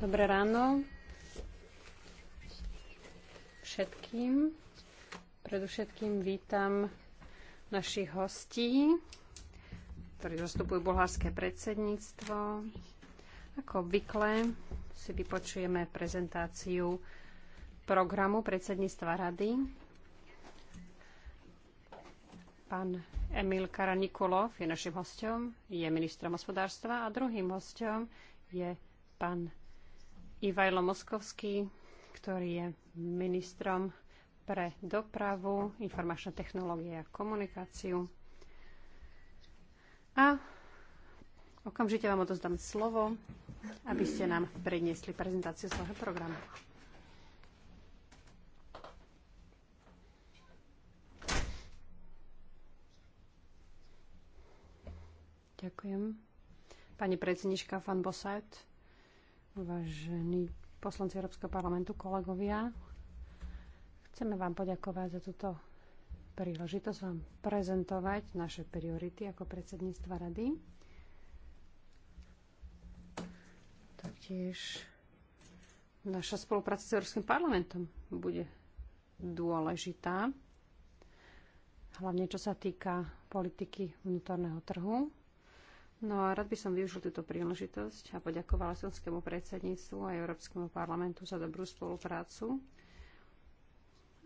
Dobré ráno všetkým. Predovšetkým vítam našich hostí, ktorí zastupujú bulharské predsedníctvo. Ako obvykle si vypočujeme prezentáciu programu predsedníctva rady Pán Emil Karanikulov je našim hostom, je ministrom hospodárstva a druhým hostom je pán Ivajlo Moskovský, ktorý je ministrom pre dopravu, informačné technológie a komunikáciu. A okamžite vám odozdám slovo, aby ste nám predniesli prezentáciu svojho programu. Ďakujem. Pani predsednička Fan Boset, vážení poslanci Európskeho parlamentu, kolegovia, chceme vám poďakovať za túto príležitosť vám prezentovať naše priority ako predsedníctva rady. Taktiež naša spolupráca s Európskym parlamentom bude dôležitá, hlavne čo sa týka politiky vnútorného trhu. No a rád by som využil túto príležitosť a poďakoval Slovenskému predsedníctvu a Európskemu parlamentu za dobrú spoluprácu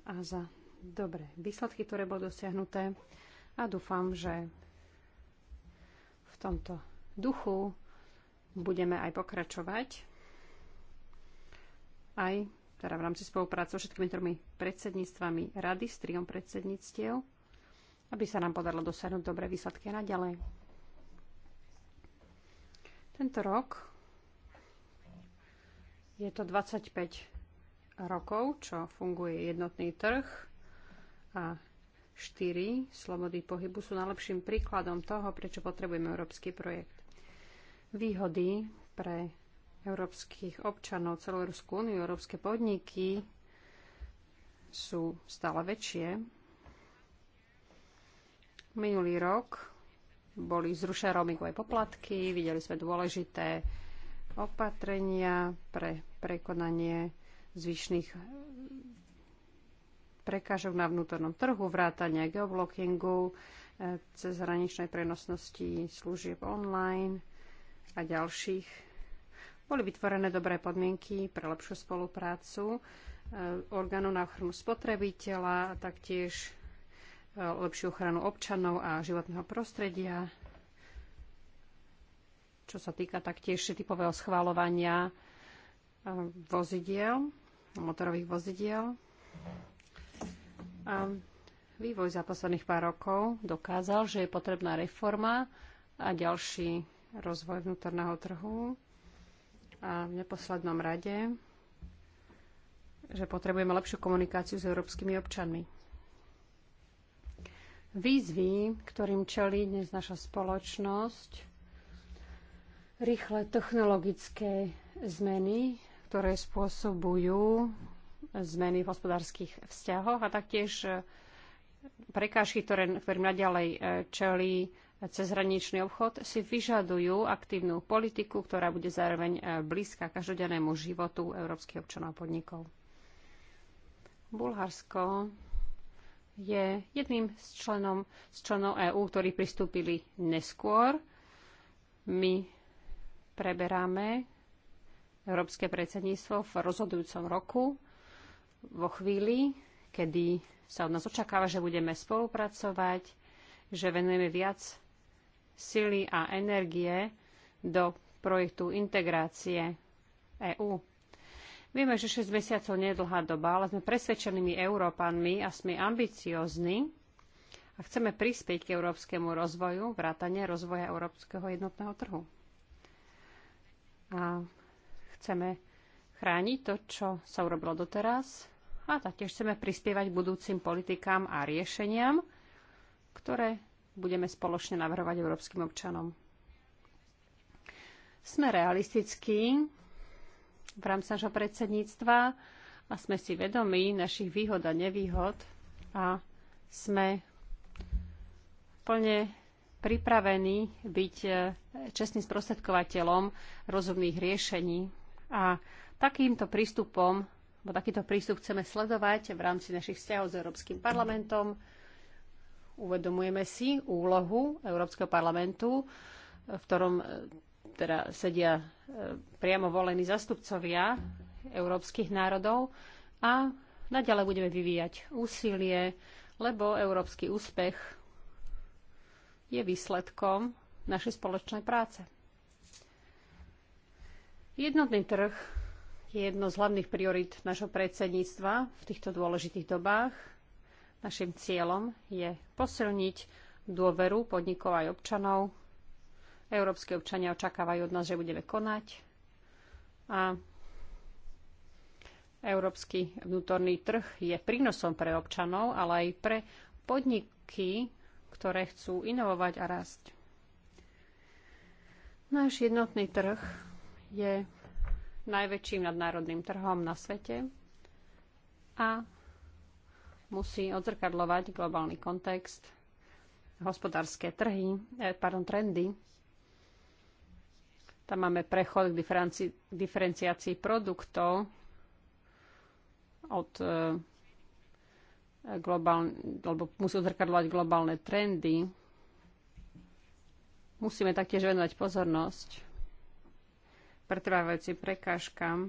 a za dobré výsledky, ktoré boli dosiahnuté. A dúfam, že v tomto duchu budeme aj pokračovať aj teda v rámci spolupráce so všetkými tromi predsedníctvami rady, s triom predsedníctiev, aby sa nám podarilo dosiahnuť dobré výsledky naďalej. Tento rok je to 25 rokov, čo funguje jednotný trh a 4 slobody pohybu sú najlepším príkladom toho, prečo potrebujeme európsky projekt. Výhody pre európskych občanov, celú Európsku úniu, európske podniky sú stále väčšie. Minulý rok boli zrušené roamingové poplatky, videli sme dôležité opatrenia pre prekonanie zvyšných prekážok na vnútornom trhu, vrátania geoblockingu, e, cez hraničnej prenosnosti služieb online a ďalších. Boli vytvorené dobré podmienky pre lepšiu spoluprácu e, orgánu na ochranu spotrebiteľa a taktiež E, lepšiu ochranu občanov a životného prostredia. Čo sa týka taktiež typového schváľovania e, vozidiel, motorových vozidiel. A vývoj za posledných pár rokov dokázal, že je potrebná reforma a ďalší rozvoj vnútorného trhu. A v neposlednom rade, že potrebujeme lepšiu komunikáciu s európskymi občanmi výzvy, ktorým čelí dnes naša spoločnosť, rýchle technologické zmeny, ktoré spôsobujú zmeny v hospodárskych vzťahoch a taktiež e, prekážky, ktoré, ktorým naďalej e, čelí cezhraničný obchod, si vyžadujú aktívnu politiku, ktorá bude zároveň e, blízka každodennému životu európskych občanov a podnikov. Bulharsko je jedným z, členom, z členov EÚ, ktorí pristúpili neskôr. My preberáme Európske predsedníctvo v rozhodujúcom roku, vo chvíli, kedy sa od nás očakáva, že budeme spolupracovať, že venujeme viac sily a energie do projektu integrácie EÚ Vieme, že 6 mesiacov nie je dlhá doba, ale sme presvedčenými Európanmi a sme ambiciozni a chceme prispieť k európskemu rozvoju, vrátane rozvoja európskeho jednotného trhu. A chceme chrániť to, čo sa urobilo doteraz a taktiež chceme prispievať budúcim politikám a riešeniam, ktoré budeme spoločne navrhovať európskym občanom. Sme realistickí, v rámci nášho predsedníctva a sme si vedomí našich výhod a nevýhod a sme plne pripravení byť e, čestným sprostredkovateľom rozumných riešení. A takýmto prístupom, bo takýto prístup chceme sledovať v rámci našich vzťahov s Európskym parlamentom. Uvedomujeme si úlohu Európskeho parlamentu, v ktorom e, teda sedia e, priamo volení zastupcovia európskych národov a naďalej budeme vyvíjať úsilie, lebo európsky úspech je výsledkom našej spoločnej práce. Jednotný trh je jedno z hlavných priorit našho predsedníctva v týchto dôležitých dobách. Našim cieľom je posilniť dôveru podnikov aj občanov Európske občania očakávajú od nás, že budeme konať a európsky vnútorný trh je prínosom pre občanov, ale aj pre podniky, ktoré chcú inovovať a rásť. Náš jednotný trh je najväčším nadnárodným trhom na svete a musí odzrkadlovať globálny kontext, hospodárske trhy, eh, pardon, trendy tam máme prechod k diferenciácii produktov od e, globálne, alebo musí odzrkadľovať globálne trendy. Musíme taktiež venovať pozornosť pretrvávajúcim prekážkam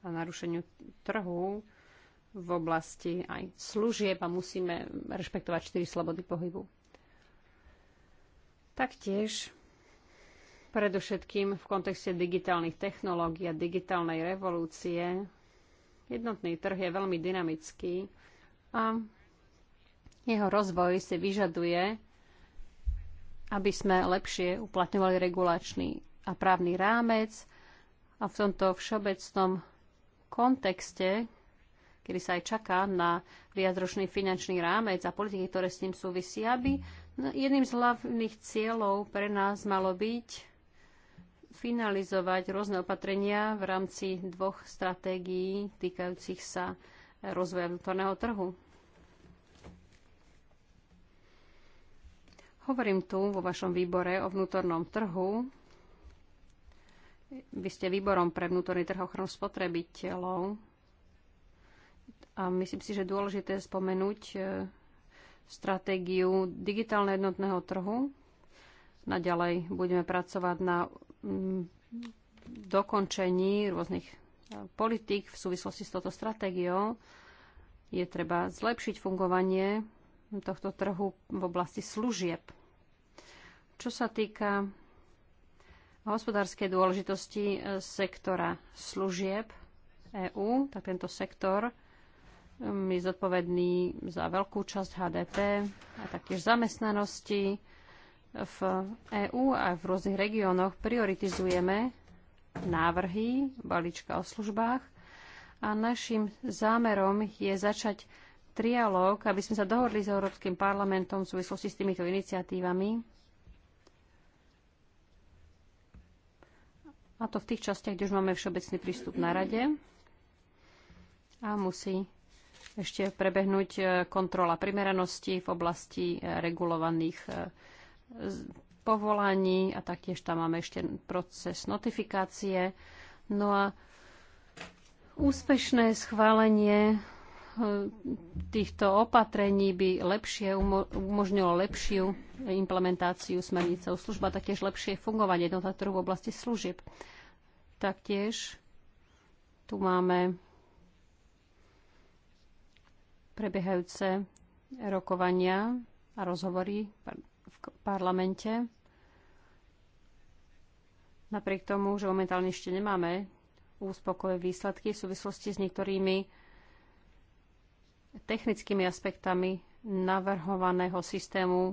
a narušeniu trhu v oblasti aj služieb a musíme rešpektovať 4 slobody pohybu. Taktiež predovšetkým v kontexte digitálnych technológií a digitálnej revolúcie. Jednotný trh je veľmi dynamický a jeho rozvoj si vyžaduje, aby sme lepšie uplatňovali regulačný a právny rámec a v tomto všeobecnom kontexte, kedy sa aj čaká na viacročný finančný rámec a politiky, ktoré s ním súvisia, aby jedným z hlavných cieľov pre nás malo byť finalizovať rôzne opatrenia v rámci dvoch stratégií týkajúcich sa rozvoja vnútorného trhu. Hovorím tu vo vašom výbore o vnútornom trhu. Vy ste výborom pre vnútorný trh ochranu spotrebiteľov. A myslím si, že dôležité je spomenúť e, stratégiu digitálne jednotného trhu. Naďalej budeme pracovať na Mm, dokončení rôznych e, politik v súvislosti s touto stratégiou je treba zlepšiť fungovanie tohto trhu v oblasti služieb. Čo sa týka hospodárskej dôležitosti e, sektora služieb EÚ, tak tento sektor mm, je zodpovedný za veľkú časť HDP a taktiež zamestnanosti v EÚ a v rôznych regiónoch prioritizujeme návrhy balíčka o službách a našim zámerom je začať trialóg, aby sme sa dohodli s Európskym parlamentom v súvislosti s týmito iniciatívami. A to v tých častiach, kde už máme všeobecný prístup na rade. A musí ešte prebehnúť e, kontrola primeranosti v oblasti e, regulovaných e, povolaní a taktiež tam máme ešte proces notifikácie. No a úspešné schválenie e, týchto opatrení by lepšie umožnilo lepšiu implementáciu smernice služba, taktiež lepšie fungovanie jednota trhu v oblasti služieb. Taktiež tu máme prebiehajúce rokovania a rozhovory parlamente. Napriek tomu, že momentálne ešte nemáme úspokové výsledky v súvislosti s niektorými technickými aspektami navrhovaného systému e,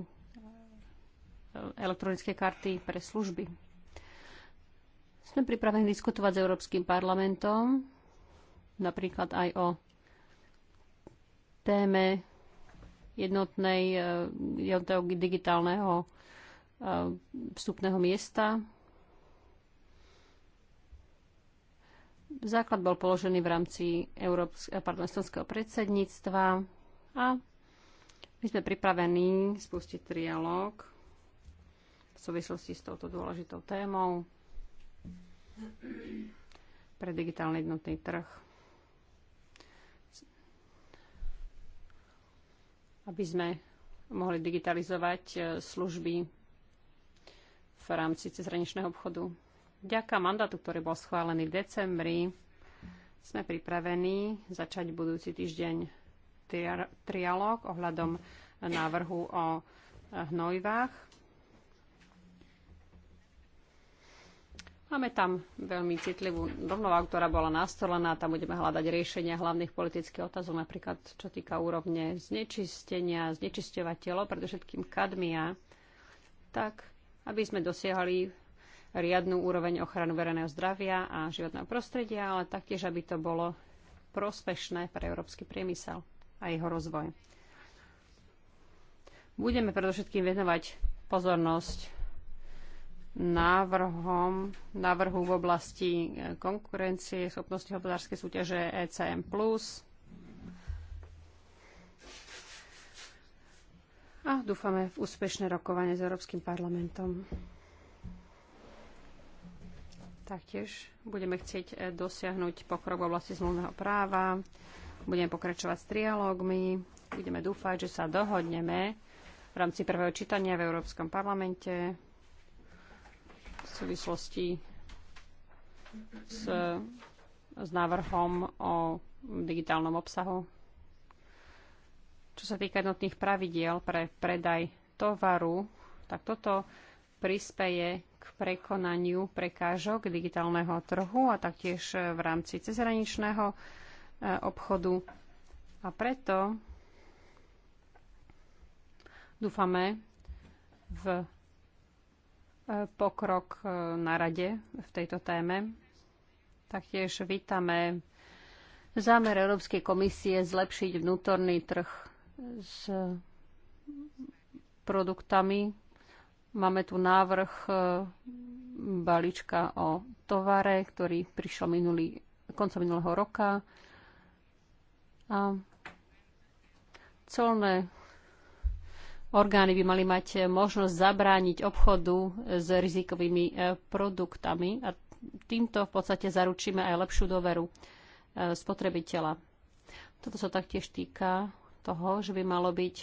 elektronické karty pre služby. Sme pripravení diskutovať s Európskym parlamentom napríklad aj o téme jednotnej, e, jednotného digitálneho e, vstupného miesta. Základ bol položený v rámci Európskeho predsedníctva a my sme pripravení spustiť trialóg v súvislosti s touto dôležitou témou pre digitálny jednotný trh. aby sme mohli digitalizovať e, služby v rámci cezhraničného obchodu. Vďaka mandátu, ktorý bol schválený v decembri, sme pripravení začať budúci týždeň trialog ohľadom návrhu o hnojivách. Máme tam veľmi citlivú rovnováhu, ktorá bola nastolená. Tam budeme hľadať riešenia hlavných politických otázov, napríklad čo týka úrovne znečistenia, znečisťovateľov, predovšetkým kadmia, tak aby sme dosiahli riadnu úroveň ochranu verejného zdravia a životného prostredia, ale taktiež, aby to bolo prospešné pre európsky priemysel a jeho rozvoj. Budeme predovšetkým venovať pozornosť návrhom, návrhu v oblasti eh, konkurencie, schopnosti hospodárskej súťaže ECM+. A dúfame v úspešné rokovanie s Európskym parlamentom. Taktiež budeme chcieť eh, dosiahnuť pokrok v oblasti zmluvného práva, budeme pokračovať s trialógmi, budeme dúfať, že sa dohodneme v rámci prvého čítania v Európskom parlamente v súvislosti s, s návrhom o digitálnom obsahu. Čo sa týka jednotných pravidiel pre predaj tovaru, tak toto prispeje k prekonaniu prekážok digitálneho trhu a taktiež v rámci cezhraničného e, obchodu. A preto dúfame v pokrok e, na rade v tejto téme. Taktiež vítame zámer Európskej komisie zlepšiť vnútorný trh s produktami. Máme tu návrh e, balíčka o tovare, ktorý prišiel minulý, koncom minulého roka. A colné orgány by mali mať možnosť zabrániť obchodu s rizikovými e, produktami a týmto v podstate zaručíme aj lepšiu doveru e, spotrebiteľa. Toto sa taktiež týka toho, že by malo byť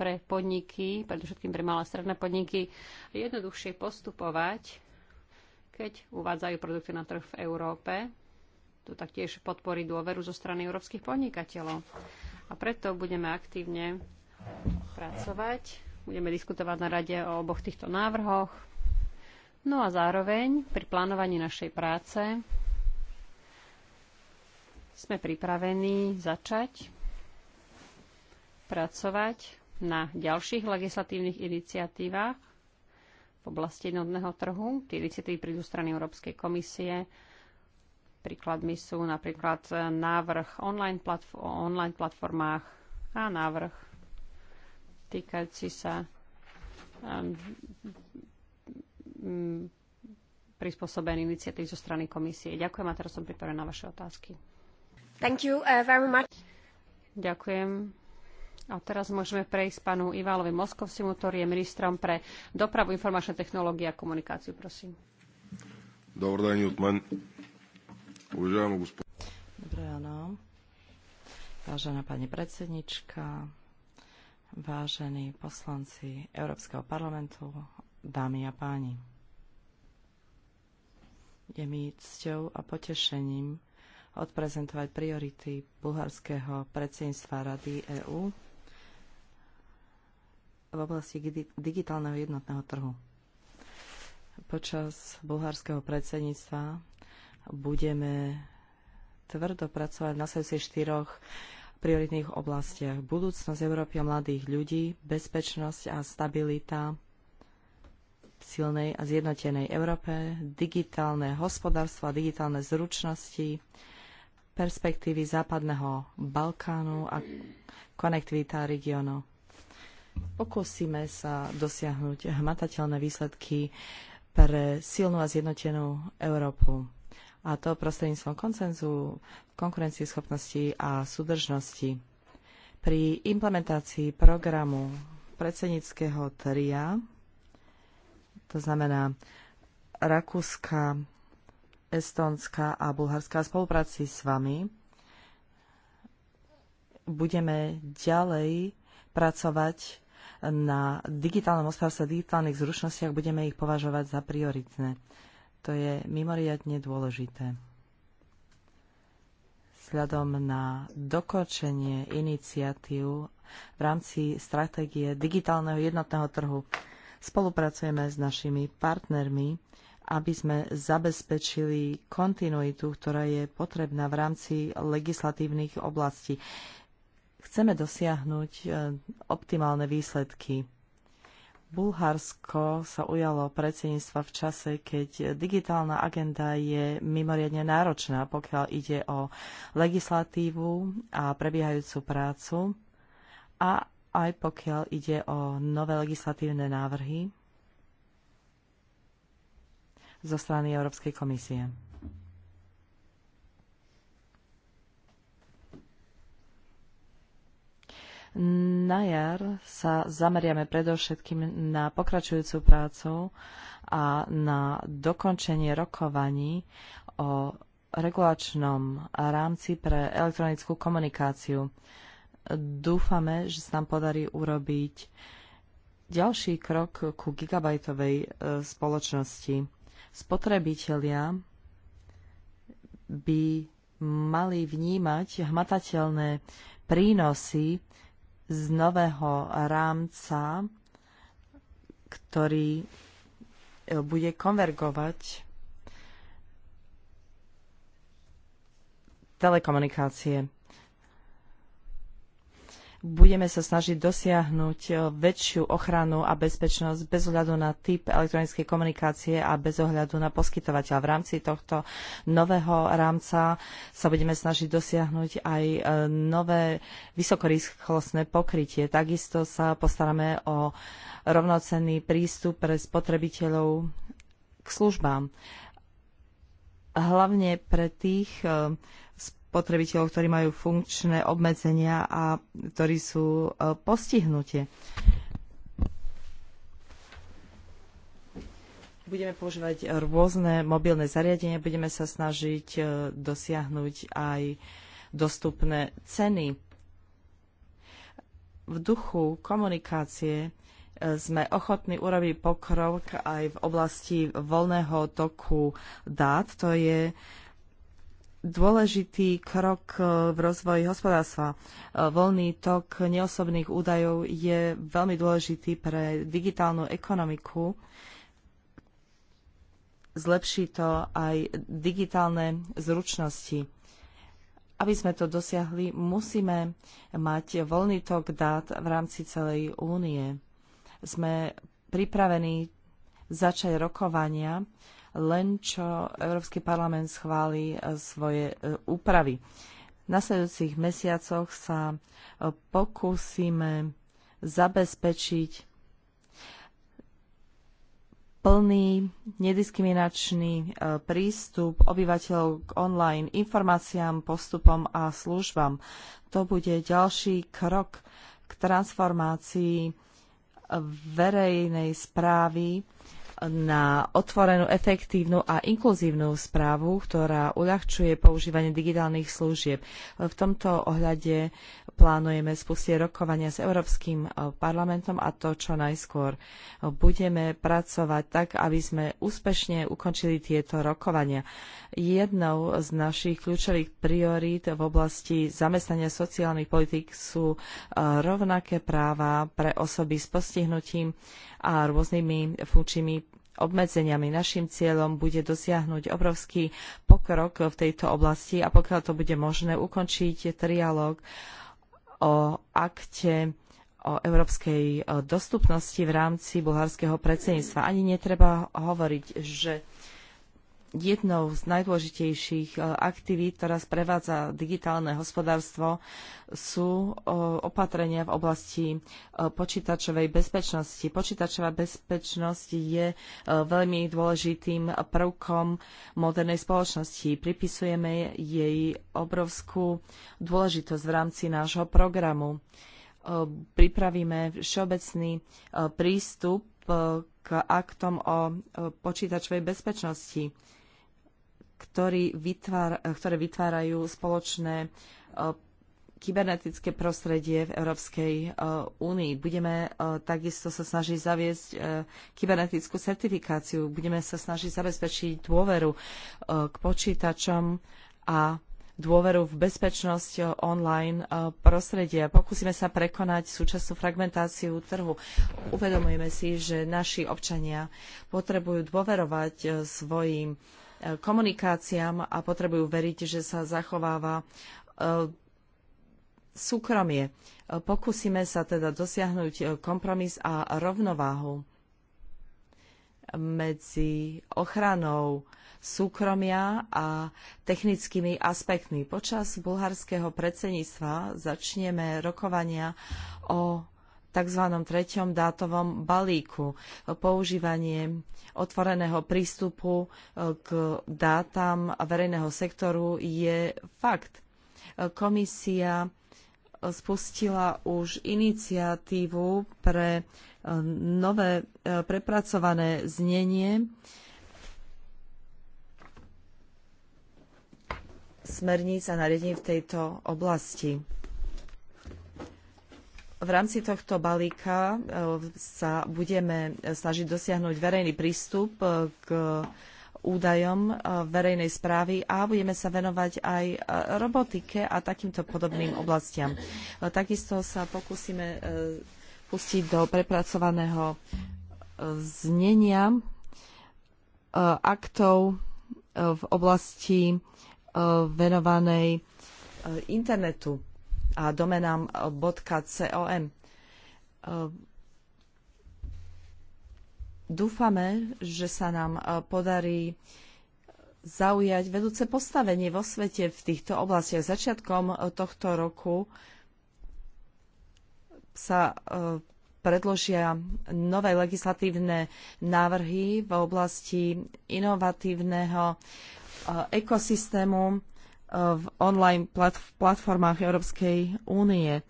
pre podniky, predovšetkým pre malé stredné podniky, jednoduchšie postupovať, keď uvádzajú produkty na trh v Európe. Tu taktiež podporí dôveru zo strany európskych podnikateľov. A preto budeme aktívne pracovať. Budeme diskutovať na rade o oboch týchto návrhoch. No a zároveň pri plánovaní našej práce sme pripravení začať pracovať na ďalších legislatívnych iniciatívach v oblasti jednotného trhu. Tie iniciatívy prídu strany Európskej komisie. Príkladmi sú napríklad návrh online platf- o online platformách a návrh týkajúci sa um, um, prispôsobený iniciatív zo strany komisie. Ďakujem a teraz som pripravená na vaše otázky. Thank you uh, very much. Ďakujem. A teraz môžeme prejsť panu Iválovi Moskovsimu, ktorý je ministrom pre dopravu, informačné technológie a komunikáciu. Prosím. Dobrý deň, Jutman. Dobré áno. Vážená pani predsednička, vážení poslanci Európskeho parlamentu, dámy a páni. Je mi cťou a potešením odprezentovať priority bulharského predsedníctva Rady EÚ v oblasti digitálneho jednotného trhu. Počas bulharského predsedníctva budeme tvrdo pracovať na nasledujúcich štyroch prioritných oblastiach. Budúcnosť Európy a mladých ľudí, bezpečnosť a stabilita silnej a zjednotenej Európe, digitálne hospodárstvo a digitálne zručnosti, perspektívy západného Balkánu a konektivita regionu. Pokúsime sa dosiahnuť hmatateľné výsledky pre silnú a zjednotenú Európu a to prostredníctvom koncenzu, konkurencie schopnosti a súdržnosti. Pri implementácii programu predsedníckého tria, to znamená Rakúska, Estónska a Bulharská spolupráci s vami, budeme ďalej pracovať na digitálnom hospodárstve, digitálnych zručnostiach, budeme ich považovať za prioritné. To je mimoriadne dôležité. Vzhľadom na dokončenie iniciatív v rámci stratégie digitálneho jednotného trhu spolupracujeme s našimi partnermi, aby sme zabezpečili kontinuitu, ktorá je potrebná v rámci legislatívnych oblastí. Chceme dosiahnuť eh, optimálne výsledky Bulharsko sa ujalo predsedníctva v čase, keď digitálna agenda je mimoriadne náročná, pokiaľ ide o legislatívu a prebiehajúcu prácu a aj pokiaľ ide o nové legislatívne návrhy zo strany Európskej komisie. Na jar sa zameriame predovšetkým na pokračujúcu prácu a na dokončenie rokovaní o regulačnom rámci pre elektronickú komunikáciu. Dúfame, že sa nám podarí urobiť ďalší krok ku gigabajtovej e, spoločnosti. Spotrebitelia by mali vnímať hmatateľné prínosy z nového rámca, ktorý e, bude konvergovať telekomunikácie budeme sa snažiť dosiahnuť eh, väčšiu ochranu a bezpečnosť bez ohľadu na typ elektronickej komunikácie a bez ohľadu na poskytovateľ. V rámci tohto nového rámca sa budeme snažiť dosiahnuť aj eh, nové vysokorýchlostné pokrytie. Takisto sa postaráme o rovnocenný prístup pre spotrebiteľov k službám. Hlavne pre tých eh, spotrebiteľov, ktorí majú funkčné obmedzenia a ktorí sú e, postihnutie. Budeme používať e, rôzne mobilné zariadenia, budeme sa snažiť e, dosiahnuť aj dostupné ceny. V duchu komunikácie sme ochotní urobiť pokrok aj v oblasti voľného toku dát. To je dôležitý krok e, v rozvoji hospodárstva. E, voľný tok neosobných údajov je veľmi dôležitý pre digitálnu ekonomiku. Zlepší to aj digitálne zručnosti. Aby sme to dosiahli, musíme mať voľný tok dát v rámci celej únie. Sme pripravení začať rokovania len čo Európsky parlament schváli e, svoje e, úpravy. V nasledujúcich mesiacoch sa e, pokúsime zabezpečiť plný nediskriminačný prístup obyvateľov k online informáciám, postupom a službám. To bude ďalší krok k transformácii verejnej správy na otvorenú, efektívnu a inkluzívnu správu, ktorá uľahčuje používanie digitálnych služieb. V tomto ohľade plánujeme spustiť rokovania s Európskym eh, parlamentom a to čo najskôr. Budeme pracovať tak, aby sme úspešne ukončili tieto rokovania. Jednou z našich kľúčových priorít v oblasti zamestnania sociálnych politik sú eh, rovnaké práva pre osoby s postihnutím a rôznymi funkčnými obmedzeniami. Naším cieľom bude dosiahnuť obrovský pokrok v tejto oblasti a pokiaľ to bude možné, ukončiť trialog o akte o európskej e, dostupnosti v rámci bulharského predsedníctva. Ani netreba hovoriť, že jednou z najdôležitejších e, aktivít, ktorá sprevádza digitálne hospodárstvo, sú e, opatrenia v oblasti e, počítačovej bezpečnosti. Počítačová bezpečnosť je veľmi dôležitým prvkom modernej spoločnosti. Pripisujeme jej obrovskú dôležitosť v rámci nášho programu. Pripravíme všeobecný prístup k aktom o počítačovej bezpečnosti ktorý vytvár, ktoré vytvárajú spoločné eh, kybernetické prostredie v Európskej eh, únii. Budeme eh, takisto sa snažiť zaviesť kybernetickú certifikáciu, budeme sa snažiť zabezpečiť dôveru k počítačom a dôveru v bezpečnosť online prostredia. Pokúsime sa prekonať súčasnú fragmentáciu trhu. Uvedomujeme si, že naši občania potrebujú dôverovať svojim komunikáciám a potrebujú veriť, že sa zachováva e, súkromie. E, pokúsime sa teda dosiahnuť e, kompromis a rovnováhu medzi ochranou súkromia a technickými aspektmi. Počas bulharského predsedníctva začneme rokovania o tzv. treťom dátovom balíku. Používanie otvoreného prístupu e, k dátam verejného sektoru je fakt. E, komisia spustila už iniciatívu pre e, nové prepracované znenie smerníc a nariadení v tejto oblasti v rámci tohto balíka e, sa budeme snažiť dosiahnuť verejný prístup e, k údajom e, verejnej správy a budeme sa venovať aj robotike a takýmto podobným oblastiam. Takisto sa pokúsime pustiť do prepracovaného znenia aktov v oblasti venovanej internetu a domenám.com. Eh, eh, dúfame, že sa nám eh, podarí zaujať vedúce postavenie vo svete v týchto oblastiach. Začiatkom tohto roku sa predložia nové legislatívne návrhy v oblasti inovatívneho ekosystému v online platformách Európskej únie. E,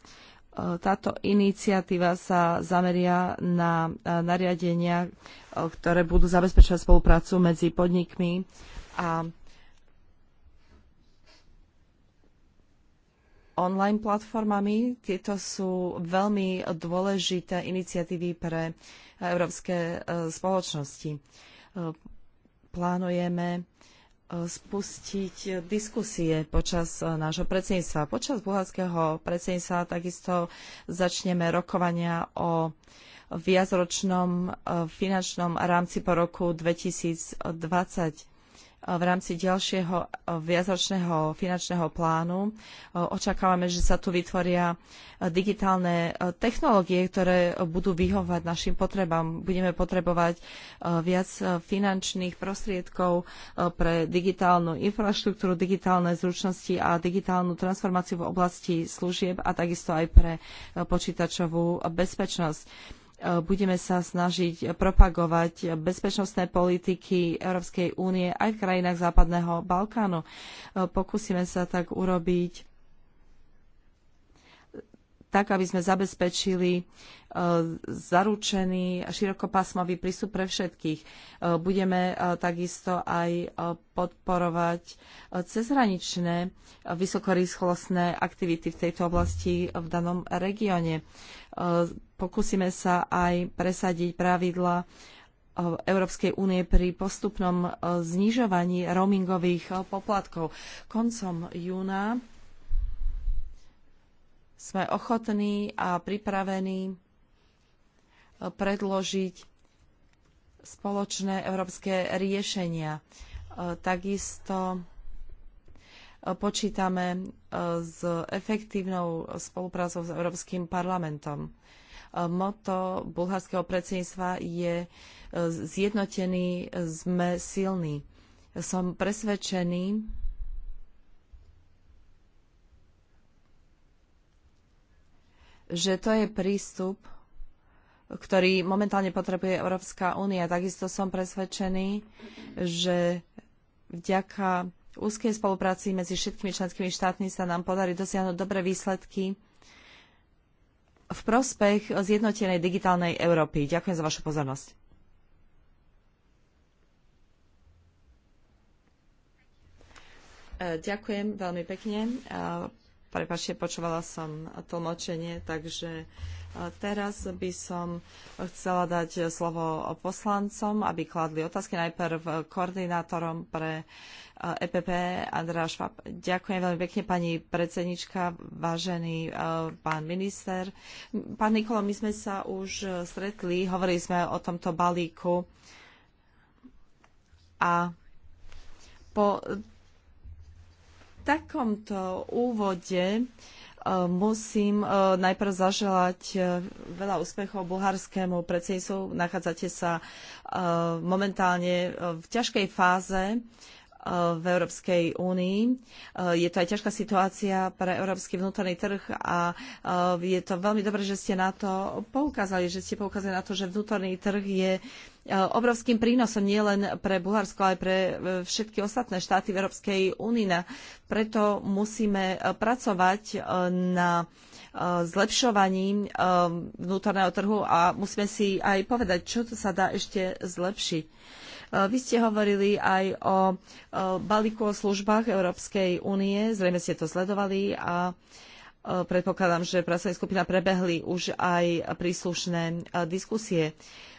táto iniciatíva sa zameria na nariadenia, e, ktoré budú zabezpečovať spoluprácu medzi podnikmi a online platformami. Tieto sú veľmi dôležité iniciatívy pre európske e, spoločnosti. Plánujeme E, spustiť diskusie počas e, nášho predsedníctva. Počas bulharského predsedníctva takisto začneme rokovania o viacročnom e, finančnom rámci po roku 2020 v rámci ďalšieho eh, viacročného finančného plánu. Eh, očakávame, že sa tu vytvoria eh, digitálne technológie, ktoré budú vyhovať našim potrebám. Budeme potrebovať viac finančných prostriedkov pre digitálnu infraštruktúru, digitálne zručnosti a digitálnu transformáciu v oblasti služieb a takisto aj pre počítačovú bezpečnosť E, budeme sa snažiť propagovať bezpečnostné politiky Európskej únie aj v krajinách Západného Balkánu. E, pokúsime sa tak urobiť tak, aby sme zabezpečili e, zaručený širokopásmový prístup pre všetkých. Budeme takisto aj podporovať cezhraničné vysokorýchlostné aktivity v tejto oblasti v danom regióne pokúsime sa aj presadiť pravidla eh, Európskej únie pri postupnom eh, znižovaní roamingových eh, poplatkov. Koncom júna sme ochotní a pripravení predložiť spoločné európske riešenia. Takisto počítame s efektívnou spoluprácou s Európskym parlamentom. Moto bulharského predsedníctva je e, zjednotení sme silní. Som presvedčený, že to je prístup, ktorý momentálne potrebuje Európska únia. Takisto som presvedčený, že vďaka úzkej spolupráci medzi všetkými členskými štátmi sa nám podarí dosiahnuť dobré výsledky v prospech zjednotenej digitálnej Európy. Ďakujem za vašu pozornosť. E, ďakujem veľmi pekne. E, prepačte, počúvala som tlmočenie, takže Teraz by som chcela dať slovo poslancom, aby kladli otázky. Najprv koordinátorom pre EPP Andrá Švab. Ďakujem veľmi pekne, pani predsednička, vážený pán minister. Pán Nikolo, my sme sa už stretli, hovorili sme o tomto balíku a po takomto úvode Musím e, najprv zaželať e, veľa úspechov bulharskému predsedníctvu. Nachádzate sa e, momentálne v ťažkej fáze v Európskej únii. Je to aj ťažká situácia pre európsky vnútorný trh a je to veľmi dobré, že ste na to poukázali, že ste poukázali na to, že vnútorný trh je obrovským prínosom nielen pre Bulharsko, ale pre e, všetky ostatné štáty v Európskej únii. Preto musíme e, pracovať e, na zlepšovaní vnútorného trhu a musíme si aj povedať, čo tu sa dá ešte zlepšiť. Vy ste hovorili aj o balíku o službách Európskej únie, zrejme ste to sledovali a predpokladám, že pracovná skupina prebehli už aj príslušné diskusie.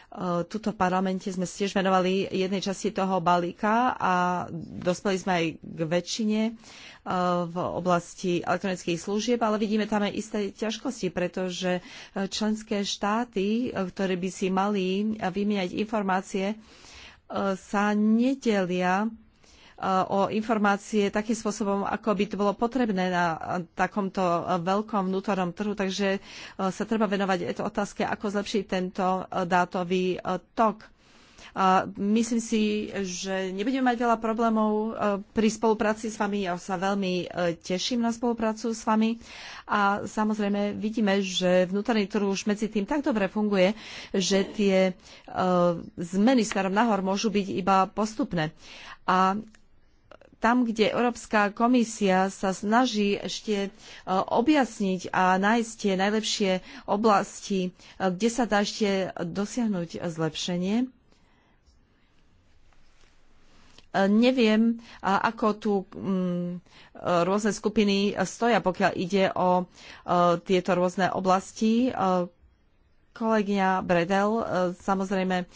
Eh, tuto v parlamente sme tiež venovali jednej časti toho balíka a dospeli sme aj k väčšine eh, v oblasti elektronických služieb, ale vidíme tam aj isté ťažkosti, pretože eh, členské štáty, ktoré by si mali vymieňať informácie, sa nedelia o informácie takým spôsobom, ako by to bolo potrebné na takomto veľkom vnútornom trhu. Takže e, sa treba venovať otázke, ako zlepšiť tento e, dátový e, tok. A myslím si, že nebudeme mať veľa problémov pri spolupráci s vami. Ja sa veľmi teším na spoluprácu s vami. A samozrejme vidíme, že vnútorný trh už medzi tým tak dobre funguje, že tie zmeny smerom nahor môžu byť iba postupné. A tam, kde Európska komisia sa snaží ešte e, objasniť a nájsť tie najlepšie oblasti, e, kde sa dá ešte dosiahnuť zlepšenie. E, neviem, ako tu mm, rôzne skupiny stoja, pokiaľ ide o tieto rôzne oblasti. Kolegyňa Bredel samozrejme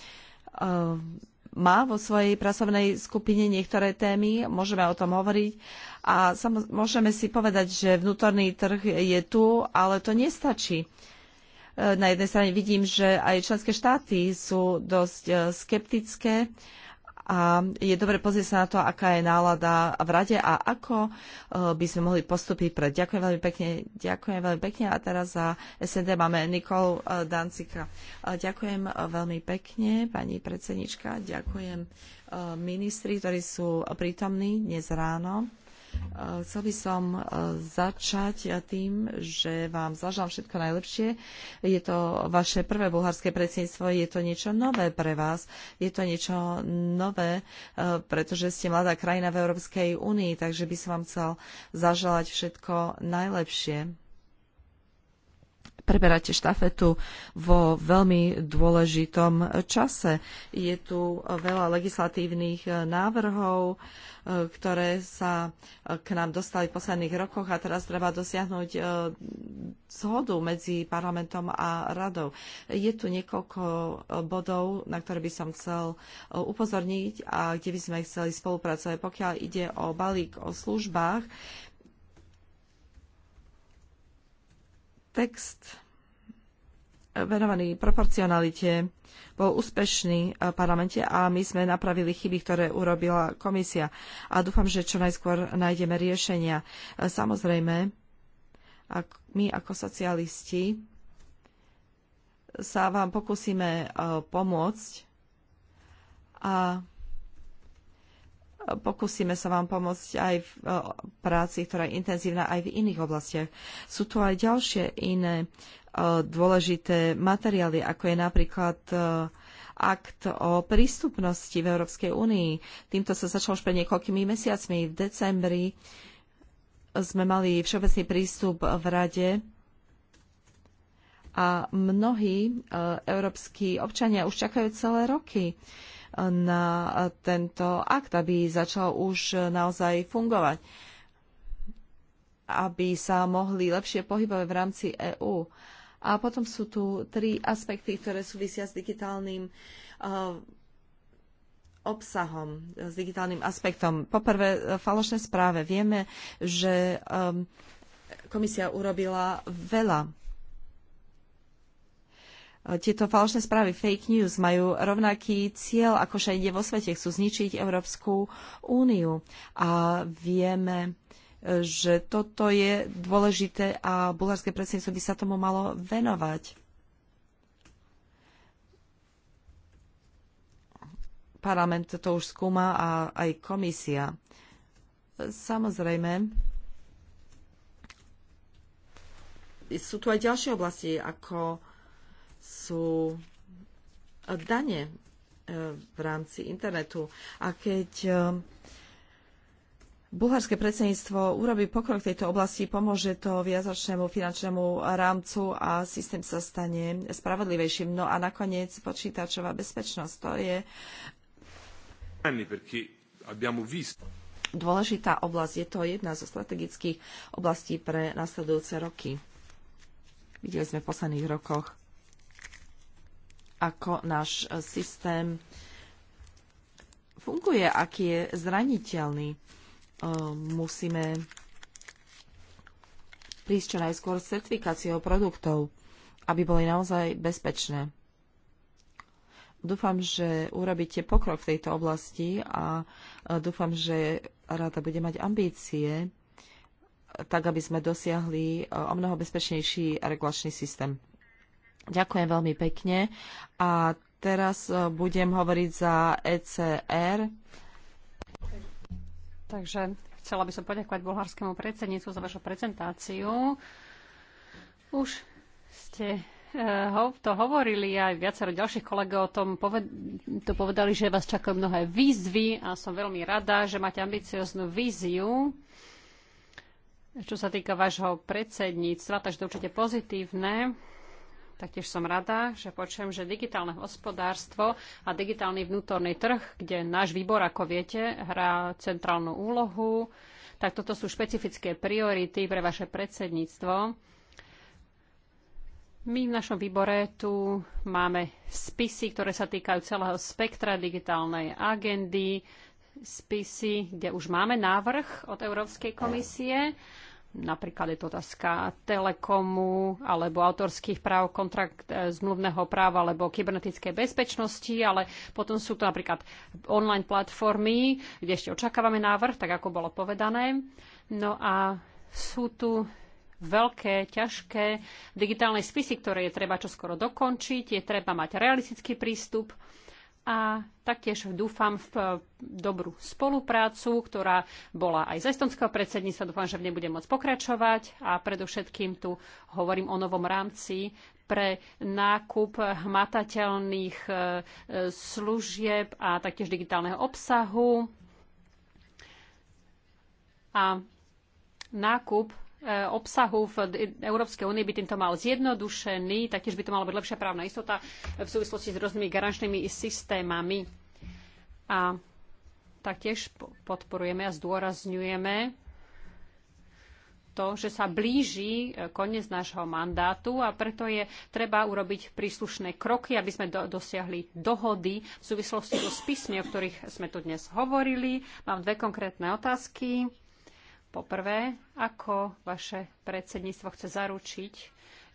má vo svojej pracovnej skupine niektoré témy, môžeme o tom hovoriť a môžeme si povedať, že vnútorný trh je tu, ale to nestačí. E, na jednej strane vidím, že aj členské štáty sú dosť e, skeptické a je dobre pozrieť sa na to, aká je nálada v rade a ako e, by sme mohli postúpiť pred. Ďakujem veľmi pekne. Ďakujem veľmi pekne a teraz za SND máme Nikol e, Dancika. E, ďakujem veľmi pekne, pani predsednička. Ďakujem ministri, ktorí sú prítomní dnes ráno. Eh, chcel by som eh, začať eh, tým, že vám zažal všetko najlepšie. Je to vaše prvé bulharské predsedníctvo, je to niečo nové pre vás, je to niečo nové, pretože ste mladá krajina v Európskej únii, takže by som vám chcel zaželať všetko najlepšie preberáte štafetu vo veľmi dôležitom čase. Je tu veľa legislatívnych návrhov, e, ktoré sa e, k nám dostali v posledných rokoch a teraz treba dosiahnuť e, zhodu medzi parlamentom a radou. Je tu niekoľko bodov, na ktoré by som chcel upozorniť a kde by sme chceli spolupracovať. Pokiaľ ide o balík o službách, Text venovaný proporcionalite bol úspešný v parlamente a my sme napravili chyby, ktoré urobila komisia. A dúfam, že čo najskôr nájdeme riešenia. Samozrejme, ak my ako socialisti sa vám pokúsime eh, pomôcť a Pokúsime sa vám pomôcť aj v e, práci, ktorá je intenzívna aj v iných oblastiach. Sú tu aj ďalšie iné e, dôležité materiály, ako je napríklad e, akt o prístupnosti v Európskej únii. Týmto sa začalo už pred niekoľkými mesiacmi. V decembri sme mali všeobecný prístup v Rade a mnohí európsky občania už čakajú celé roky na tento akt, aby začal už naozaj fungovať, aby sa mohli lepšie pohybovať v rámci EÚ. A potom sú tu tri aspekty, ktoré súvisia s digitálnym eh, obsahom, s digitálnym aspektom. Poprvé, eh, falošné správe. Vieme, že eh, komisia urobila veľa E, tieto falošné správy, fake news, majú rovnaký cieľ ako všade vo svete. Chcú zničiť Európsku úniu. A vieme, e, že toto je dôležité a bulharské predsedníctvo by sa tomu malo venovať. Parlament to už skúma a aj komisia. Samozrejme, sú tu aj ďalšie oblasti, ako sú e, dane e, v rámci internetu. A keď e, bulharské predsedníctvo urobí pokrok v tejto oblasti, pomôže to viazočnému finančnému rámcu a systém sa stane spravodlivejším. No a nakoniec počítačová bezpečnosť, to je dôležitá oblasť. Je to jedna zo strategických oblastí pre nasledujúce roky. Videli sme v posledných rokoch ako náš e, systém funguje, aký je zraniteľný. E, musíme prísť čo najskôr s certifikáciou produktov, aby boli naozaj bezpečné. Dúfam, že urobíte pokrok v tejto oblasti a e, dúfam, že rada bude mať ambície, tak aby sme dosiahli o mnoho bezpečnejší regulačný systém. Ďakujem veľmi pekne. A teraz e, budem hovoriť za ECR. Takže chcela by som poďakovať bulharskému predsednícu za vašu prezentáciu. Už ste e, to hovorili aj viacero ďalších kolegov o tom poved- to povedali, že vás čakajú mnohé výzvy a som veľmi rada, že máte ambicioznú víziu, čo sa týka vášho predsedníctva, takže to určite pozitívne. Taktiež som rada, že počujem, že digitálne hospodárstvo a digitálny vnútorný trh, kde náš výbor, ako viete, hrá centrálnu úlohu, tak toto sú špecifické priority pre vaše predsedníctvo. My v našom výbore tu máme spisy, ktoré sa týkajú celého spektra digitálnej agendy, spisy, kde už máme návrh od Európskej komisie Napríklad je to otázka telekomu, alebo autorských práv, kontrakt e, zmluvného práva, alebo kybernetickej bezpečnosti, ale potom sú to napríklad online platformy, kde ešte očakávame návrh, tak ako bolo povedané. No a sú tu veľké, ťažké digitálne spisy, ktoré je treba čoskoro dokončiť, je treba mať realistický prístup a taktiež dúfam v eh, dobrú spoluprácu, ktorá bola aj z estonského predsedníctva. Dúfam, že v nej budem môcť pokračovať a predovšetkým tu hovorím o novom rámci pre nákup hmatateľných eh, služieb a taktiež digitálneho obsahu. A nákup Eh, obsahu v Európskej únie by týmto mal zjednodušený, taktiež by to mala byť lepšia právna istota v súvislosti s rôznymi garančnými systémami. A taktiež podporujeme a zdôrazňujeme to, že sa blíži eh, koniec nášho mandátu a preto je treba urobiť príslušné kroky, aby sme do, dosiahli dohody v súvislosti so spismi, o ktorých sme tu dnes hovorili. Mám dve konkrétne otázky. Poprvé, ako vaše predsedníctvo chce zaručiť,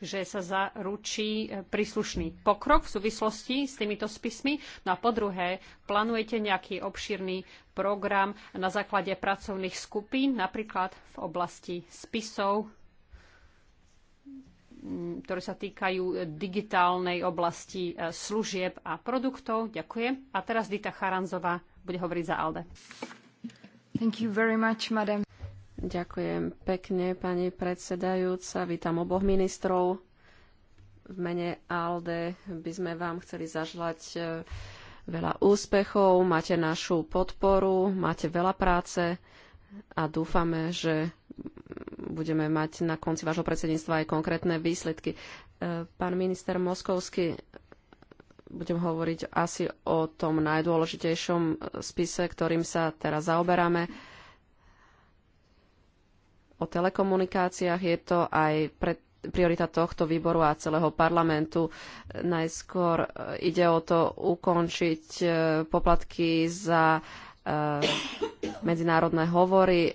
že sa zaručí e, príslušný pokrok v súvislosti s týmito spismi. No a po druhé, plánujete nejaký obšírny program na základe pracovných skupín, napríklad v oblasti spisov, ktoré sa týkajú e, digitálnej oblasti e, služieb a produktov. Ďakujem. A teraz Dita Charanzová bude hovoriť za ALDE. Thank you very much, madam. Ďakujem pekne, pani predsedajúca. Vítam oboch ministrov. V mene ALDE by sme vám chceli zaželať e, veľa úspechov, máte našu podporu, máte veľa práce a dúfame, že budeme mať na konci vášho predsedníctva aj konkrétne výsledky. E, pán minister Moskovský, budem hovoriť asi o tom najdôležitejšom spise, ktorým sa teraz zaoberáme o telekomunikáciách. Je to aj pre priorita tohto výboru a celého parlamentu. Najskôr eh, ide o to ukončiť eh, poplatky za eh, medzinárodné hovory.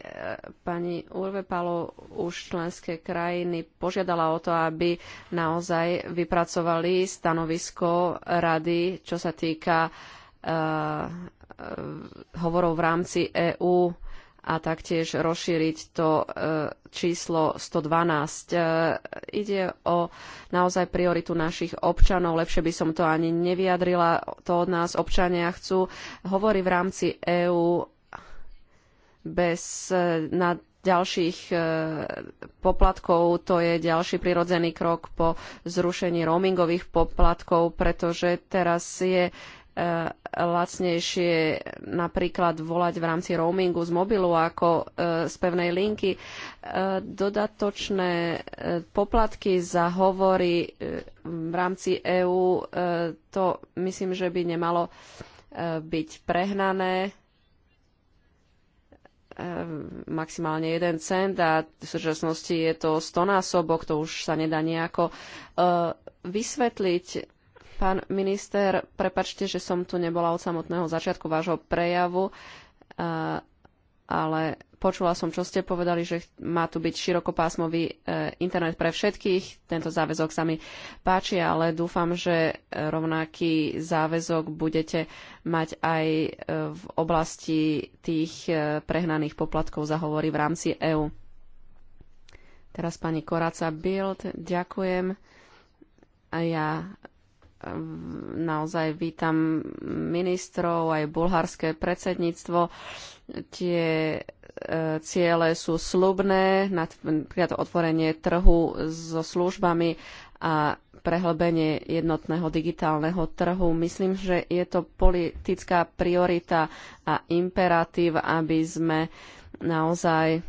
Pani Urve Palo už členské krajiny požiadala o to, aby naozaj vypracovali stanovisko rady, čo sa týka uh, hovorov v rámci EÚ a taktiež rozšíriť to e, číslo 112. E, ide o naozaj prioritu našich občanov. Lepšie by som to ani nevyjadrila. To od nás občania chcú. Hovorí v rámci EÚ bez e, na ďalších poplatkov. To je ďalší prirodzený krok po zrušení roamingových poplatkov, pretože teraz je E, lacnejšie napríklad volať v rámci roamingu z mobilu ako e, z pevnej linky. E, dodatočné poplatky za hovory v rámci EÚ, to myslím, že by nemalo byť prehnané maximálne 1 cent a v súčasnosti je to 100 násobok, to už sa nedá nejako vysvetliť Pán minister, prepačte, že som tu nebola od samotného začiatku vášho prejavu, ale počula som, čo ste povedali, že má tu byť širokopásmový e, internet pre všetkých. Tento záväzok sa mi páči, ale dúfam, že rovnaký záväzok budete mať aj e, v oblasti tých e, prehnaných poplatkov za hovory v rámci EÚ. Teraz pani Koraca Bild, ďakujem. A ja naozaj vítam ministrov, aj bulharské predsedníctvo. Tie e, ciele sú slubné, napríklad otvorenie trhu so službami a prehlbenie jednotného digitálneho trhu. Myslím, že je to politická priorita a imperatív, aby sme naozaj e,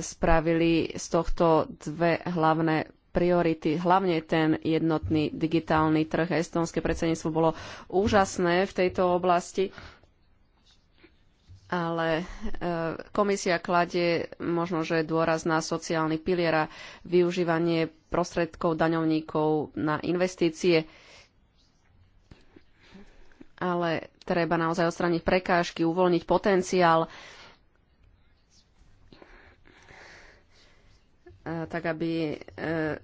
spravili z tohto dve hlavné priority, hlavne ten jednotný digitálny trh. Estonské predsedníctvo bolo úžasné v tejto oblasti, ale e, komisia kladie možno, že dôraz na sociálny pilier a využívanie prostredkov daňovníkov na investície. Ale treba naozaj odstraniť prekážky, uvoľniť potenciál. Uh, tak aby e,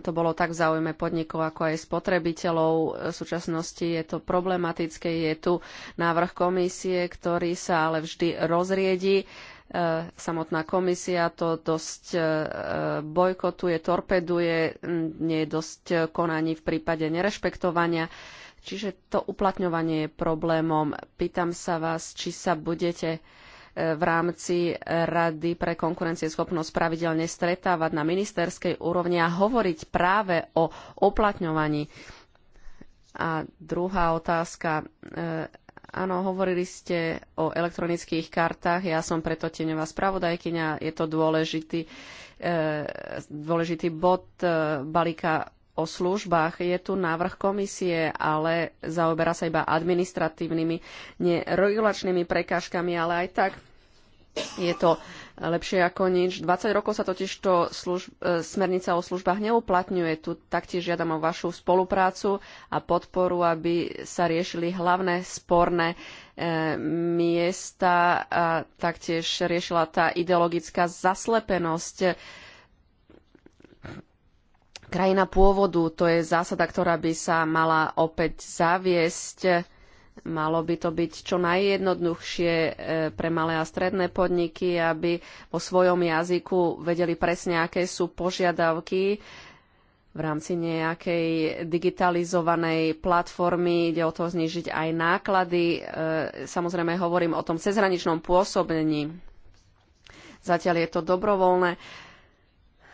to bolo tak v záujme podnikov, ako aj spotrebiteľov. V súčasnosti je to problematické. Je tu návrh komisie, ktorý sa ale vždy rozriedi. E, samotná komisia to dosť e, bojkotuje, torpeduje, nie je dosť konaní v prípade nerešpektovania. Čiže to uplatňovanie je problémom. Pýtam sa vás, či sa budete v rámci Rady pre konkurencieschopnosť pravidelne stretávať na ministerskej úrovni a hovoriť práve o oplatňovaní. A druhá otázka. E, áno, hovorili ste o elektronických kartách. Ja som preto tieňová spravodajkyňa. Je to dôležitý, e, dôležitý bod e, balíka o službách. Je tu návrh komisie, ale zaoberá sa iba administratívnymi, neregulačnými prekážkami, ale aj tak je to lepšie ako nič. 20 rokov sa totiž to služb, e, smernica o službách neuplatňuje. Tu taktiež žiadam o vašu spoluprácu a podporu, aby sa riešili hlavné sporné e, miesta a taktiež riešila tá ideologická zaslepenosť Krajina pôvodu to je zásada, ktorá by sa mala opäť zaviesť. Malo by to byť čo najjednoduchšie e, pre malé a stredné podniky, aby vo svojom jazyku vedeli presne, aké sú požiadavky v rámci nejakej digitalizovanej platformy. Ide o to znižiť aj náklady. E, samozrejme hovorím o tom cezhraničnom pôsobení. Zatiaľ je to dobrovoľné.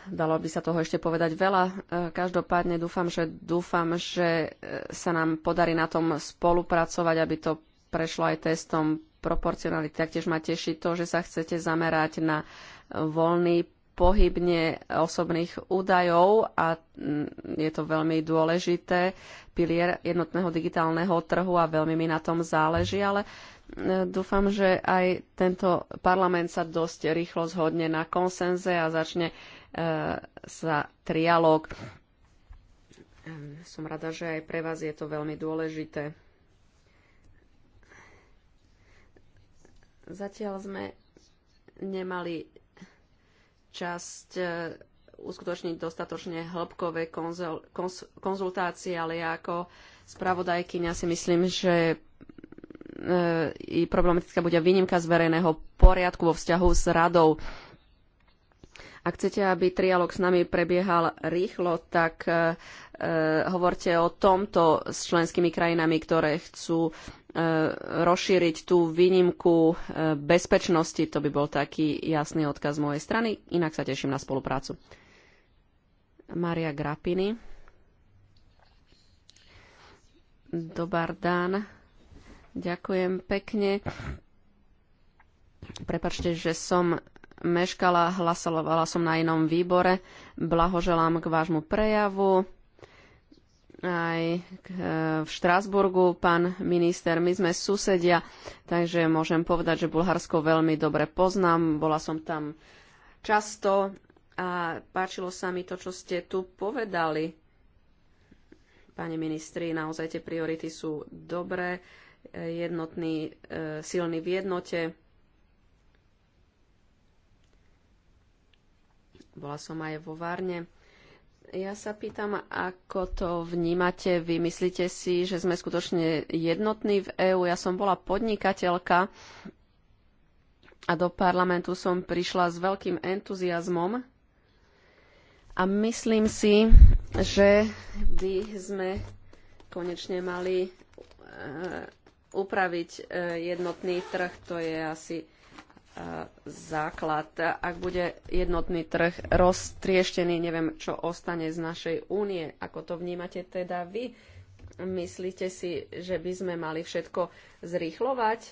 Dalo by sa toho ešte povedať veľa. E, každopádne dúfam, že dúfam, že e, sa nám podarí na tom spolupracovať, aby to prešlo aj testom proporcionality. Taktiež ma teší to, že sa chcete zamerať na voľný pohybne osobných údajov a mm, je to veľmi dôležité pilier jednotného digitálneho trhu a veľmi mi na tom záleží, ale e, dúfam, že aj tento parlament sa dosť rýchlo zhodne na konsenze a začne sa e, trialóg. Som rada, že aj pre vás je to veľmi dôležité. Zatiaľ sme nemali časť e, uskutočniť dostatočne hĺbkové konzul, konz, konzultácie, ale ja ako spravodajkyňa si myslím, že e, problematická bude výnimka z verejného poriadku vo vzťahu s radou. E, ak chcete, aby trialog s nami prebiehal rýchlo, tak e, e, hovorte o tomto s členskými krajinami, ktoré chcú e, rozšíriť tú výnimku e, bezpečnosti. To by bol taký jasný odkaz z mojej strany. Inak sa teším na spoluprácu. Maria Grapini. dan. Ďakujem pekne. Prepačte, že som meškala, hlasovala som na inom výbore. Blahoželám k vášmu prejavu. Aj e, v Štrásburgu, pán minister, my sme susedia, takže môžem povedať, že Bulharsko veľmi dobre poznám. Bola som tam často a páčilo sa mi to, čo ste tu povedali. Pani ministri, naozaj tie priority sú dobré, e, jednotný, e, silný v jednote, Bola som aj vo Varne. Ja sa pýtam, ako to vnímate. Vy myslíte si, že sme skutočne jednotní v EÚ? Ja som bola podnikateľka a do parlamentu som prišla s veľkým entuziasmom a myslím si, že by sme konečne mali e, upraviť e, jednotný trh. To je asi E, základ. Ak bude jednotný trh roztrieštený, neviem, čo ostane z našej únie. Ako to vnímate teda vy? Myslíte si, že by sme mali všetko zrýchlovať? E,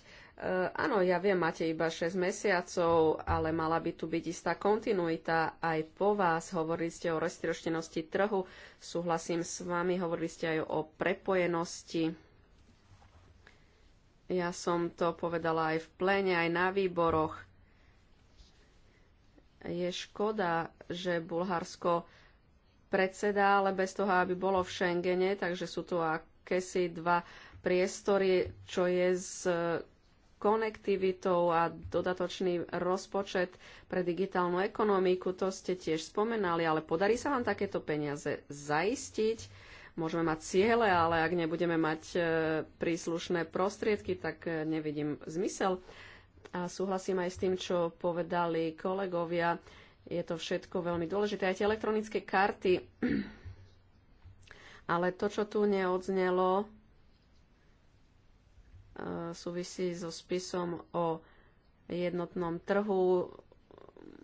áno, ja viem, máte iba 6 mesiacov, ale mala by tu byť istá kontinuita aj po vás. Hovorili ste o roztrieštenosti trhu, súhlasím s vami, hovorili ste aj o prepojenosti ja som to povedala aj v plene, aj na výboroch. Je škoda, že Bulharsko predseda, ale bez toho, aby bolo v Schengene, takže sú tu akési dva priestory, čo je s konektivitou a dodatočný rozpočet pre digitálnu ekonomiku, to ste tiež spomenali, ale podarí sa vám takéto peniaze zaistiť? Môžeme mať ciele, ale ak nebudeme mať e, príslušné prostriedky, tak e, nevidím zmysel. A súhlasím aj s tým, čo povedali kolegovia. Je to všetko veľmi dôležité. Aj tie elektronické karty. Ale to, čo tu neodznelo, e, súvisí so spisom o jednotnom trhu.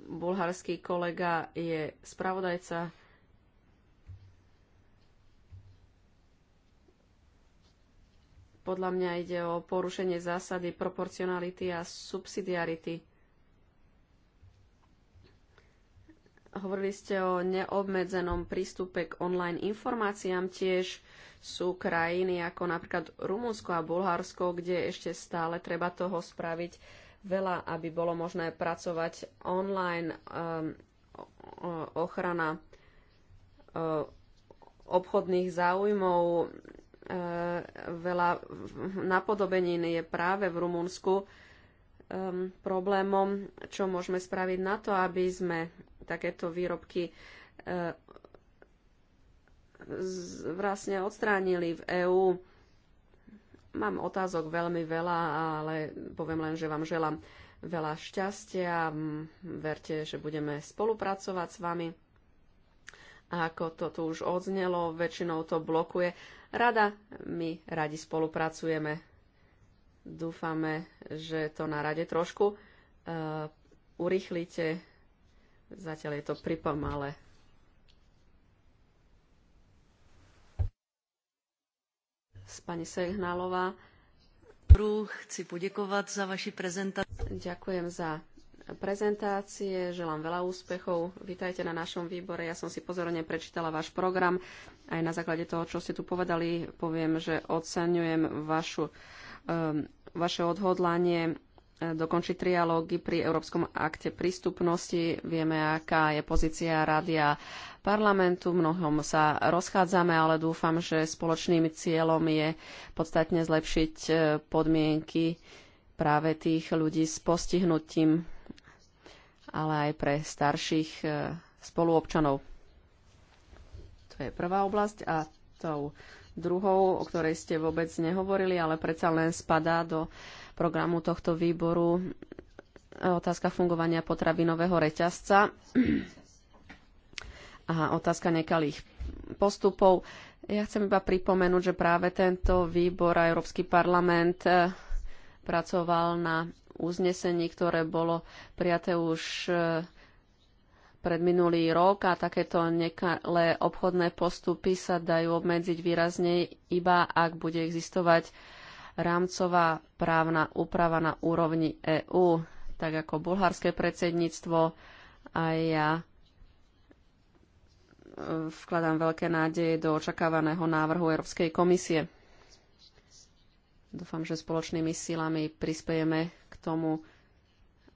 Bulharský kolega je spravodajca Podľa mňa ide o porušenie zásady proporcionality a subsidiarity. Hovorili ste o neobmedzenom prístupe k online informáciám. Tiež sú krajiny ako napríklad Rumunsko a Bulharsko, kde ešte stále treba toho spraviť veľa, aby bolo možné pracovať online. Um, ochrana e, obchodných záujmov E, veľa napodobenín je práve v Rumunsku um, problémom, čo môžeme spraviť na to, aby sme takéto výrobky uh, z, vlastne odstránili v EÚ. Mám otázok veľmi veľa, ale poviem len, že vám želám veľa šťastia. Verte, že budeme spolupracovať s vami. A ako to tu už odznelo, väčšinou to blokuje rada. My radi spolupracujeme. Dúfame, že to na rade trošku uh, e, urychlíte. Zatiaľ je to pripomale. S pani Sehnalová. Chci poděkovat za vaši prezentaci. Ďakujem za prezentácie. Želám veľa úspechov. Vítajte na našom výbore. Ja som si pozorne prečítala váš program. Aj na základe toho, čo ste tu povedali, poviem, že oceňujem vašu, ehm, vaše odhodlanie e, dokončiť trialógy pri Európskom akte prístupnosti. Vieme, aká je pozícia rádia a parlamentu. Mnohom sa rozchádzame, ale dúfam, že spoločným cieľom je podstatne zlepšiť e, podmienky práve tých ľudí s postihnutím ale aj pre starších e, spoluobčanov. To je prvá oblasť a tou druhou, o ktorej ste vôbec nehovorili, ale predsa len spadá do programu tohto výboru e, otázka fungovania potravinového reťazca a otázka nekalých postupov. Ja chcem iba pripomenúť, že práve tento výbor a Európsky parlament e, pracoval na uznesení, ktoré bolo prijaté už e, pred minulý rok a takéto nekalé obchodné postupy sa dajú obmedziť výrazne iba, ak bude existovať rámcová právna úprava na úrovni EÚ, tak ako bulharské predsedníctvo a ja e, vkladám veľké nádeje do očakávaného návrhu Európskej komisie. Dúfam, že spoločnými silami prispiejeme tomu,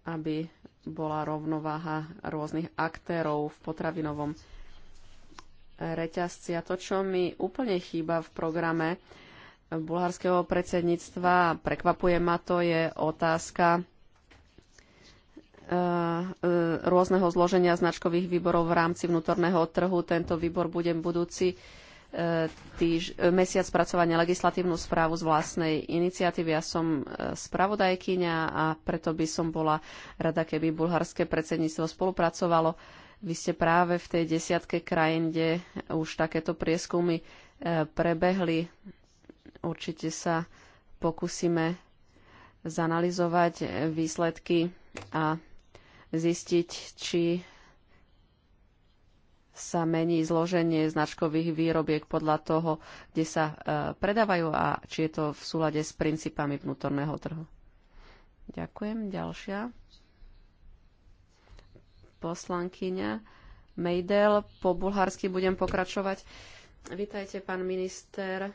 aby bola rovnováha rôznych aktérov v potravinovom reťazci. A to, čo mi úplne chýba v programe bulharského predsedníctva, prekvapuje ma to, je otázka e, e, rôzneho zloženia značkových výborov v rámci vnútorného trhu. Tento výbor bude budúci týž, mesiac spracovania legislatívnu správu z vlastnej iniciatívy. Ja som e, spravodajkyňa a preto by som bola rada, keby bulharské predsedníctvo spolupracovalo. Vy ste práve v tej desiatke krajín, kde už takéto prieskumy e, prebehli. Určite sa pokúsime zanalizovať výsledky a zistiť, či sa mení zloženie značkových výrobiek podľa toho, kde sa e, predávajú a či je to v súlade s princípami vnútorného trhu. Ďakujem. Ďalšia poslankyňa Mejdel. Po bulharsky budem pokračovať. Vítajte, pán minister.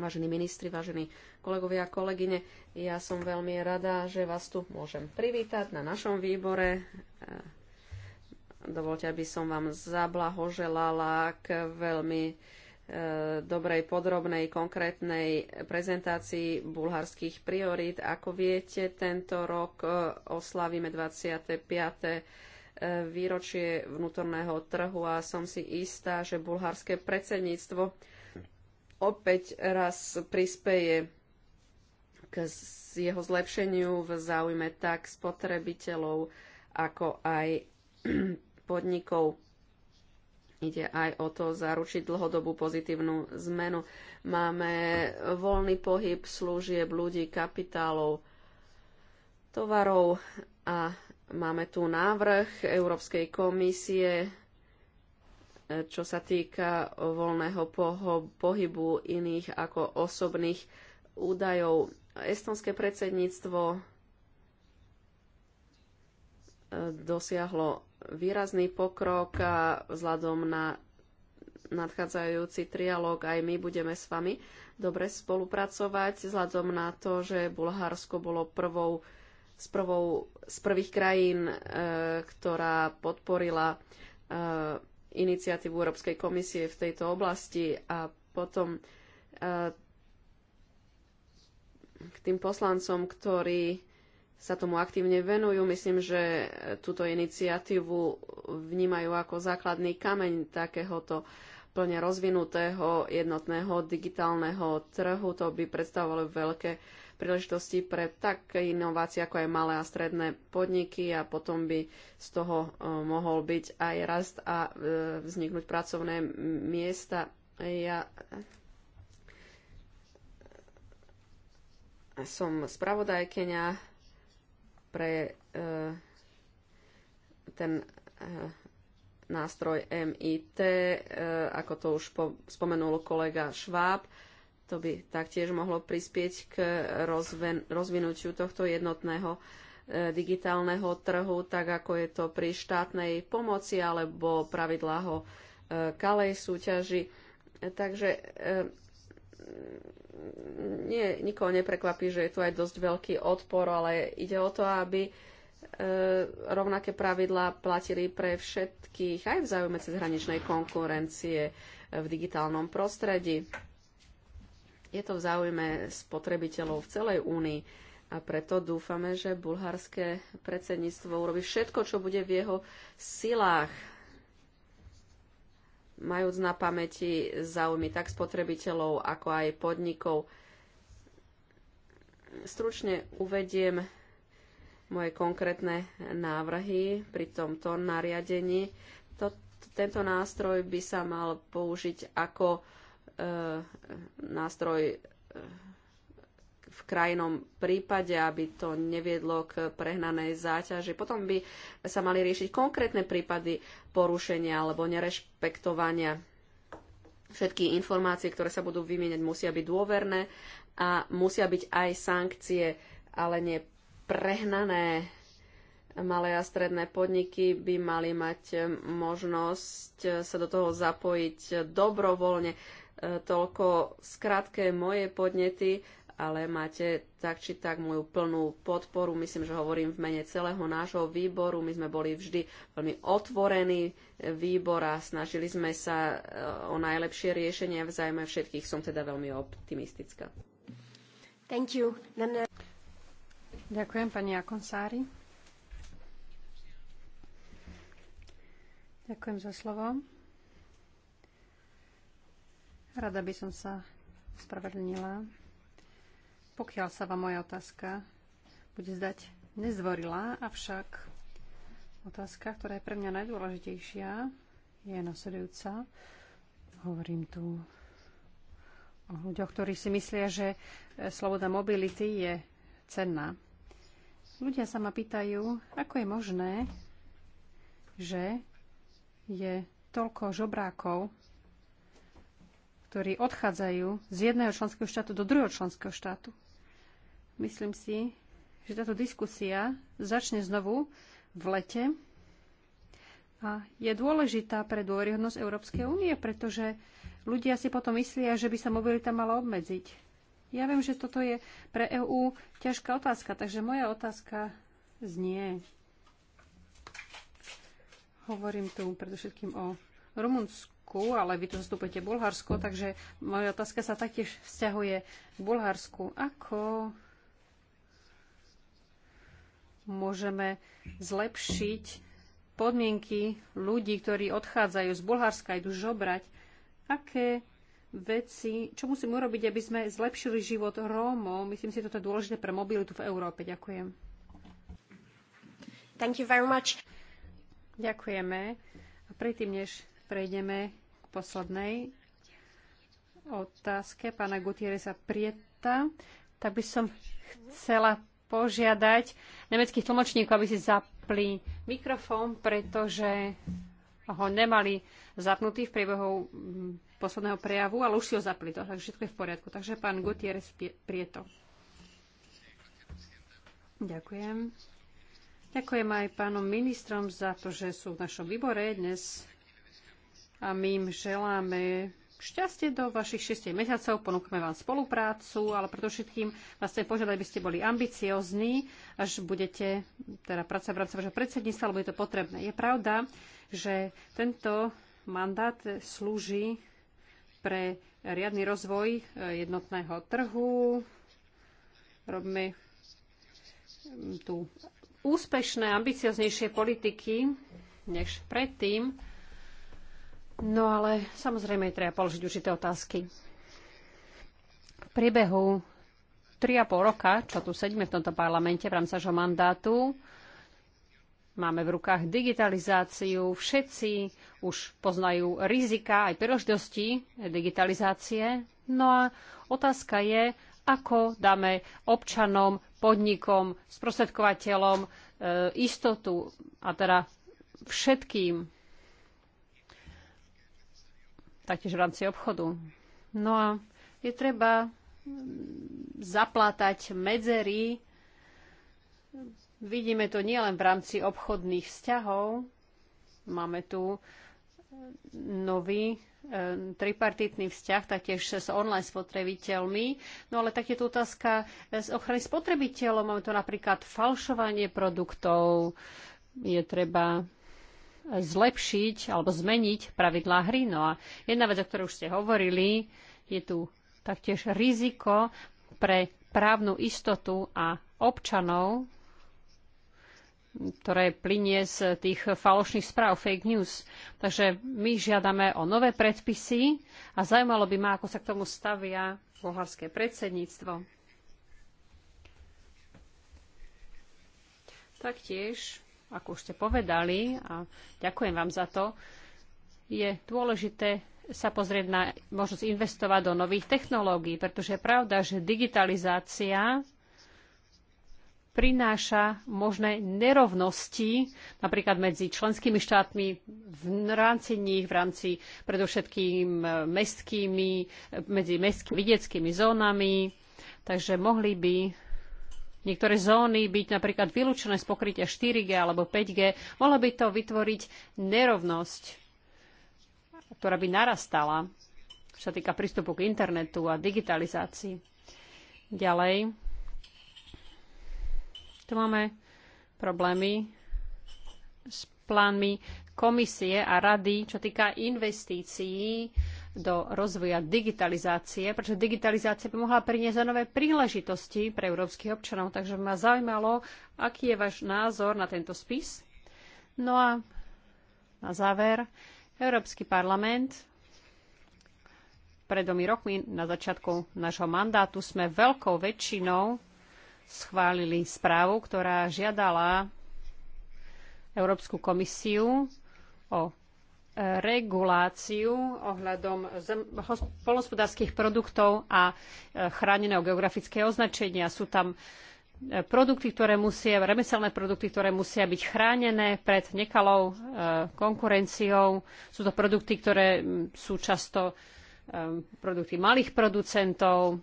Vážení ministri, vážení kolegovia a kolegyne, ja som veľmi rada, že vás tu môžem privítať na našom výbore e, Dovolte, aby som vám zablahoželala k veľmi e, dobrej, podrobnej, konkrétnej prezentácii bulharských priorít. Ako viete, tento rok e, oslavíme 25. E, výročie vnútorného trhu a som si istá, že bulharské predsedníctvo opäť raz prispeje k jeho zlepšeniu v záujme tak spotrebiteľov, ako aj podnikov. Ide aj o to zaručiť dlhodobú pozitívnu zmenu. Máme voľný pohyb služieb, ľudí, kapitálov, tovarov a máme tu návrh Európskej komisie, čo sa týka voľného pohybu iných ako osobných údajov. Estonské predsedníctvo dosiahlo výrazný pokrok a vzhľadom na nadchádzajúci trialóg aj my budeme s vami dobre spolupracovať, vzhľadom na to, že Bulharsko bolo prvou z, prvou, z prvých krajín, e, ktorá podporila e, iniciatívu Európskej komisie v tejto oblasti a potom e, k tým poslancom, ktorí sa tomu aktívne venujú. Myslím, že túto iniciatívu vnímajú ako základný kameň takéhoto plne rozvinutého jednotného digitálneho trhu. To by predstavovalo veľké príležitosti pre také inovácie, ako aj malé a stredné podniky a potom by z toho e, mohol byť aj rast a e, vzniknúť pracovné miesta. Ja som spravodajkeňa pre e, ten e, nástroj MIT, e, ako to už spomenul kolega Šváb. To by taktiež mohlo prispieť k rozvinutiu tohto jednotného digitálneho trhu, tak ako je to pri štátnej pomoci alebo pravidláho kalej súťaži. Takže nie, nikoho neprekvapí, že je tu aj dosť veľký odpor, ale ide o to, aby e, rovnaké pravidlá platili pre všetkých aj v záujme cezhraničnej konkurencie e, v digitálnom prostredí. Je to v záujme spotrebiteľov v celej únii a preto dúfame, že bulharské predsedníctvo urobí všetko, čo bude v jeho silách majúc na pamäti záujmy tak spotrebiteľov, ako aj podnikov. Stručne uvediem moje konkrétne návrhy pri tomto nariadení. tento nástroj by sa mal použiť ako e, nástroj e, v krajnom prípade, aby to neviedlo k prehnanej záťaži. Potom by sa mali riešiť konkrétne prípady porušenia alebo nerešpektovania. Všetky informácie, ktoré sa budú vymieňať, musia byť dôverné a musia byť aj sankcie, ale nie prehnané. Malé a stredné podniky by mali mať možnosť sa do toho zapojiť dobrovoľne e, toľko skrátke moje podnety ale máte tak či tak moju plnú podporu. Myslím, že hovorím v mene celého nášho výboru. My sme boli vždy veľmi otvorení e, výbor a snažili sme sa e, o najlepšie riešenie v zájme všetkých. Som teda veľmi optimistická. Thank you. Then, uh... Ďakujem pani Akonsári. Ďakujem za slovo. Rada by som sa spravedlnila pokiaľ sa vám moja otázka bude zdať nezvorila, avšak otázka, ktorá je pre mňa najdôležitejšia, je nasledujúca. Hovorím tu o ľuďoch, ktorí si myslia, že e, sloboda mobility je cenná. Ľudia sa ma pýtajú, ako je možné, že je toľko žobrákov, ktorí odchádzajú z jedného členského štátu do druhého členského štátu. Myslím si, že táto diskusia začne znovu v lete a je dôležitá pre dôveryhodnosť Európskej únie, pretože ľudia si potom myslia, že by sa mobilita mala obmedziť. Ja viem, že toto je pre EÚ ťažká otázka, takže moja otázka znie. Hovorím tu predovšetkým o Rumunsku, ale vy tu zastupujete Bulharsko, takže moja otázka sa taktiež vzťahuje k Bulharsku. Ako môžeme zlepšiť podmienky ľudí, ktorí odchádzajú z Bulharska, idú žobrať, aké veci, čo musíme urobiť, aby sme zlepšili život Rómov. Myslím si, že toto je dôležité pre mobilitu v Európe. Ďakujem. Thank you very much. Ďakujeme. A predtým, než prejdeme k poslednej otázke pána Gutierreza Prieta, tak by som chcela požiadať nemeckých tlmočníkov, aby si zapli mikrofón, pretože ho nemali zapnutý v priebehu mm, posledného prejavu, ale už si ho zapli. To, takže všetko je v poriadku. Takže pán Gutierrez Prieto. Ďakujem. Ďakujem aj pánom ministrom za to, že sú v našom výbore dnes a my im želáme šťastie do vašich 6 mesiacov, ponúkame vám spoluprácu, ale všetkým vás chcem požiadať, aby ste boli ambiciozní, až budete teda pracovať v rámci vašho predsedníctva, lebo je to potrebné. Je pravda, že tento mandát slúži pre riadny rozvoj e, jednotného trhu. Robíme mm, tu úspešné, ambicioznejšie politiky než predtým. No ale samozrejme je treba položiť určité otázky. V priebehu 3,5 roka, čo tu sedíme v tomto parlamente v rámci nášho mandátu, Máme v rukách digitalizáciu, všetci už poznajú rizika aj príležitosti digitalizácie. No a otázka je, ako dáme občanom, podnikom, sprostredkovateľom e, istotu a teda všetkým taktiež v rámci obchodu. No a je treba zaplátať medzery. Vidíme to nielen v rámci obchodných vzťahov. Máme tu nový e, tripartitný vzťah, taktiež s online spotrebiteľmi. No ale tak je tu otázka e, z ochrany spotrebiteľov. Máme tu napríklad falšovanie produktov. Je treba zlepšiť alebo zmeniť pravidlá hry. No a jedna vec, o ktorej už ste hovorili, je tu taktiež riziko pre právnu istotu a občanov, ktoré plinie z tých falošných správ, fake news. Takže my žiadame o nové predpisy a zaujímalo by ma, ako sa k tomu stavia bulharské predsedníctvo. Taktiež ako už ste povedali, a ďakujem vám za to, je dôležité sa pozrieť na možnosť investovať do nových technológií, pretože je pravda, že digitalizácia prináša možné nerovnosti, napríklad medzi členskými štátmi v rámci nich, v rámci predovšetkým mestskými, medzi mestskými vidieckými zónami. Takže mohli by niektoré zóny byť napríklad vylúčené z pokrytia 4G alebo 5G, mohlo by to vytvoriť nerovnosť, ktorá by narastala, čo sa týka prístupu k internetu a digitalizácii. Ďalej, tu máme problémy s plánmi komisie a rady, čo týka investícií do rozvoja digitalizácie, pretože digitalizácia by mohla priniesť nové príležitosti pre európskych občanov. Takže ma zaujímalo, aký je váš názor na tento spis. No a na záver, Európsky parlament pred dvomi rokmi na začiatku nášho mandátu sme veľkou väčšinou schválili správu, ktorá žiadala Európsku komisiu o reguláciu ohľadom polnospodárských produktov a e, chráneného geografického označenia. Sú tam e, produkty, ktoré musia, remeselné produkty, ktoré musia byť chránené pred nekalou e, konkurenciou. Sú to produkty, ktoré sú často produkty malých producentov.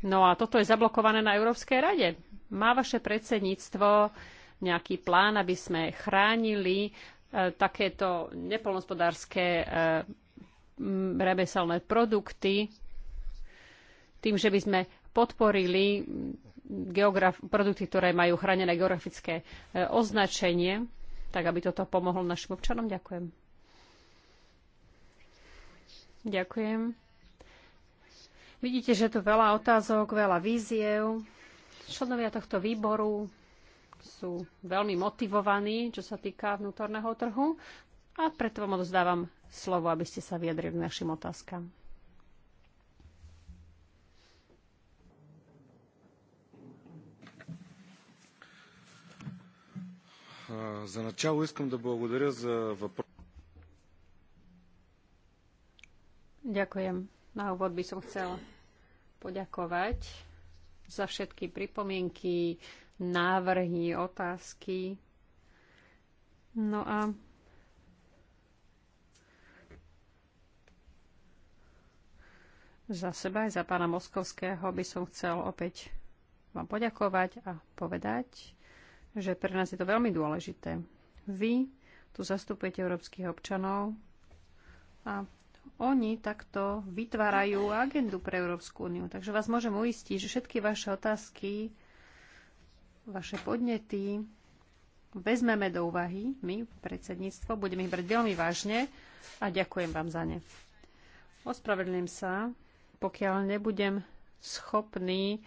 No a toto je zablokované na Európskej rade. Má vaše predsedníctvo nejaký plán, aby sme chránili E, takéto nepolnospodárske e, remeselné produkty tým, že by sme podporili produkty, ktoré majú chránené geografické e, označenie, tak aby toto pomohlo našim občanom. Ďakujem. Ďakujem. Vidíte, že tu veľa otázok, veľa víziev. Členovia tohto výboru sú veľmi motivovaní, čo sa týka vnútorného trhu a preto vám odozdávam slovo, aby ste sa vyjadrili k našim otázkam. За начало искам да благодаря за въпрос. Ďakujem. Na úvod by som chcela poďakovať za všetky pripomienky, návrhy, otázky. No a za seba aj za pána Moskovského by som chcel opäť vám poďakovať a povedať, že pre nás je to veľmi dôležité. Vy tu zastupujete európskych občanov a oni takto vytvárajú agendu pre Európsku úniu. Takže vás môžem uistiť, že všetky vaše otázky vaše podnety vezmeme do úvahy, my, predsedníctvo, budeme ich brať veľmi vážne a ďakujem vám za ne. Ospravedlím sa, pokiaľ nebudem schopný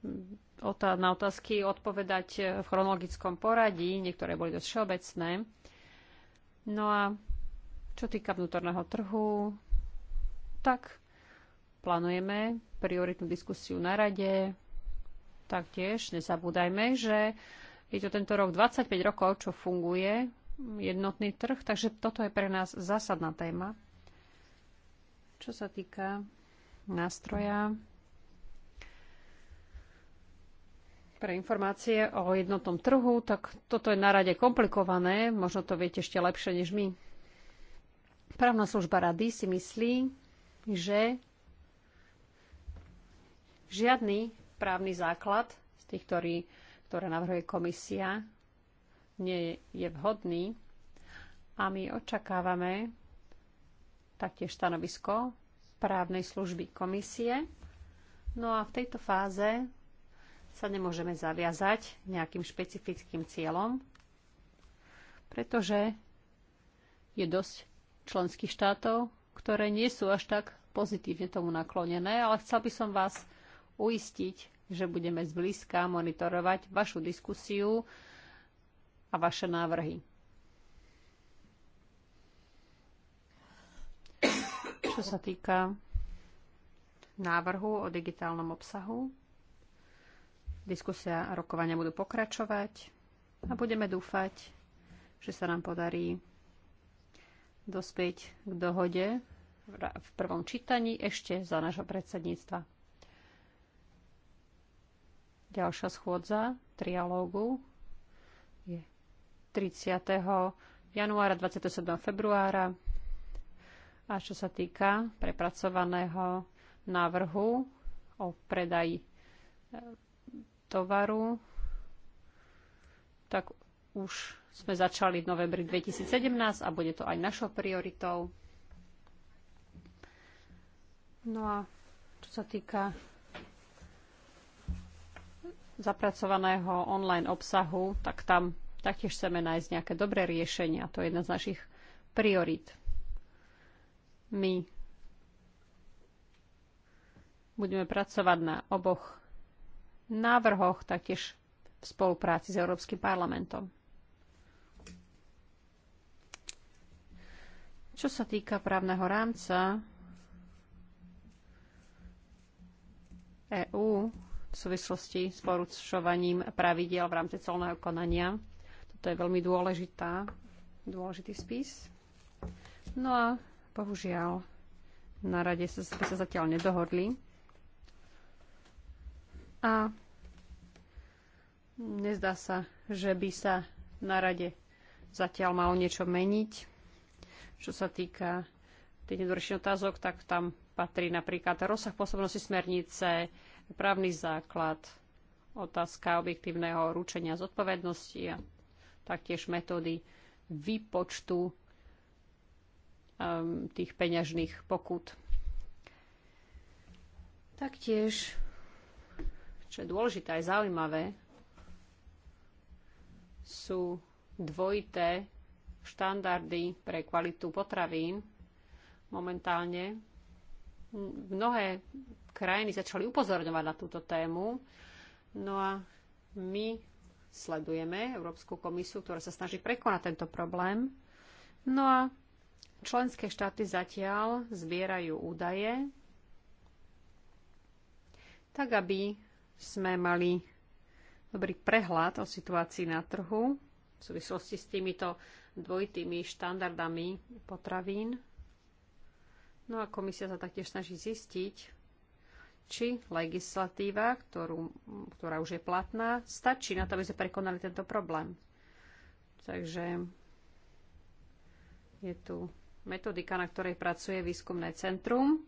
mm, na otázky odpovedať eh, v chronologickom poradí, niektoré boli dosť všeobecné. No a čo týka vnútorného trhu, tak plánujeme prioritnú diskusiu na rade, taktiež nezabúdajme, že je to tento rok 25 rokov, čo funguje jednotný trh, takže toto je pre nás zásadná téma. Čo sa týka nástroja pre informácie o jednotnom trhu, tak toto je na rade komplikované, možno to viete ešte lepšie než my. Právna služba rady si myslí, že žiadny právny základ z tých, ktorý, ktoré navrhuje komisia, nie je vhodný a my očakávame taktiež stanovisko právnej služby komisie. No a v tejto fáze sa nemôžeme zaviazať nejakým špecifickým cieľom, pretože je dosť členských štátov, ktoré nie sú až tak pozitívne tomu naklonené, ale chcel by som vás uistiť, že budeme zblízka monitorovať vašu diskusiu a vaše návrhy. Čo sa týka návrhu o digitálnom obsahu, diskusia a rokovania budú pokračovať a budeme dúfať, že sa nám podarí dospieť k dohode v prvom čítaní ešte za nášho predsedníctva. Ďalšia schôdza trialógu je 30. januára, 27. februára. A čo sa týka prepracovaného návrhu o predaji e, tovaru, tak už sme začali v novembri 2017 a bude to aj našou prioritou. No a čo sa týka zapracovaného online obsahu, tak tam taktiež chceme nájsť nejaké dobré riešenia. To je jedna z našich priorít. My budeme pracovať na oboch návrhoch, taktiež v spolupráci s Európskym parlamentom. Čo sa týka právneho rámca, EÚ v súvislosti s porušovaním pravidiel v rámci celného konania. Toto je veľmi dôležitá, dôležitý spis. No a bohužiaľ, na rade sa, sa zatiaľ nedohodli. A nezdá sa, že by sa na rade zatiaľ malo niečo meniť. Čo sa týka tých nedorečných otázok, tak tam patrí napríklad rozsah pôsobnosti smernice, právny základ, otázka objektívneho ručenia zodpovednosti a taktiež metódy výpočtu um, tých peňažných pokut. Taktiež, čo je dôležité aj zaujímavé, sú dvojité štandardy pre kvalitu potravín momentálne mnohé krajiny začali upozorňovať na túto tému. No a my sledujeme Európsku komisiu, ktorá sa snaží prekonať tento problém. No a členské štáty zatiaľ zbierajú údaje, tak aby sme mali dobrý prehľad o situácii na trhu v súvislosti s týmito dvojitými štandardami potravín No a komisia sa taktiež snaží zistiť, či legislatíva, ktorú, ktorá už je platná, stačí na to, aby sme prekonali tento problém. Takže je tu metodika, na ktorej pracuje výskumné centrum.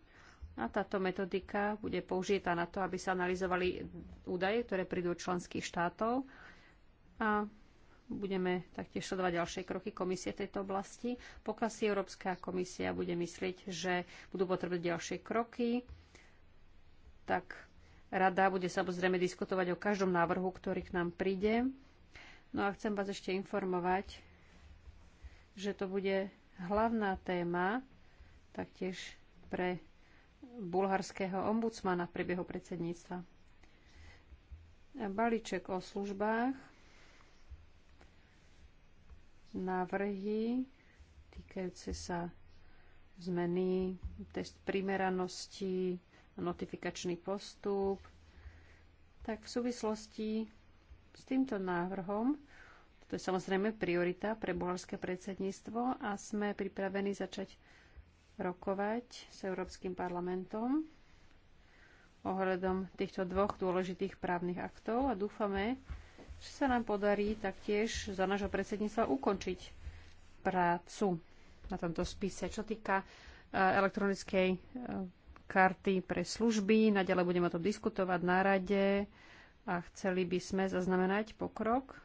A táto metodika bude použitá na to, aby sa analyzovali údaje, ktoré prídu od členských štátov. A Budeme taktiež sledovať ďalšie kroky komisie tejto oblasti. Pokiaľ si Európska komisia bude myslieť, že budú potrebné ďalšie kroky, tak rada bude samozrejme diskutovať o každom návrhu, ktorý k nám príde. No a chcem vás ešte informovať, že to bude hlavná téma taktiež pre bulharského ombudsmana v priebehu predsedníctva. Balíček o službách návrhy týkajúce sa zmeny, test primeranosti, notifikačný postup. Tak v súvislosti s týmto návrhom, to je samozrejme priorita pre bulharské predsedníctvo a sme pripravení začať rokovať s Európskym parlamentom ohľadom týchto dvoch dôležitých právnych aktov a dúfame, že sa nám podarí taktiež za nášho predsedníctva ukončiť prácu na tomto spise. Čo týka e, elektronickej e, karty pre služby, naďalej budeme o tom diskutovať na rade a chceli by sme zaznamenať pokrok.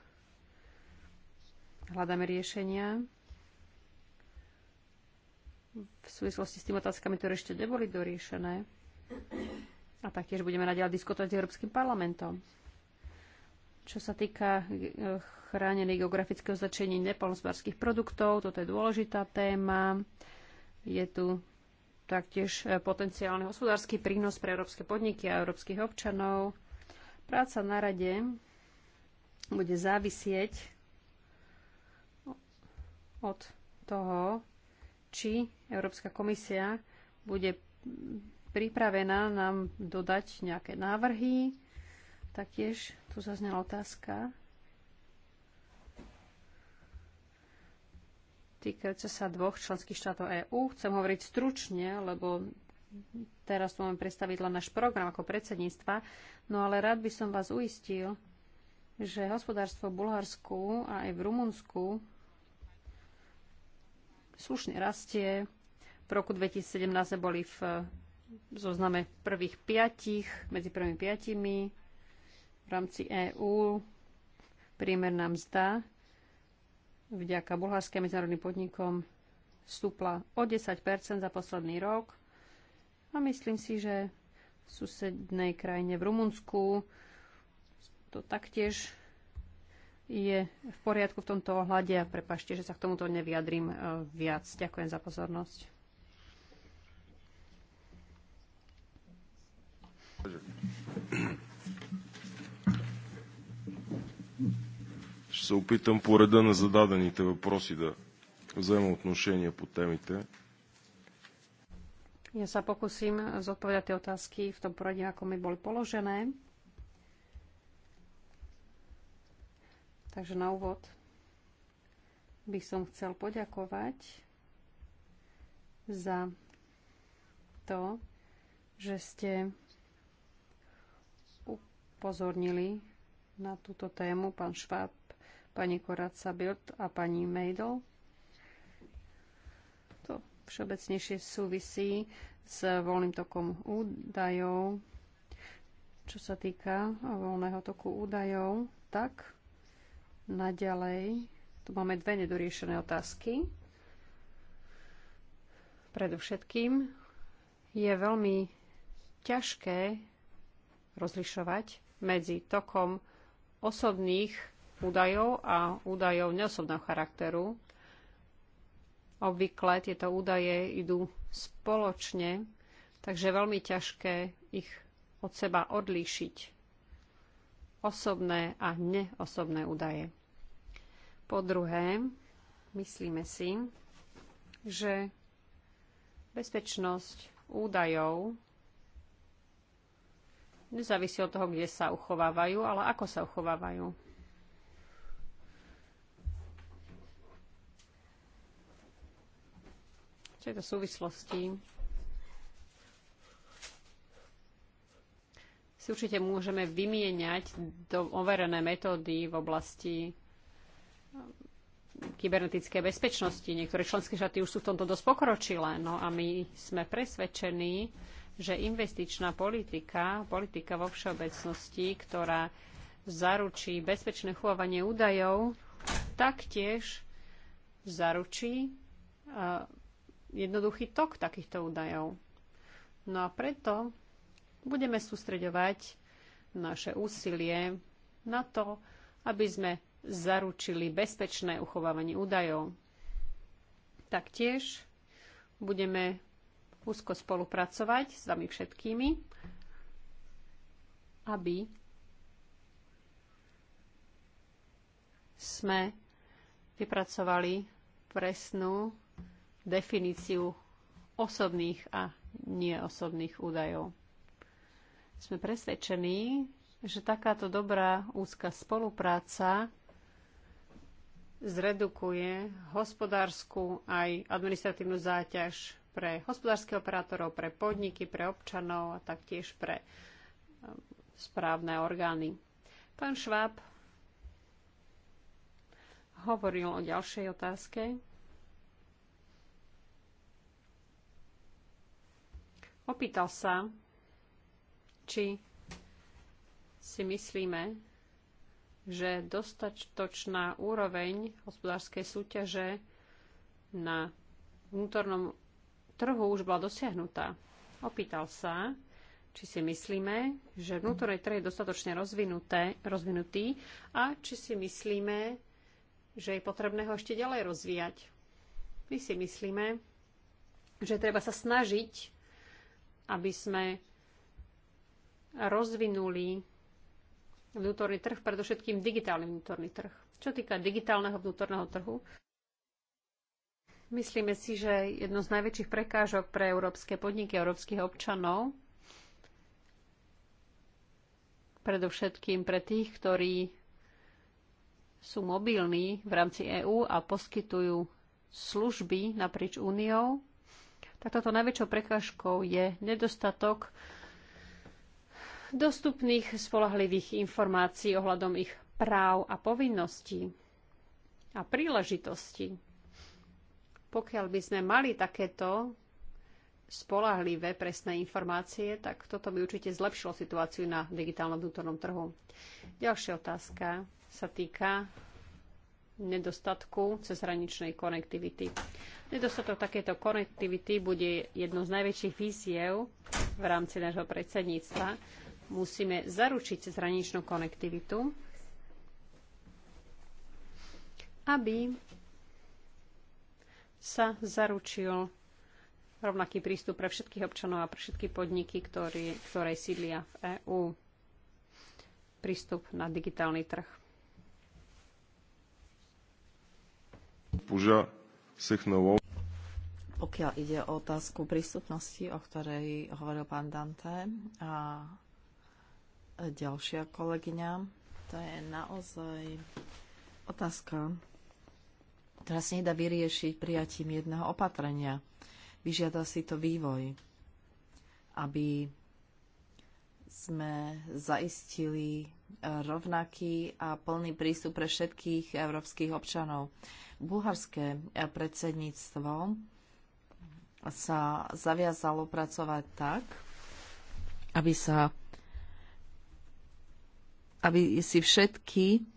Hľadáme riešenia v súvislosti s tými otázkami, ktoré ešte neboli doriešené. A taktiež budeme naďalej diskutovať s Európskym parlamentom. Čo sa týka e, chránených geografického značení nepolnospodárských produktov, toto je dôležitá téma. Je tu taktiež e, potenciálny hospodársky prínos pre európske podniky a európskych občanov. Práca na rade bude závisieť od toho, či Európska komisia bude pripravená nám dodať nejaké návrhy Taktiež tu zaznela otázka týkajúca sa dvoch členských štátov EÚ. Chcem hovoriť stručne, lebo teraz tu máme predstaviť len náš program ako predsedníctva, no ale rád by som vás uistil, že hospodárstvo v Bulharsku a aj v Rumunsku slušne rastie. V roku 2017 boli v zozname prvých piatich, medzi prvými piatimi v rámci EÚ priemerná mzda vďaka bulharským medzinárodným podnikom stúpla o 10 za posledný rok a myslím si, že v susednej krajine v Rumunsku to taktiež je v poriadku v tomto ohľade a prepašte, že sa k tomuto nevyjadrím e, viac. Ďakujem za pozornosť. ще се опитам по реда на зададените въпроси да взема отношение по темите. Ja sa pokúsim zodpovedať tie otázky v tom poradí, ako mi boli položené. Takže na úvod by som chcel poďakovať za to, že ste upozornili na túto tému. Pán Šváb pani Koraca Bild a pani Mejdl. To všeobecnejšie súvisí s voľným tokom údajov. Čo sa týka voľného toku údajov, tak naďalej tu máme dve nedoriešené otázky. Predovšetkým je veľmi ťažké rozlišovať medzi tokom osobných údajov a údajov neosobného charakteru. Obvykle tieto údaje idú spoločne, takže je veľmi ťažké ich od seba odlíšiť. Osobné a neosobné údaje. Po druhé, myslíme si, že bezpečnosť údajov nezávisí od toho, kde sa uchovávajú, ale ako sa uchovávajú. tejto súvislosti si určite môžeme vymieňať do overené metódy v oblasti um, kybernetickej bezpečnosti. Niektoré členské štáty už sú v tomto dosť pokročilé, no a my sme presvedčení, že investičná politika, politika vo všeobecnosti, ktorá zaručí bezpečné chovanie údajov, taktiež zaručí uh, jednoduchý tok takýchto údajov. No a preto budeme sústreďovať naše úsilie na to, aby sme zaručili bezpečné uchovávanie údajov. Taktiež budeme úzko spolupracovať s vami všetkými, aby sme vypracovali presnú definíciu osobných a neosobných údajov. Sme presvedčení, že takáto dobrá úzka spolupráca zredukuje hospodárskú aj administratívnu záťaž pre hospodárskych operátorov, pre podniky, pre občanov a taktiež pre um, správne orgány. Pán Šváb hovoril o ďalšej otázke. opýtal sa, či si myslíme, že dostatočná úroveň hospodárskej súťaže na vnútornom trhu už bola dosiahnutá. Opýtal sa, či si myslíme, že vnútorný trh je dostatočne rozvinuté, rozvinutý a či si myslíme, že je potrebné ho ešte ďalej rozvíjať. My si myslíme, že treba sa snažiť aby sme rozvinuli vnútorný trh, predovšetkým digitálny vnútorný trh. Čo týka digitálneho vnútorného trhu, myslíme si, že jedno z najväčších prekážok pre európske podniky, európskych občanov, predovšetkým pre tých, ktorí sú mobilní v rámci EÚ a poskytujú služby naprieč úniou, tak toto najväčšou prekážkou je nedostatok dostupných spolahlivých informácií ohľadom ich práv a povinností a príležitostí. Pokiaľ by sme mali takéto spolahlivé presné informácie, tak toto by určite zlepšilo situáciu na digitálnom vnútornom trhu. Ďalšia otázka sa týka nedostatku cezhraničnej konektivity. Nedostatok takéto konektivity bude jednou z najväčších víziev v rámci nášho predsedníctva. Musíme zaručiť cezhraničnú konektivitu, aby sa zaručil rovnaký prístup pre všetkých občanov a pre všetky podniky, ktoré, ktoré sídlia v EÚ. Prístup na digitálny trh. Pokiaľ ide o otázku prístupnosti, o ktorej hovoril pán Dante a ďalšia kolegyňa, to je naozaj otázka, ktorá sa nedá vyriešiť prijatím jedného opatrenia. Vyžiada si to vývoj, aby sme zaistili rovnaký a plný prístup pre všetkých európskych občanov. Bulharské predsedníctvo sa zaviazalo pracovať tak, aby sa aby si všetky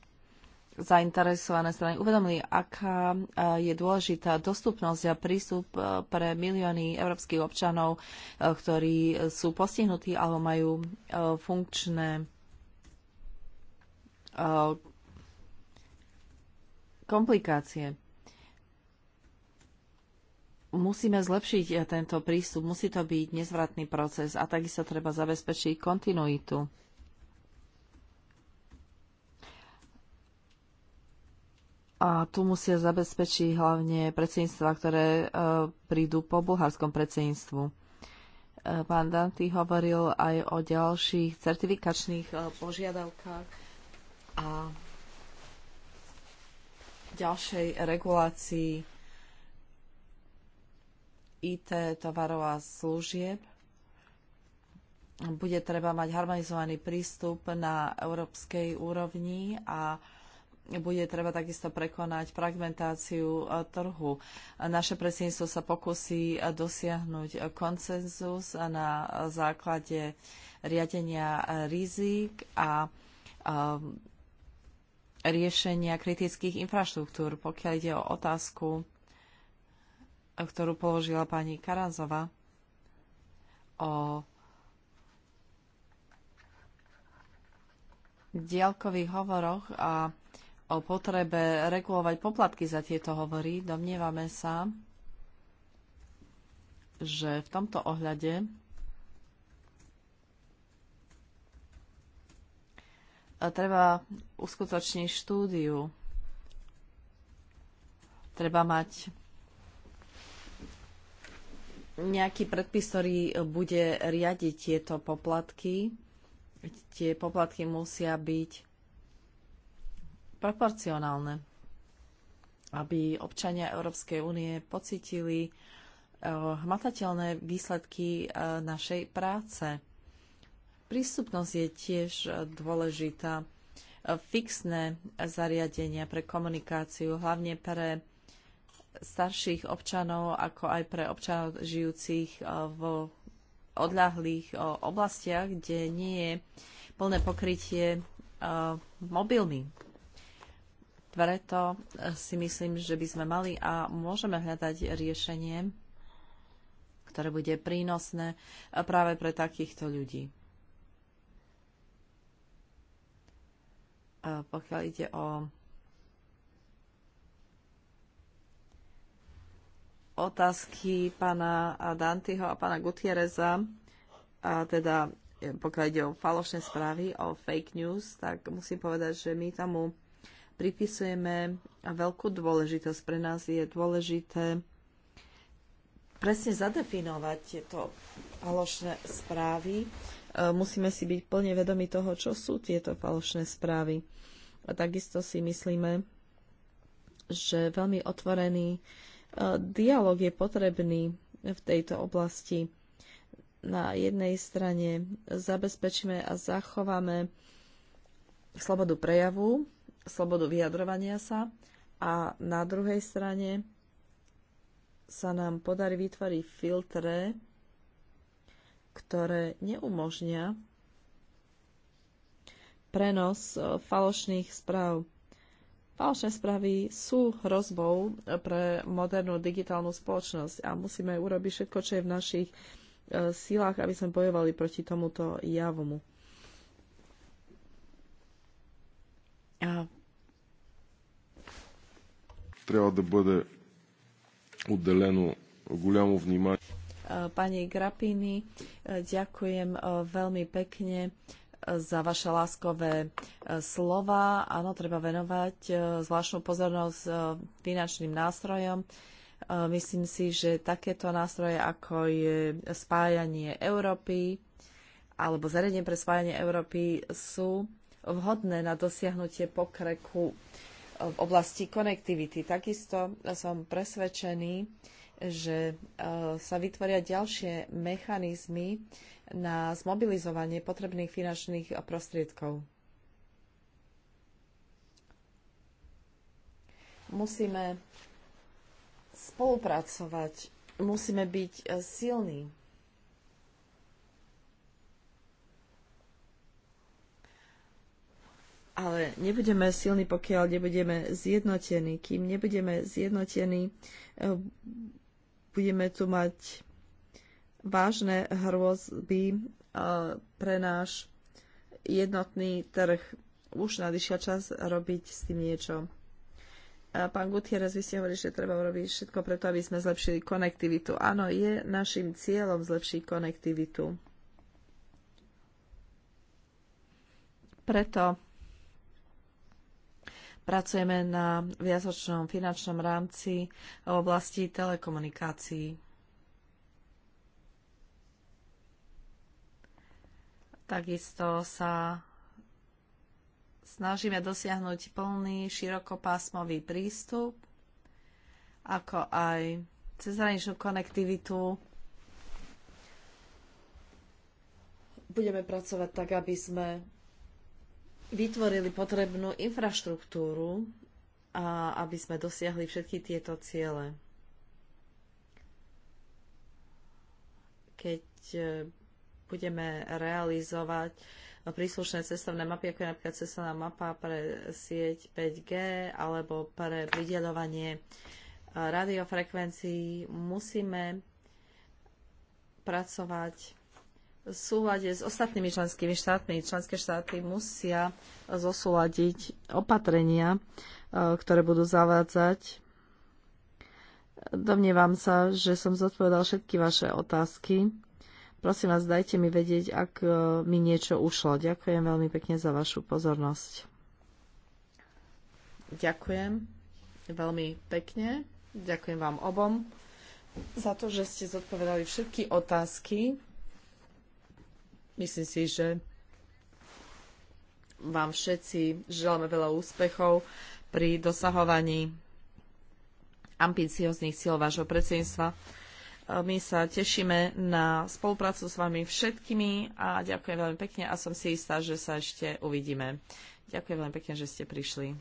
zainteresované strany uvedomili, aká eh, je dôležitá dostupnosť a prístup eh, pre milióny európskych občanov, eh, ktorí sú postihnutí alebo majú funkčné Eh, komplikácie. Musíme zlepšiť eh, tento prístup, musí to byť nezvratný proces a takisto treba zabezpečiť kontinuitu. A tu musia zabezpečiť hlavne predsedníctva, ktoré eh, prídu po bulharskom predsedníctvu. pán Danty hovoril aj o ďalších certifikačných požiadavkách a ďalšej regulácii IT tovarov a služieb. Bude treba mať harmonizovaný prístup na európskej úrovni a bude treba takisto prekonať fragmentáciu e, trhu. Naše predsedníctvo sa pokusí e, dosiahnuť e, konsenzus na základe riadenia rizik a riešenia kritických infraštruktúr, pokiaľ ide o otázku, ktorú položila pani Karazova o diaľkových hovoroch a o potrebe regulovať poplatky za tieto hovory, domnievame sa, že v tomto ohľade treba uskutočniť štúdiu. Treba mať nejaký predpis, ktorý bude riadiť tieto poplatky. Tie poplatky musia byť proporcionálne, aby občania Európskej únie pocitili eh, hmatateľné výsledky eh, našej práce Prístupnosť je tiež dôležitá. Fixné zariadenia pre komunikáciu, hlavne pre starších občanov, ako aj pre občanov žijúcich eh, v odľahlých eh, oblastiach, kde nie je plné pokrytie eh, mobilmi. Preto si myslím, že by sme mali a môžeme hľadať riešenie, ktoré bude prínosné práve pre takýchto ľudí. pokiaľ ide o otázky pána Dantyho a pána Gutiereza, a teda e, pokiaľ ide o falošné správy, o fake news, tak musím povedať, že my tomu pripisujeme veľkú dôležitosť. Pre nás je dôležité presne zadefinovať tieto falošné správy Musíme si byť plne vedomi toho, čo sú tieto falošné správy. A takisto si myslíme, že veľmi otvorený e, dialog je potrebný v tejto oblasti. Na jednej strane zabezpečíme a zachováme slobodu prejavu, slobodu vyjadrovania sa a na druhej strane sa nám podarí vytvoriť filtre, ktoré neumožnia prenos e, falošných správ. Falošné správy sú hrozbou pre modernú digitálnu spoločnosť a musíme urobiť všetko, čo je v našich e, silách, aby sme bojovali proti tomuto javomu. A Treba da bude udeleno голямо внимание. Pani Grapini, e, ďakujem e, veľmi pekne e, za vaše láskové slova. Áno, treba venovať zvláštnu pozornosť finančným nástrojom. Myslím si, že takéto nástroje, ako je spájanie Európy alebo zariadenie pre spájanie Európy, sú vhodné na dosiahnutie pokreku v oblasti konektivity. Takisto som presvedčený, že e, sa vytvoria ďalšie mechanizmy na zmobilizovanie potrebných finančných prostriedkov. Musíme spolupracovať, musíme byť e, silní. Ale nebudeme silní, pokiaľ nebudeme zjednotení. Kým nebudeme zjednotení, e, budeme tu mať vážne hrôzby e, pre náš jednotný trh. Už nadišiel čas robiť s tým niečo. Pán Gutierrez, vy ste hovorili, že treba urobiť všetko preto, aby sme zlepšili konektivitu. Áno, je našim cieľom zlepšiť konektivitu. Preto Pracujeme na viazočnom finančnom rámci v oblasti telekomunikácií. Takisto sa snažíme dosiahnuť plný širokopásmový prístup, ako aj cezraničnú konektivitu. Budeme pracovať tak, aby sme vytvorili potrebnú infraštruktúru, a aby sme dosiahli všetky tieto ciele. Keď e, budeme realizovať príslušné cestovné mapy, ako je napríklad cestovná mapa pre sieť 5G alebo pre vydeľovanie e, radiofrekvencií, musíme pracovať súlade s ostatnými členskými štátmi. Členské štáty musia zosúladiť opatrenia, e, ktoré budú zavádzať. Domnievam sa, že som zodpovedal všetky vaše otázky. Prosím vás, dajte mi vedieť, ak e, mi niečo ušlo. Ďakujem veľmi pekne za vašu pozornosť. Ďakujem veľmi pekne. Ďakujem vám obom za to, že ste zodpovedali všetky otázky. Myslím si, že vám všetci želáme veľa úspechov pri dosahovaní ambicioznych cieľov vášho predsedníctva. My sa tešíme na spoluprácu s vami všetkými a ďakujem veľmi pekne a som si istá, že sa ešte uvidíme. Ďakujem veľmi pekne, že ste prišli.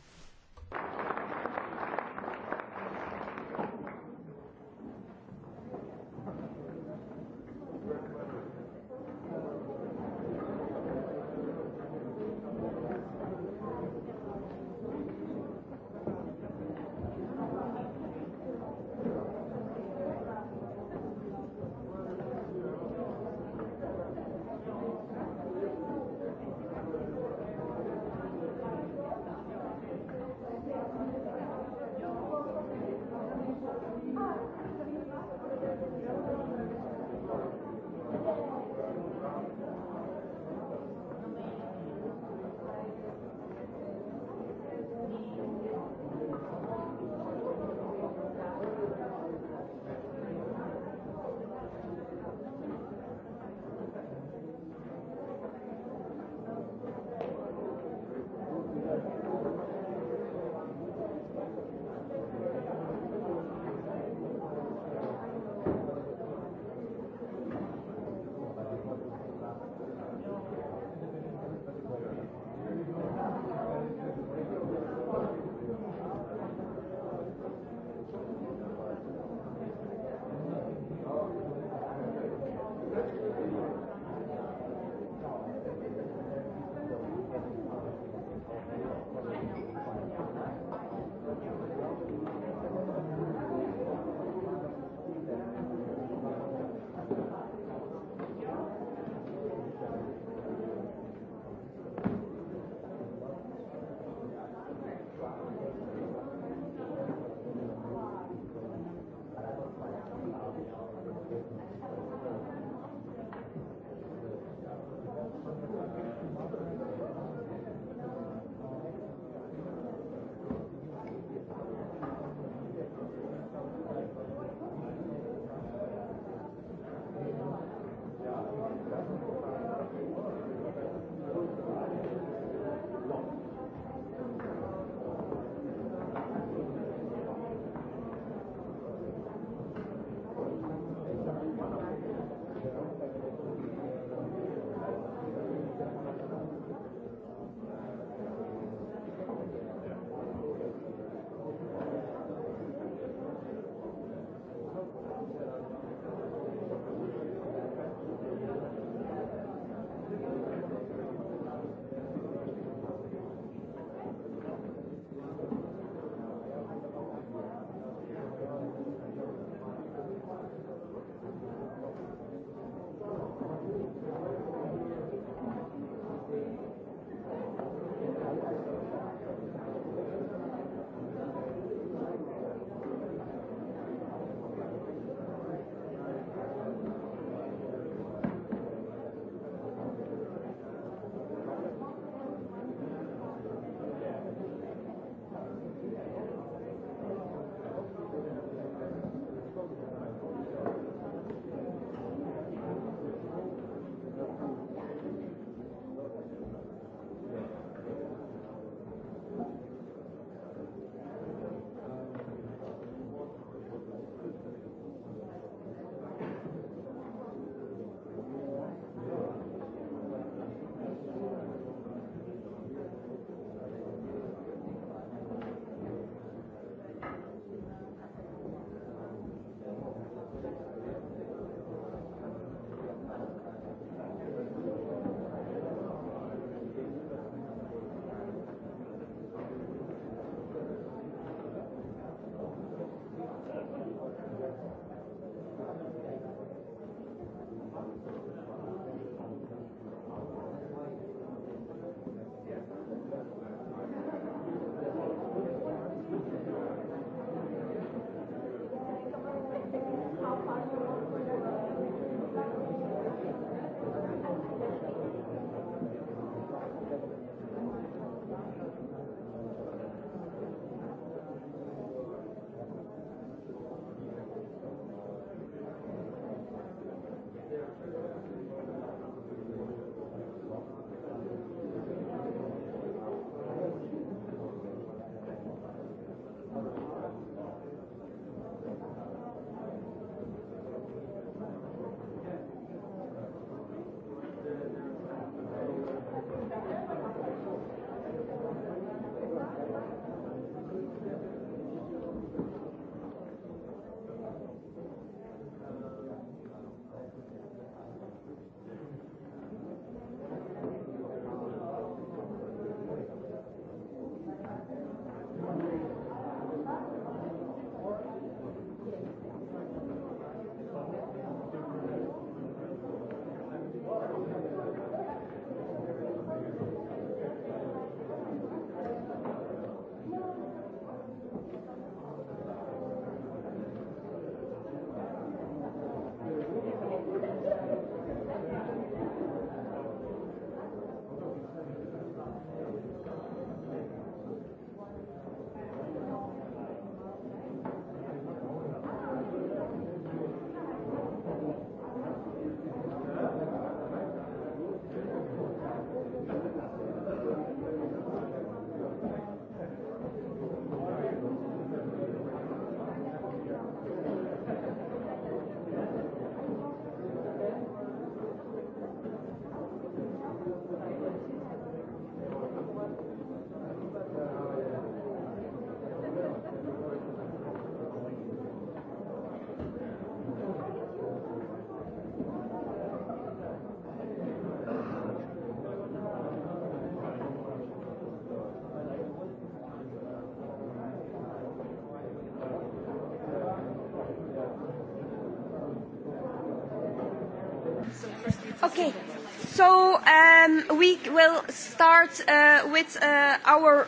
Start, uh, with, uh, our...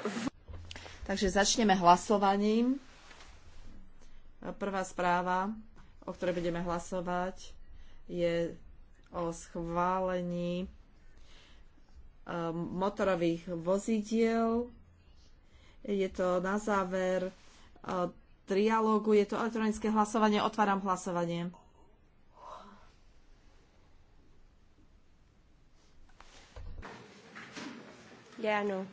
Takže začneme hlasovaním. Prvá správa, o ktorej budeme hlasovať, je o schválení um, motorových vozidiel. Je to na záver uh, trialógu, je to elektronické hlasovanie, otváram hlasovanie. Yeah, I know.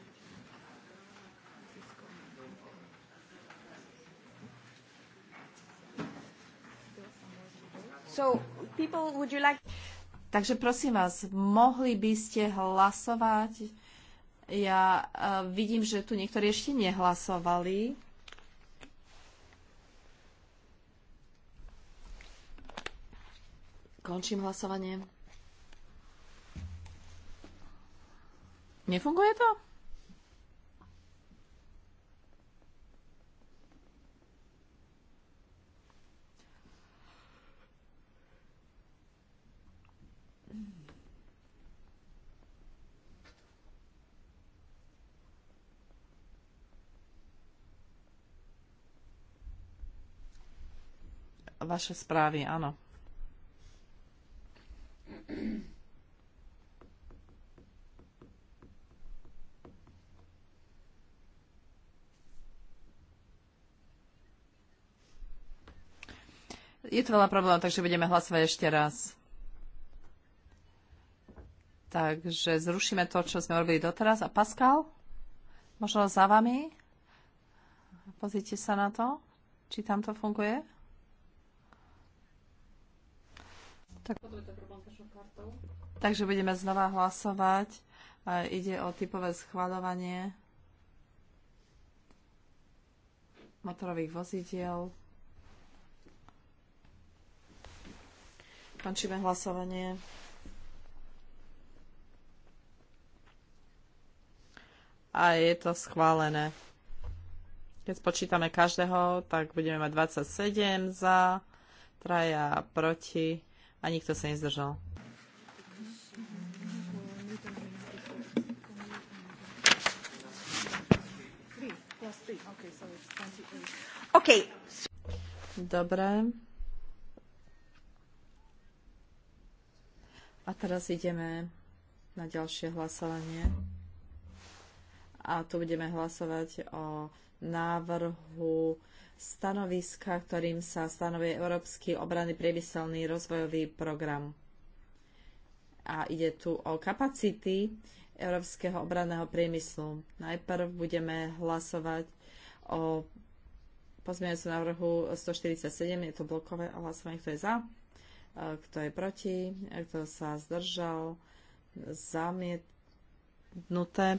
So, people, would you like... Takže prosím vás, mohli by ste hlasovať? Ja uh, vidím, že tu niektorí ešte nehlasovali. Končím hlasovanie. Nefunguje to? Vaše správy, áno. Je to veľa problémov, takže budeme hlasovať ešte raz. Takže zrušíme to, čo sme robili doteraz. A Pascal, možno za vami? Pozrite sa na to, či tam to funguje. Tak... Takže budeme znova hlasovať. A ide o typové schvaľovanie motorových vozidiel. Končíme hlasovanie. A je to schválené. Keď spočítame každého, tak budeme mať 27 za, traja proti a nikto sa nezdržal. Okay. Dobre. A teraz ideme na ďalšie hlasovanie. A tu budeme hlasovať o návrhu stanoviska, ktorým sa stanovuje Európsky obranný priemyselný rozvojový program. A ide tu o kapacity Európskeho obranného priemyslu. Najprv budeme hlasovať o pozmeňujúcom návrhu 147, je to blokové hlasovanie, kto je za? Kto je proti? Kto sa zdržal? Zamietnuté. E,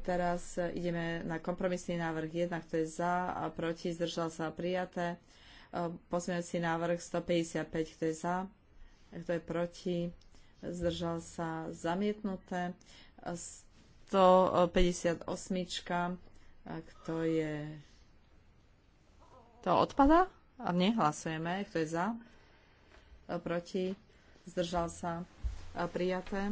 teraz ideme na kompromisný návrh 1. Kto je za a proti? Zdržal sa a prijaté. E, pozmeňujúci návrh 155. Kto je za? Kto je proti? Zdržal sa zamietnuté. 158. E, kto je... To odpada? A nehlasujeme. Kto je za? proti, zdržal sa prijaté.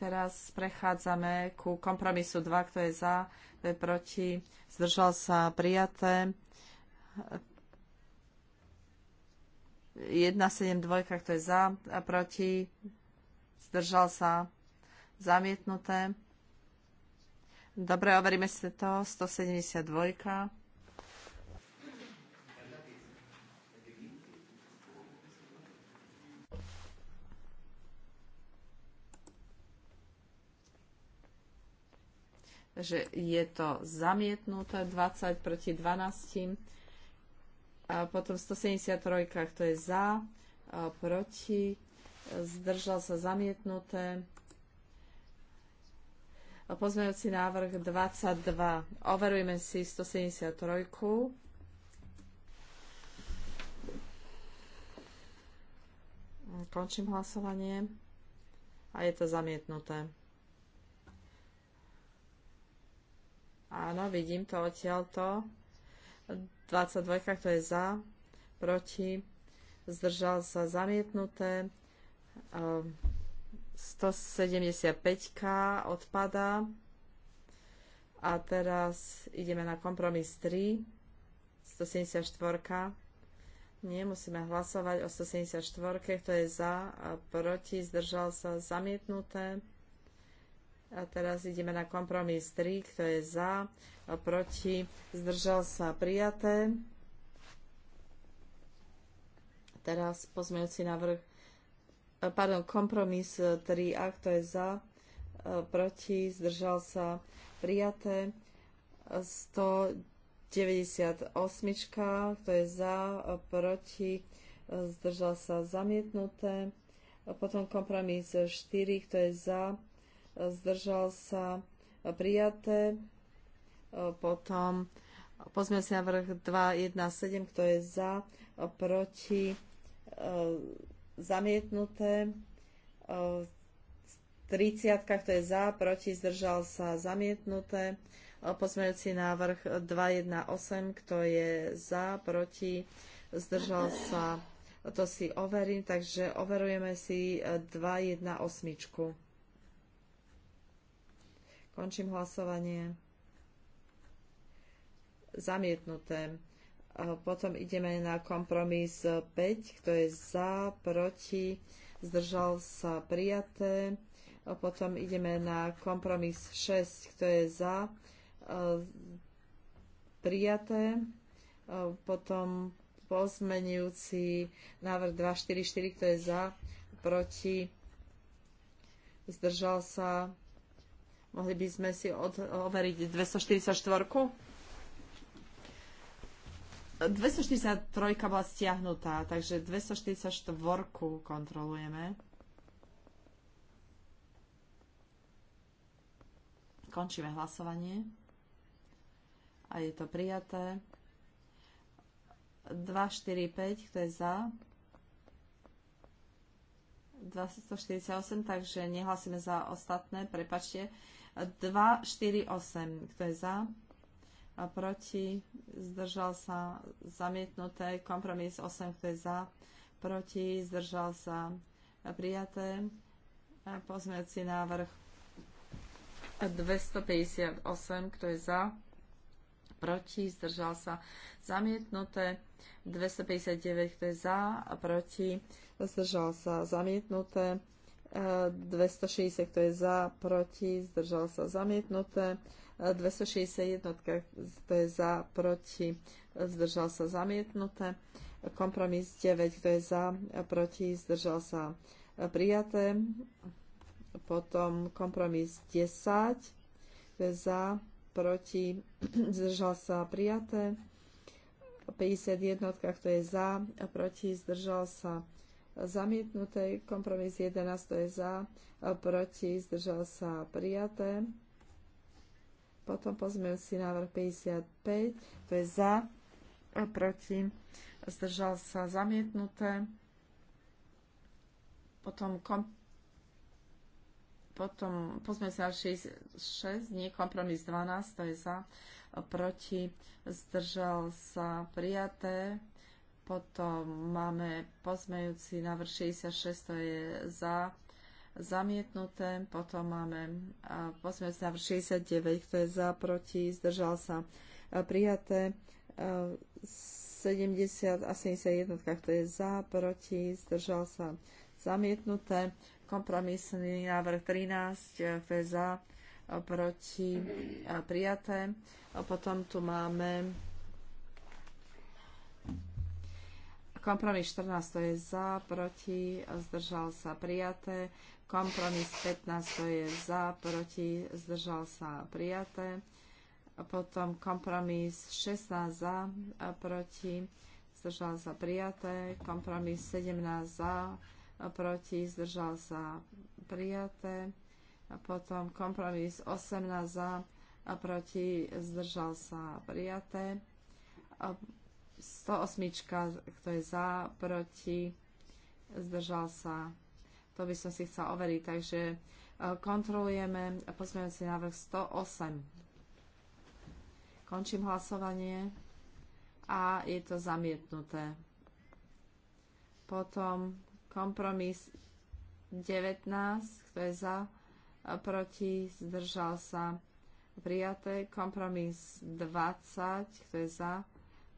Teraz prechádzame ku kompromisu 2, kto je za, kto je proti, zdržal sa prijaté. 2, kto je za a proti, zdržal sa zamietnuté. Dobre, overíme si to. 172. že je to zamietnuté 20 proti 12. A potom 173, kto je za, proti, zdržal sa zamietnuté. Pozmeňujúci návrh 22. Overujeme si 173. Končím hlasovanie a je to zamietnuté. Áno, vidím to odtiaľto. 22, kto je za, proti, zdržal sa zamietnuté. 175 ehm, odpadá. A teraz ideme na kompromis 3. 174. Nemusíme hlasovať o 174, kto je za, a proti, zdržal sa zamietnuté. A teraz ideme na kompromis 3, kto je za, proti, zdržal sa prijaté. Teraz pozmejúci návrh, e, pardon, kompromis 3a, e, kto je za, e, proti, zdržal sa prijaté. 198, kto je za, proti, zdržal sa zamietnuté. Potom kompromis 4, kto je za, zdržal sa e, prijaté. E, potom pozmeňovací návrh 217, kto je za, e, proti, zamietnuté. 30, kto je za, proti, zdržal sa, zamietnuté. Pozmeňujúci návrh 218, kto je za, proti, zdržal sa, to si overím, takže overujeme si 218. Končím hlasovanie. Zamietnuté. Potom ideme na kompromis 5, kto je za, proti, zdržal sa prijaté. Potom ideme na kompromis 6, kto je za, e, prijaté. Potom pozmenujúci návrh 244, kto je za, proti, zdržal sa prijaté Mohli by sme si od, overiť 244. -ku? 243 bola stiahnutá, takže 244 kontrolujeme. Končíme hlasovanie. A je to prijaté. 245, kto je za? 248, takže nehlasíme za ostatné, prepačte. 2, 4, 8. Kto je za? A proti? Zdržal sa zamietnuté. Kompromis 8. Kto je za? Proti? Zdržal sa prijaté. Pozmeňujúci návrh 258. Kto je za? Proti? Zdržal sa zamietnuté. 259. Kto je za? A proti? Zdržal sa zamietnuté. 260, kto je za, proti, zdržal sa zamietnuté. 261, kto je za, proti, zdržal sa zamietnuté. Kompromis 9, kto je za, proti, zdržal sa prijaté. Potom kompromis 10, to je za, proti, zdržal sa prijaté. 51, kto je za, proti, zdržal sa prijaté zamietnuté. Kompromis 11, to je za, proti, zdržal sa prijaté. Potom si návrh 55, to je za, proti, zdržal sa zamietnuté. Potom, kom, potom si návrh 66, nie kompromis 12, to je za, proti, zdržal sa prijaté. Potom máme pozmejúci návrh 66, to je za zamietnuté. Potom máme pozmejúci návrh 69, kto je za, proti, zdržal sa prijaté. 70 a 71, kto je za, proti, zdržal sa zamietnuté. Kompromisný návrh 13, kto je za, proti, prijaté. potom tu máme Kompromis 14 to je za, proti, zdržal sa prijaté. Kompromis 15 to je za, proti, zdržal sa prijaté. Potom kompromis 16 za, proti, zdržal sa prijaté. Kompromis 17 za, proti, zdržal sa prijaté. Potom kompromis 18 za, proti, zdržal sa prijaté 108, kto je za, proti, zdržal sa. To by som si chcel overiť, takže e, kontrolujeme pozmeňujúci návrh 108. Končím hlasovanie a je to zamietnuté. Potom kompromis 19, kto je za, proti, zdržal sa. Prijaté. Kompromis 20, kto je za,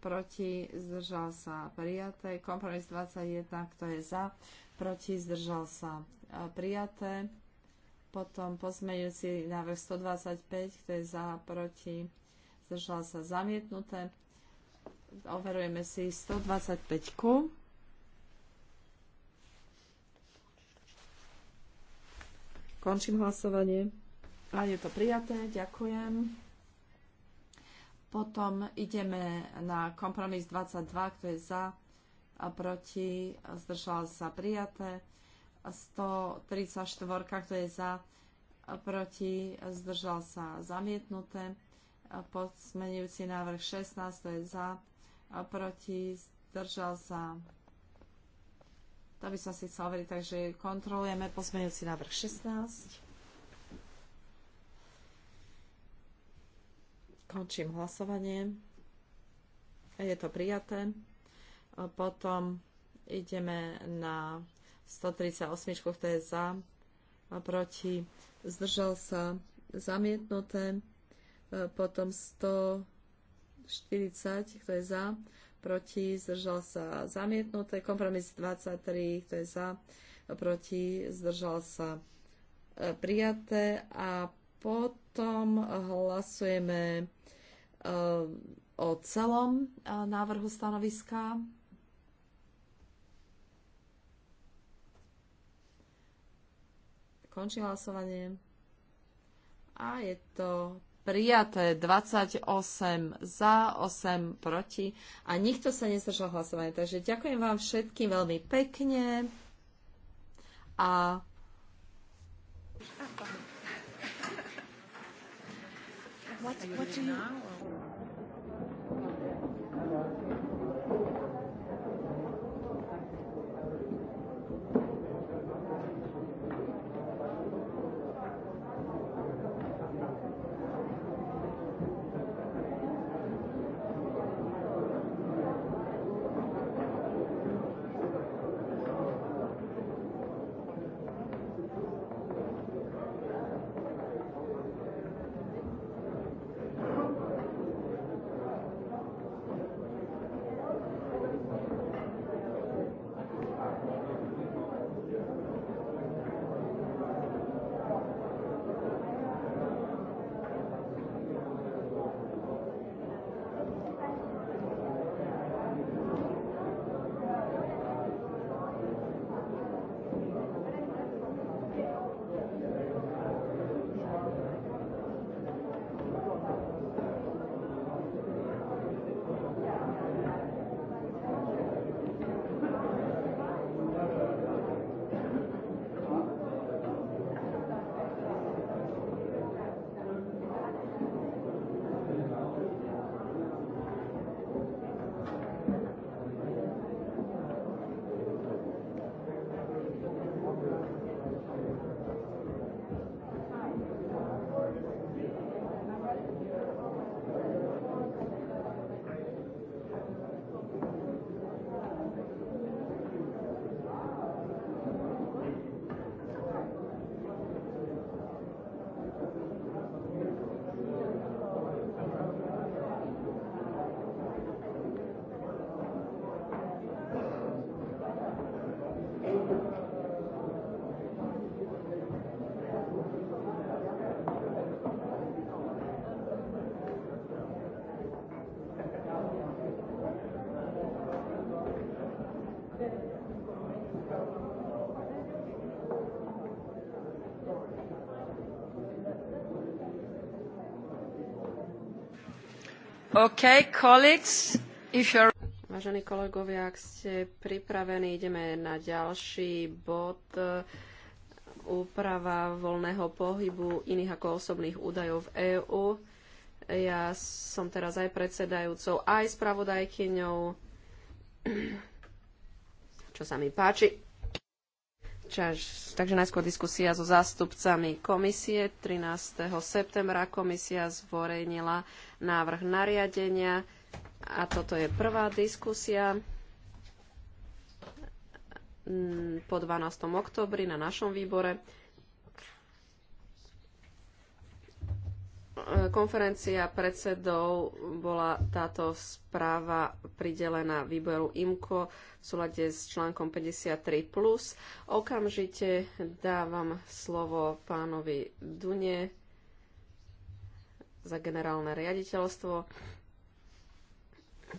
proti, zdržal sa prijaté. Kompromis 21, kto je za, proti, zdržal sa prijaté. Potom pozmeňujúci návrh 125, kto je za, proti, zdržal sa zamietnuté. Overujeme si 125. -ku. Končím hlasovanie. A je to prijaté, ďakujem. Potom ideme na kompromis 22, kto je za a proti, zdržal sa prijaté. 134, kto je za a proti, zdržal sa zamietnuté. Pozmenujúci návrh 16, to je za a proti, zdržal sa. To by som si chcel veriť, takže kontrolujeme posmenujúci návrh 16. Končím hlasovanie. Je to prijaté. Potom ideme na 138, to je za, a proti, zdržal sa, zamietnuté. Potom 140, kto je za, proti, zdržal sa, zamietnuté. Kompromis 23, kto je za, proti, zdržal sa, e, prijaté. A potom hlasujeme o celom e, návrhu stanoviska. Končím hlasovanie. A je to prijaté 28 za, 8 proti a nikto sa nezdržal hlasovanie. Takže ďakujem vám všetkým veľmi pekne a What, what do you... Vážení kolegovia, ak ste pripravení, ideme na ďalší bod. Úprava voľného pohybu iných ako osobných údajov v EÚ. Ja som teraz aj predsedajúcou, aj spravodajkyňou, čo sa mi páči takže najskôr diskusia so zástupcami komisie. 13. septembra komisia zvorejnila návrh nariadenia a toto je prvá diskusia po 12. oktobri na našom výbore. konferencia predsedov bola táto správa pridelená výboru IMKO v súlade s článkom 53+. Okamžite dávam slovo pánovi Dune za generálne riaditeľstvo.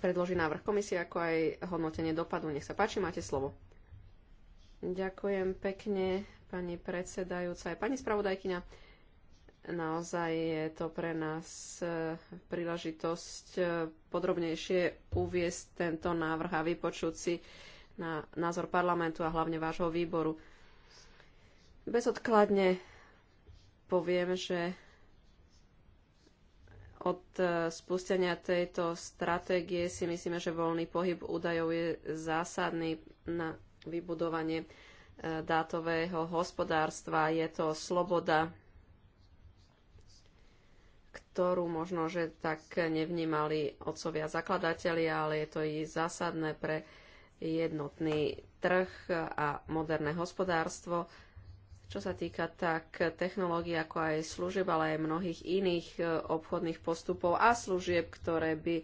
Predloží návrh komisie, ako aj hodnotenie dopadu. Nech sa páči, máte slovo. Ďakujem pekne, pani predsedajúca aj pani spravodajkyňa. Naozaj je to pre nás e, príležitosť e, podrobnejšie uviesť tento návrh a vypočuť si na názor parlamentu a hlavne vášho výboru. Bezodkladne poviem, že od e, spustenia tejto stratégie si myslíme, že voľný pohyb údajov je zásadný na vybudovanie dátového hospodárstva. Je to sloboda ktorú možno, že tak nevnímali otcovia zakladatelia, ale je to i zásadné pre jednotný trh a moderné hospodárstvo, čo sa týka tak technológií ako aj služieb, ale aj mnohých iných e, obchodných postupov a služieb, ktoré by e,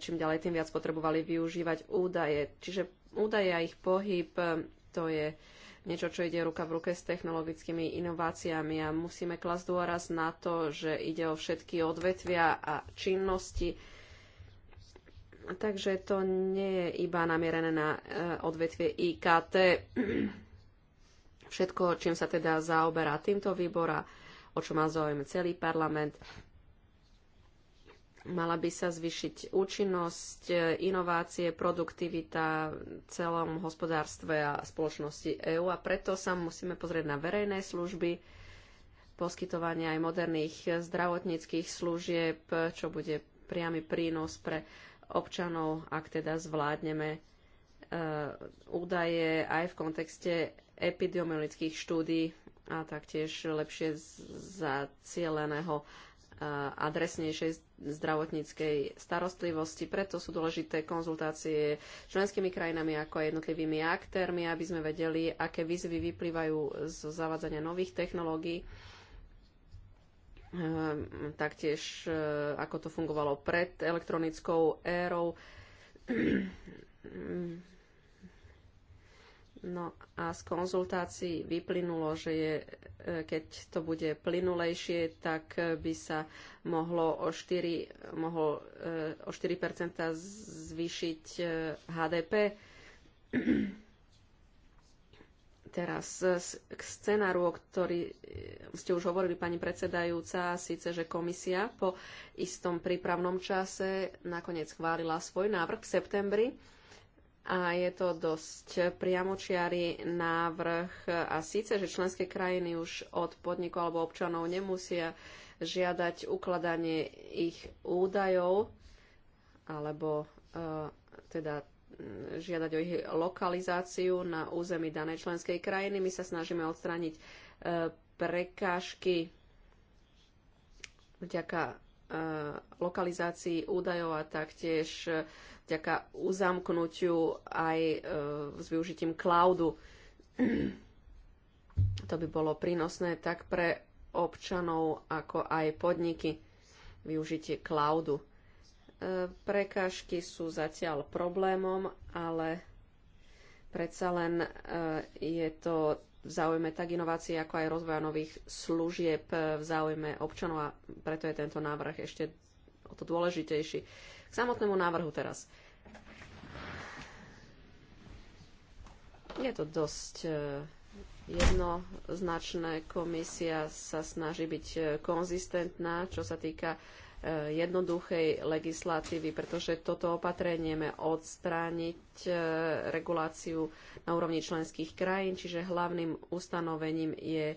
čím ďalej tým viac potrebovali využívať údaje. Čiže údaje a ich pohyb, e, to je niečo, čo ide ruka v ruke s technologickými inováciami a musíme klasť dôraz na to, že ide o všetky odvetvia a činnosti. Takže to nie je iba namierené na e, odvetvie IKT. Všetko, čím sa teda zaoberá týmto výbor a o čo má záujem celý parlament, Mala by sa zvyšiť účinnosť, e, inovácie, produktivita v celom hospodárstve a spoločnosti EÚ a preto sa musíme pozrieť na verejné služby, poskytovanie aj moderných zdravotníckých služieb, čo bude priamy prínos pre občanov, ak teda zvládneme e, údaje aj v kontexte epidemiologických štúdí a taktiež lepšie zacieleného adresnejšej zdravotníckej starostlivosti. Preto sú dôležité konzultácie s členskými krajinami ako aj jednotlivými aktérmi, aby sme vedeli, aké výzvy vyplývajú z zavádzania nových technológií. Ehm, taktiež, e, ako to fungovalo pred elektronickou érou, ehm, No a z konzultácií vyplynulo, že je, e, keď to bude plynulejšie, tak e, by sa mohlo o 4, mohol, e, o 4 zvýšiť HDP. Teraz k scenáru, o ktorý ste už hovorili, pani predsedajúca, síce, že komisia po istom prípravnom čase nakoniec chválila svoj návrh v septembri a je to dosť priamočiary návrh a síce, že členské krajiny už od podnikov alebo občanov nemusia žiadať ukladanie ich údajov alebo e, teda žiadať o ich lokalizáciu na území danej členskej krajiny. My sa snažíme odstrániť e, prekážky vďaka Eh, lokalizácii údajov a taktiež eh, vďaka uzamknutiu aj eh, s využitím cloudu. To by bolo prínosné tak pre občanov, ako aj podniky. Využitie cloudu. Prekážky sú zatiaľ problémom, ale predsa len je to v záujme tak inovácie, ako aj rozvoja nových služieb v záujme občanov a preto je tento návrh ešte o to dôležitejší. K samotnému návrhu teraz. Je to dosť e, jednoznačné. Komisia sa snaží byť e, konzistentná, čo sa týka Eh, jednoduchej legislatívy, pretože toto opatrenieme odstrániť eh, reguláciu na úrovni členských krajín, čiže hlavným ustanovením je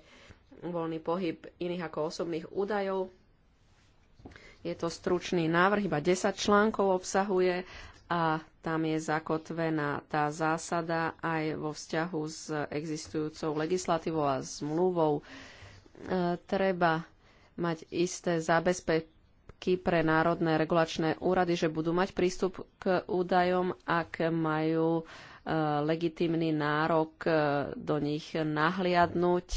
voľný pohyb iných ako osobných údajov. Je to stručný návrh, iba 10 článkov obsahuje a tam je zakotvená tá zásada aj vo vzťahu s existujúcou legislatívou a zmluvou. E, treba mať isté zabezpečenie záruky pre národné regulačné úrady, že budú mať prístup k údajom, ak majú e, legitimný nárok e, do nich nahliadnúť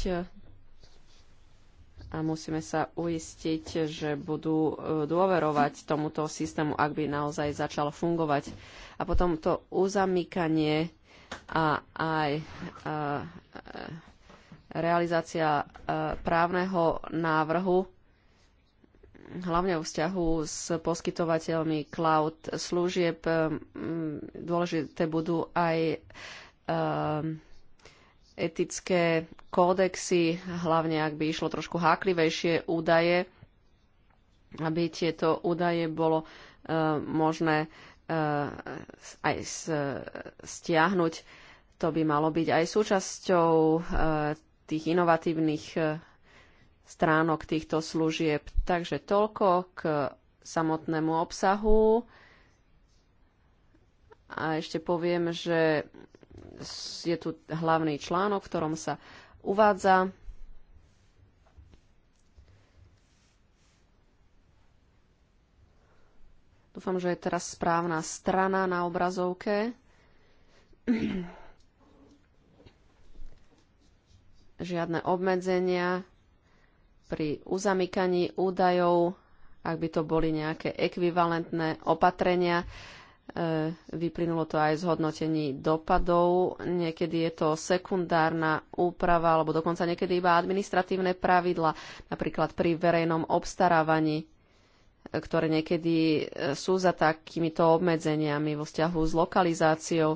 a musíme sa uistiť, že budú e, dôverovať tomuto systému, ak by naozaj začal fungovať. A potom to uzamykanie a aj realizácia právneho návrhu hlavne o vzťahu s poskytovateľmi cloud služieb. Ehm, dôležité budú aj ehm, etické kódexy, hlavne ak by išlo trošku háklivejšie údaje, aby tieto údaje bolo ehm, možné aj stiahnuť. To by malo byť aj súčasťou tých inovatívnych stránok týchto služieb. Takže toľko k samotnému obsahu. A ešte poviem, že je tu hlavný článok, v ktorom sa uvádza Dúfam, že je teraz správna strana na obrazovke. Žiadne obmedzenia pri uzamykaní údajov, ak by to boli nejaké ekvivalentné opatrenia. E, vyplynulo to aj z hodnotení dopadov. Niekedy je to sekundárna úprava, alebo dokonca niekedy iba administratívne pravidla, napríklad pri verejnom obstarávaní, e, ktoré niekedy e, sú za takýmito obmedzeniami vo vzťahu s lokalizáciou.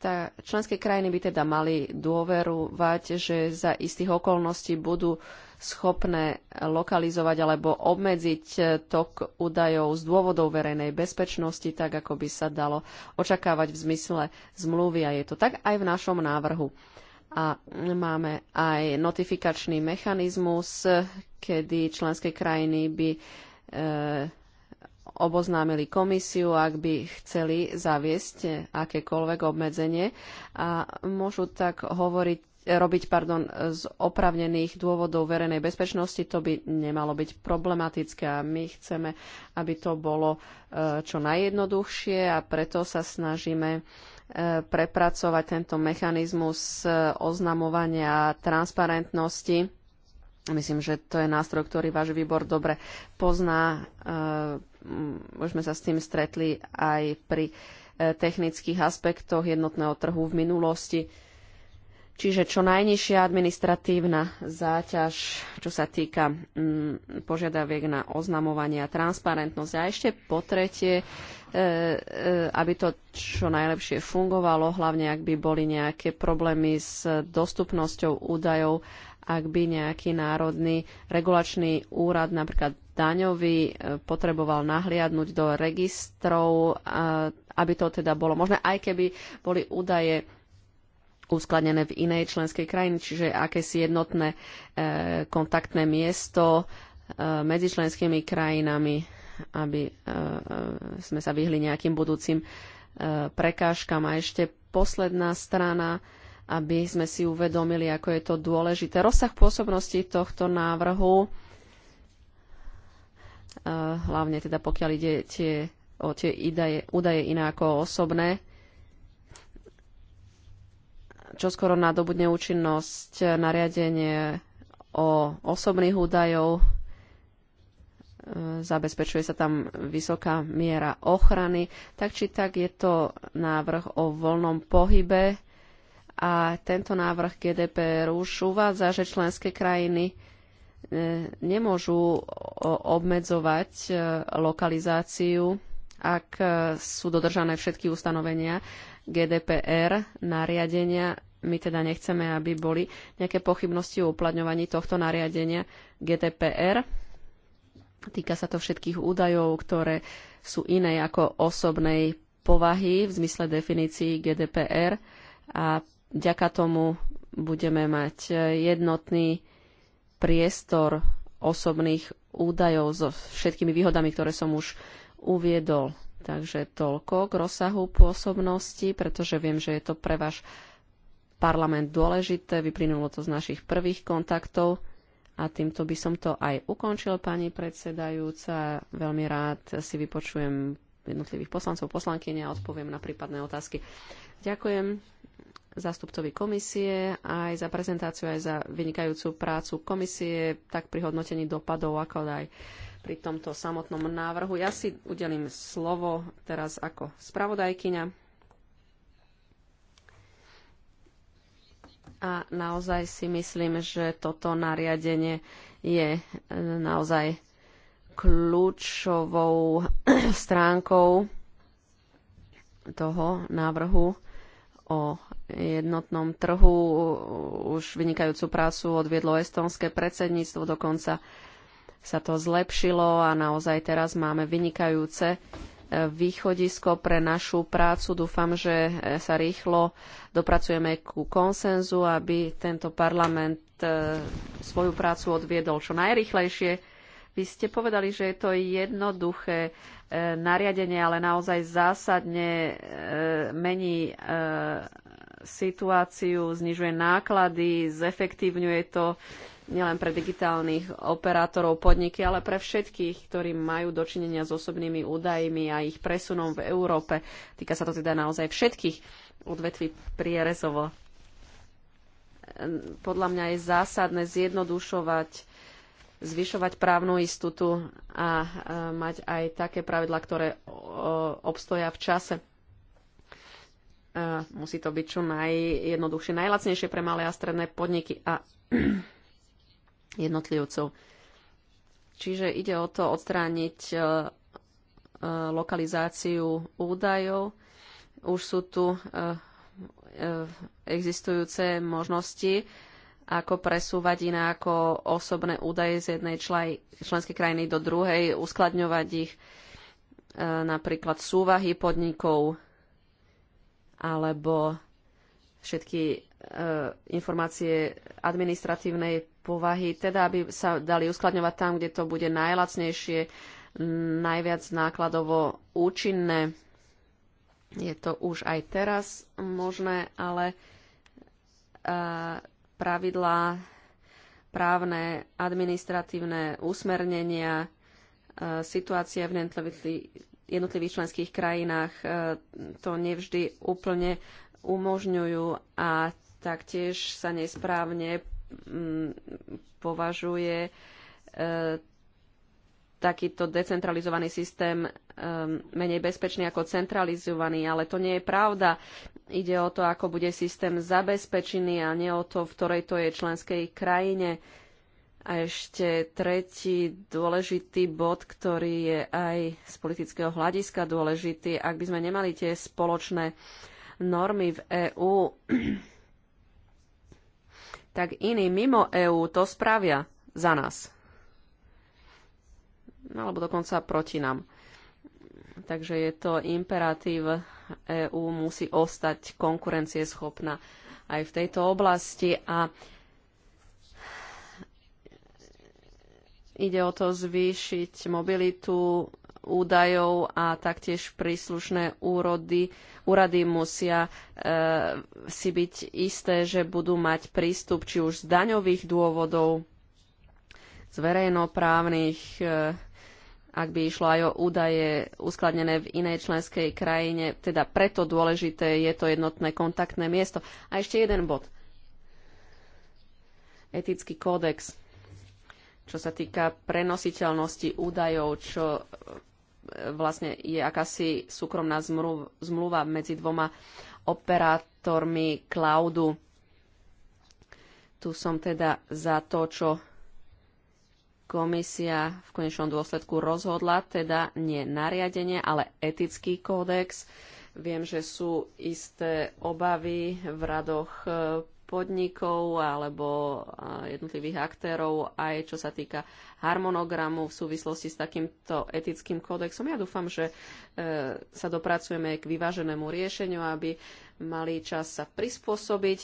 Tá, členské krajiny by teda mali dôverovať, že za istých okolností budú schopné lokalizovať alebo obmedziť tok údajov z dôvodov verejnej bezpečnosti, tak ako by sa dalo očakávať v zmysle zmluvy. A je to tak aj v našom návrhu. A máme aj notifikačný mechanizmus, kedy členské krajiny by e, oboznámili komisiu, ak by chceli zaviesť akékoľvek obmedzenie a môžu tak hovoriť robiť pardon, z opravnených dôvodov verejnej bezpečnosti, to by nemalo byť problematické a my chceme, aby to bolo e, čo najjednoduchšie a preto sa snažíme e, prepracovať tento mechanizmus e, oznamovania transparentnosti. Myslím, že to je nástroj, ktorý váš výbor dobre pozná. Už sme sa s tým stretli aj pri technických aspektoch jednotného trhu v minulosti Čiže čo najnižšia administratívna záťaž, čo sa týka mm, požiadaviek na oznamovanie a transparentnosť. A ešte po tretie, e, e, aby to čo najlepšie fungovalo, hlavne ak by boli nejaké problémy s dostupnosťou údajov, ak by nejaký národný regulačný úrad, napríklad daňový, e, potreboval nahliadnúť do registrov, aby to teda bolo možné, aj keby boli údaje uskladnené v inej členskej krajine, čiže akési jednotné e, kontaktné miesto e, medzi členskými krajinami, aby e, sme sa vyhli nejakým budúcim prekážkam. A ešte posledná strana, aby sme si uvedomili, ako je to dôležité. Rozsah pôsobnosti tohto návrhu, hlavne teda pokiaľ ide tie, o tie údaje iné ako osobné, čoskoro nadobudne účinnosť nariadenie o osobných údajov. E, zabezpečuje sa tam vysoká miera ochrany. Tak či tak je to návrh o voľnom pohybe a tento návrh GDPR už uvádza, že členské krajiny e, nemôžu obmedzovať e, lokalizáciu, ak sú dodržané všetky ustanovenia GDPR, nariadenia my teda nechceme, aby boli nejaké pochybnosti o uplatňovaní tohto nariadenia GDPR. Týka sa to všetkých údajov, ktoré sú iné ako osobnej povahy v zmysle definícií GDPR a vďaka tomu budeme mať jednotný priestor osobných údajov so všetkými výhodami, ktoré som už uviedol. Takže toľko k rozsahu pôsobnosti, pretože viem, že je to pre váš parlament dôležité, vyplynulo to z našich prvých kontaktov a týmto by som to aj ukončil, pani predsedajúca. Veľmi rád si vypočujem jednotlivých poslancov, poslankyne a odpoviem na prípadné otázky. Ďakujem zástupcovi komisie aj za prezentáciu, aj za vynikajúcu prácu komisie, tak pri hodnotení dopadov, ako aj pri tomto samotnom návrhu. Ja si udelím slovo teraz ako spravodajkyňa. A naozaj si myslím, že toto nariadenie je e, naozaj kľúčovou stránkou toho návrhu o jednotnom trhu. Už vynikajúcu prácu odviedlo estonské predsedníctvo, dokonca sa to zlepšilo a naozaj teraz máme vynikajúce východisko pre našu prácu. Dúfam, že eh, sa rýchlo dopracujeme ku konsenzu, aby tento parlament eh, svoju prácu odviedol čo najrychlejšie. Vy ste povedali, že je to jednoduché eh, nariadenie, ale naozaj zásadne mení situáciu, znižuje náklady, zefektívňuje to nielen pre digitálnych operátorov podniky, ale pre všetkých, ktorí majú dočinenia s osobnými údajmi a ich presunom v Európe. Týka sa to teda naozaj všetkých odvetví prierezovo. Podľa mňa je zásadné zjednodušovať zvyšovať právnu istotu a mať aj také pravidla, ktoré obstoja v čase. Musí to byť čo najjednoduchšie, najlacnejšie pre malé a stredné podniky. A jednotlivcov. Čiže ide o to odstrániť e, e, lokalizáciu údajov. Už sú tu e, existujúce možnosti, ako presúvať ináko osobné údaje z jednej členskej krajiny do druhej, uskladňovať ich napríklad súvahy podnikov alebo všetky informácie administratívnej povahy, teda aby sa dali uskladňovať tam, kde to bude najlacnejšie, najviac nákladovo účinné. Je to už aj teraz možné, ale pravidlá právne, administratívne usmernenia, situácia v jednotlivých členských krajinách to nevždy úplne umožňujú a taktiež sa nesprávne Mm, považuje e, takýto decentralizovaný systém e, menej bezpečný ako centralizovaný, ale to nie je pravda. Ide o to, ako bude systém zabezpečený a nie o to, v ktorej to je členskej krajine. A ešte tretí dôležitý bod, ktorý je aj z politického hľadiska dôležitý. Ak by sme nemali tie spoločné normy v EÚ, tak iní mimo EÚ to spravia za nás. Alebo dokonca proti nám. Takže je to imperatív EÚ musí ostať konkurencieschopná aj v tejto oblasti a ide o to zvýšiť mobilitu údajov a taktiež príslušné úrody, úrady musia e, si byť isté, že budú mať prístup či už z daňových dôvodov, z verejnoprávnych, e, ak by išlo aj o údaje uskladnené v inej členskej krajine. Teda preto dôležité je to jednotné kontaktné miesto. A ešte jeden bod. Etický kódex čo sa týka prenositeľnosti údajov, čo vlastne je akási súkromná zmluva medzi dvoma operátormi cloudu. Tu som teda za to, čo komisia v konečnom dôsledku rozhodla, teda nie nariadenie, ale etický kódex. Viem, že sú isté obavy v radoch eh, podnikov alebo jednotlivých aktérov, aj čo sa týka harmonogramu v súvislosti s takýmto etickým kódexom. Ja dúfam, že e, sa dopracujeme k vyváženému riešeniu, aby mali čas sa prispôsobiť,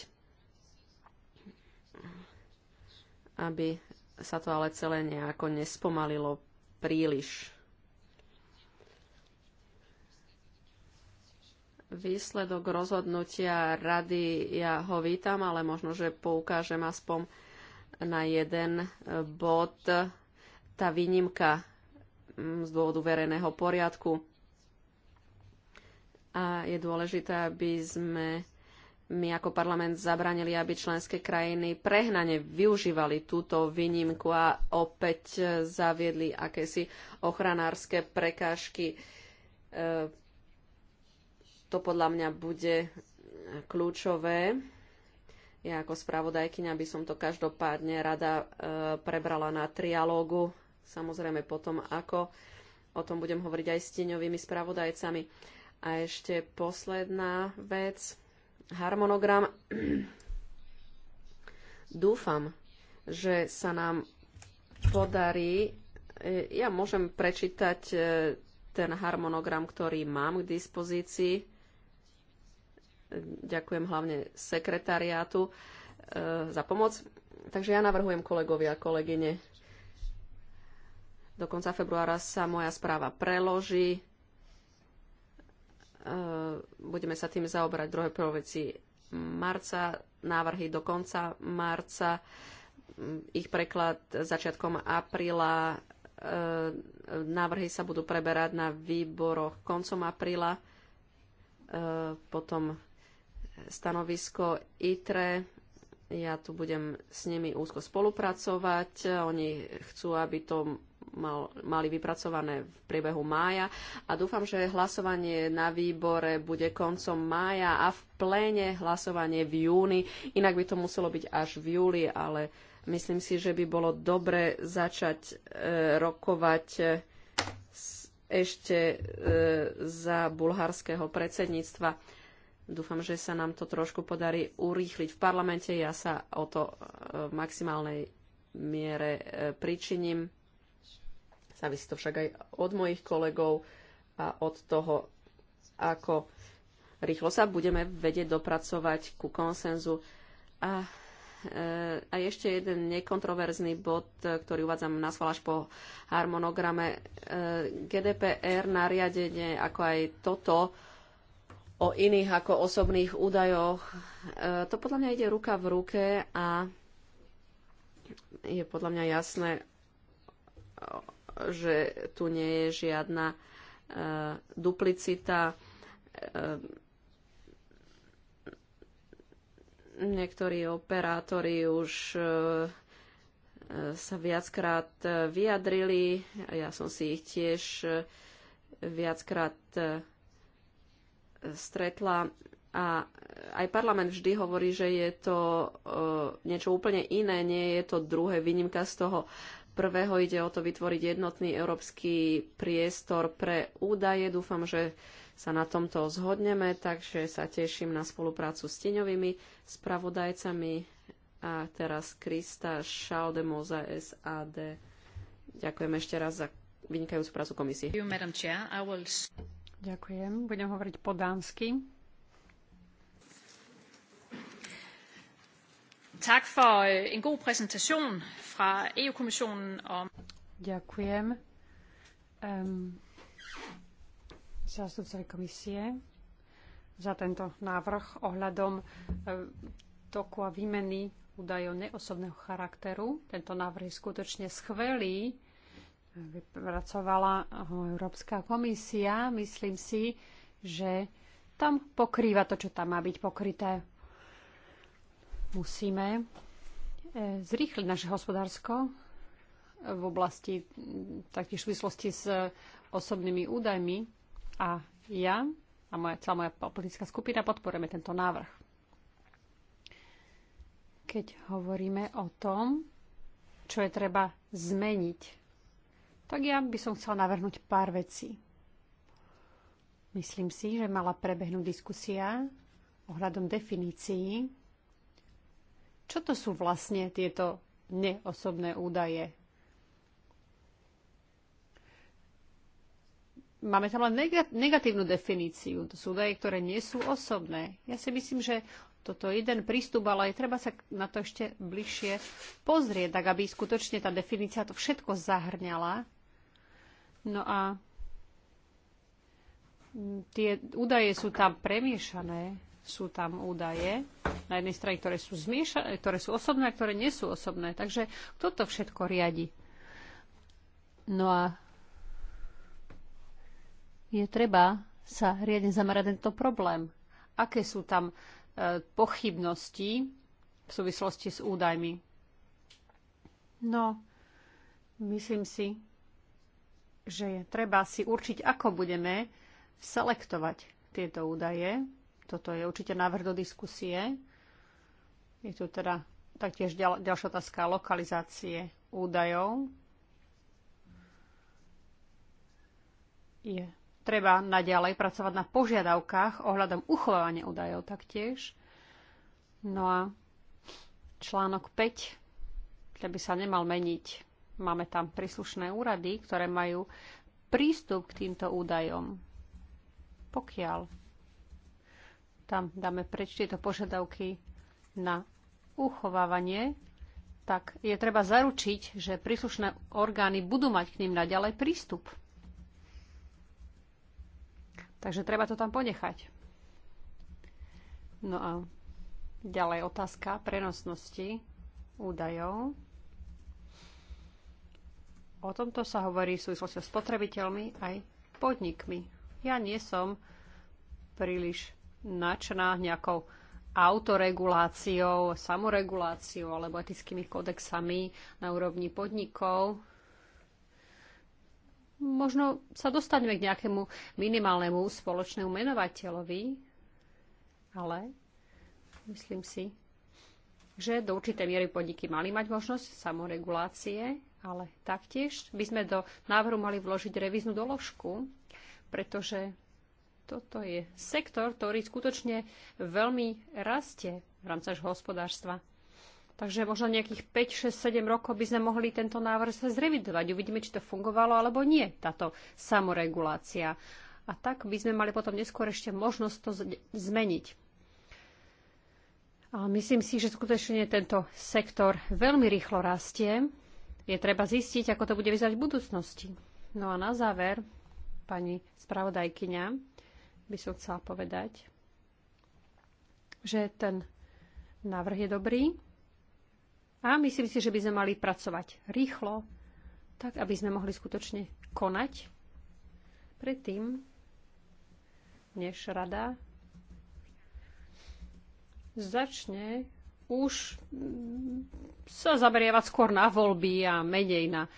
aby sa to ale celé nejako nespomalilo príliš. Výsledok rozhodnutia rady ja ho vítam, ale možno, že poukážem aspoň na jeden eh, bod. Tá výnimka mm, z dôvodu verejného poriadku. A je dôležité, aby sme my ako parlament zabranili, aby členské krajiny prehnane využívali túto výnimku a opäť eh, zaviedli akési ochranárske prekážky eh, to podľa mňa bude kľúčové. Ja ako spravodajkyňa by som to každopádne rada e, prebrala na trialógu, samozrejme potom ako. O tom budem hovoriť aj s tieňovými spravodajcami. A ešte posledná vec, harmonogram. Dúfam, že sa nám podarí, e, ja môžem prečítať e, ten harmonogram, ktorý mám k dispozícii Ďakujem hlavne sekretariátu e, za pomoc. Takže ja navrhujem kolegovia a kolegyne. Do konca februára sa moja správa preloží. E, budeme sa tým zaoberať druhej polovici marca, návrhy do konca marca, ich preklad začiatkom apríla, e, návrhy sa budú preberať na výboroch koncom apríla, potom stanovisko ITRE. Ja tu budem s nimi úzko spolupracovať. Oni chcú, aby to mal, mali vypracované v priebehu mája a dúfam, že hlasovanie na výbore bude koncom mája a v pléne hlasovanie v júni. Inak by to muselo byť až v júli, ale myslím si, že by bolo dobre začať e, rokovať e, s, ešte e, za bulharského predsedníctva Dúfam, že sa nám to trošku podarí urýchliť v parlamente. Ja sa o to e, v maximálnej miere e, pričiním. Závisí to však aj od mojich kolegov a od toho, ako rýchlo sa budeme vedieť dopracovať ku konsenzu. A, e, a ešte jeden nekontroverzný bod, ktorý uvádzam na až po harmonograme. GDPR nariadenie, ako aj toto, o iných ako osobných údajoch. E, to podľa mňa ide ruka v ruke a je podľa mňa jasné, že tu nie je žiadna e, duplicita. E, niektorí operátori už sa viackrát vyjadrili, ja som si ich tiež viackrát stretla a aj parlament vždy hovorí, že je to e, niečo úplne iné, nie je to druhé výnimka z toho prvého. Ide o to vytvoriť jednotný európsky priestor pre údaje. Dúfam, že sa na tomto zhodneme, takže sa teším na spoluprácu s tieňovými spravodajcami a teraz Krista Šaldemoza SAD. Ďakujem ešte raz za vynikajúcu prácu komisie. Ďakujem. Budem hovoriť po dánsky. Tak for øh, en god præsentation fra EU-kommissionen om... Ďakujem. Um, zastupcovi komisie za tento návrh ohľadom e, toku a výmeny údajov neosobného charakteru. Tento návrh je skutočne skvelý vypracovala Európska komisia. Myslím si, že tam pokrýva to, čo tam má byť pokryté. Musíme e, zrýchliť naše hospodársko v oblasti taktiež v súvislosti s osobnými údajmi a ja a moja, celá moja politická skupina podporujeme tento návrh. Keď hovoríme o tom, čo je treba zmeniť tak ja by som chcela navrhnúť pár vecí. Myslím si, že mala prebehnúť diskusia ohľadom definícií, čo to sú vlastne tieto neosobné údaje. Máme tam len negatívnu definíciu. To sú údaje, ktoré nie sú osobné. Ja si myslím, že toto je jeden prístup, ale aj treba sa na to ešte bližšie pozrieť, tak aby skutočne tá definícia to všetko zahrňala No a tie údaje sú tam premiešané, sú tam údaje na jednej strane, ktoré sú, zmiešané, ktoré sú osobné a ktoré nie sú osobné. Takže kto to všetko riadi? No a je treba sa riadne zamerať tento problém. Aké sú tam e, pochybnosti v súvislosti s údajmi? No, myslím si, že je treba si určiť, ako budeme selektovať tieto údaje. Toto je určite návrh do diskusie. Je tu teda taktiež ďal, ďalšia otázka lokalizácie údajov. Je treba naďalej pracovať na požiadavkách ohľadom uchovávania údajov taktiež. No a článok 5, ktorý by sa nemal meniť Máme tam príslušné úrady, ktoré majú prístup k týmto údajom. Pokiaľ tam dáme preč tieto požiadavky na uchovávanie, tak je treba zaručiť, že príslušné orgány budú mať k ním naďalej prístup. Takže treba to tam ponechať. No a ďalej otázka prenosnosti údajov. O tomto sa hovorí v súvislosti s potrebiteľmi aj podnikmi. Ja nie som príliš načná nejakou autoreguláciou, samoreguláciou alebo etickými kodexami na úrovni podnikov. Možno sa dostaneme k nejakému minimálnemu spoločnému menovateľovi, ale myslím si, že do určitej miery podniky mali mať možnosť samoregulácie ale taktiež by sme do návrhu mali vložiť revíznu doložku, pretože toto je sektor, ktorý skutočne veľmi rastie v rámci hospodárstva. Takže možno nejakých 5, 6, 7 rokov by sme mohli tento návrh sa zrevidovať. Uvidíme, či to fungovalo alebo nie, táto samoregulácia. A tak by sme mali potom neskôr ešte možnosť to zmeniť. A myslím si, že skutočne tento sektor veľmi rýchlo rastie je treba zistiť, ako to bude vyzerať v budúcnosti. No a na záver, pani spravodajkyňa, by som chcela povedať, že ten návrh je dobrý a myslím si, že by sme mali pracovať rýchlo, tak aby sme mohli skutočne konať predtým, než rada začne už sa zaberievať skôr na voľby a menej na e,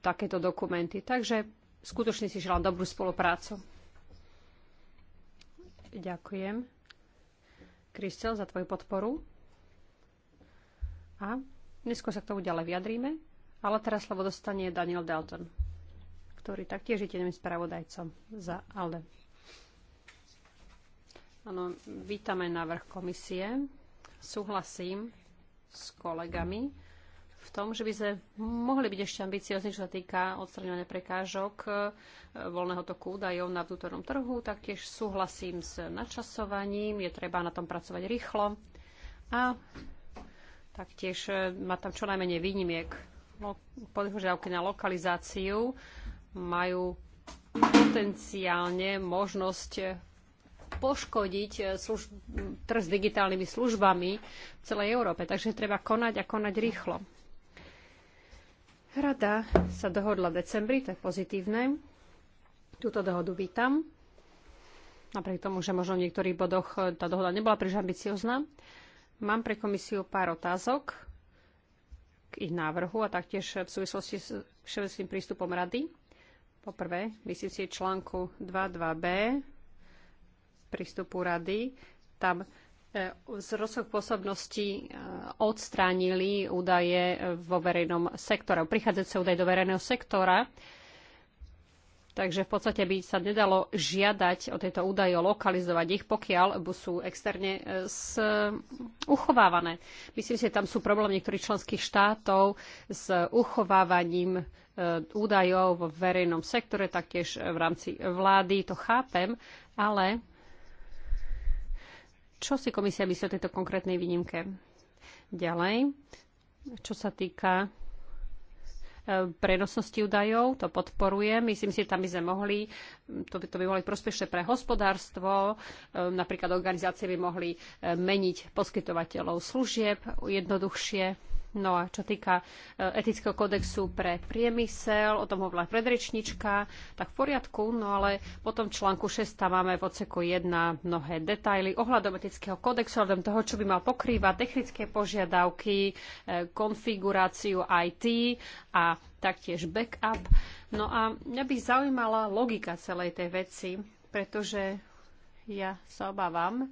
takéto dokumenty. Takže skutočne si želám dobrú spoluprácu. Ďakujem. Kristel, za tvoju podporu. A neskôr sa k tomu ďalej vyjadríme, ale teraz slovo dostane Daniel Dalton, ktorý taktiež je teným spravodajcom za ALDE. Áno, vítame návrh komisie súhlasím s kolegami v tom, že by sme mohli byť ešte ambiciozni, čo sa týka odstraňovania prekážok e, voľného toku údajov na vnútornom trhu. Taktiež súhlasím s načasovaním, je treba na tom pracovať rýchlo a taktiež e, má tam čo najmenej výnimiek. No, Požiadavky na lokalizáciu majú potenciálne možnosť poškodiť e, služb, trh s digitálnymi službami v celej Európe. Takže treba konať a konať rýchlo. Rada sa dohodla v decembri, to je pozitívne. Túto dohodu vítam. Napriek tomu, že možno v niektorých bodoch e, tá dohoda nebola príliš ambiciozná. Mám pre komisiu pár otázok k ich návrhu a taktiež v súvislosti s všeobecným prístupom rady. Poprvé, myslím si článku 2.2b prístupu rady. Tam e, z rozsah pôsobnosti e, odstránili údaje vo verejnom sektore, prichádzajúce údaje do verejného sektora. Takže v podstate by sa nedalo žiadať o tieto údaje, lokalizovať ich, pokiaľ sú externe e, s, uchovávané. Myslím si, že tam sú problém niektorých členských štátov s uchovávaním údajov v verejnom sektore, taktiež v rámci vlády, to chápem, ale čo si komisia myslí o tejto konkrétnej výnimke? Ďalej, čo sa týka e, prenosnosti údajov, to podporujem. Myslím si, že tam by sme mohli, to by, to by mohli prospešné pre hospodárstvo, e, napríklad organizácie by mohli e, meniť poskytovateľov služieb jednoduchšie No a čo týka eh, etického kodexu pre priemysel, o tom hovorila predrečnička, tak v poriadku, no ale potom v článku 6 tam máme v odseku 1 mnohé detaily ohľadom etického kodexu, ohľadom toho, čo by mal pokrývať technické požiadavky, eh, konfiguráciu IT a taktiež backup. No a mňa by zaujímala logika celej tej veci, pretože ja sa obávam,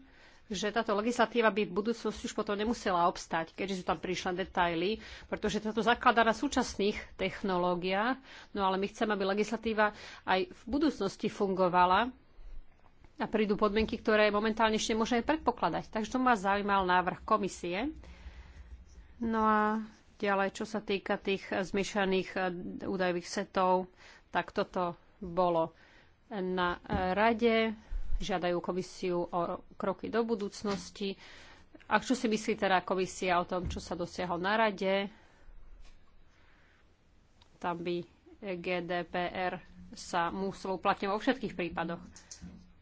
že táto legislatíva by v budúcnosti už potom nemusela obstať, keďže sú tam prišli detaily, pretože táto zakladá na súčasných technológiách, no ale my chceme, aby legislatíva aj v budúcnosti fungovala a prídu podmienky, ktoré momentálne ešte môžeme predpokladať. Takže to ma zaujímal návrh komisie. No a ďalej, čo sa týka tých zmiešaných eh, údajových setov, tak toto bolo na eh, rade žiadajú komisiu o kroky do budúcnosti. A čo si myslí teda komisia o tom, čo sa dosiahlo na rade? Tam by GDPR sa muselo uplatňovať vo všetkých prípadoch.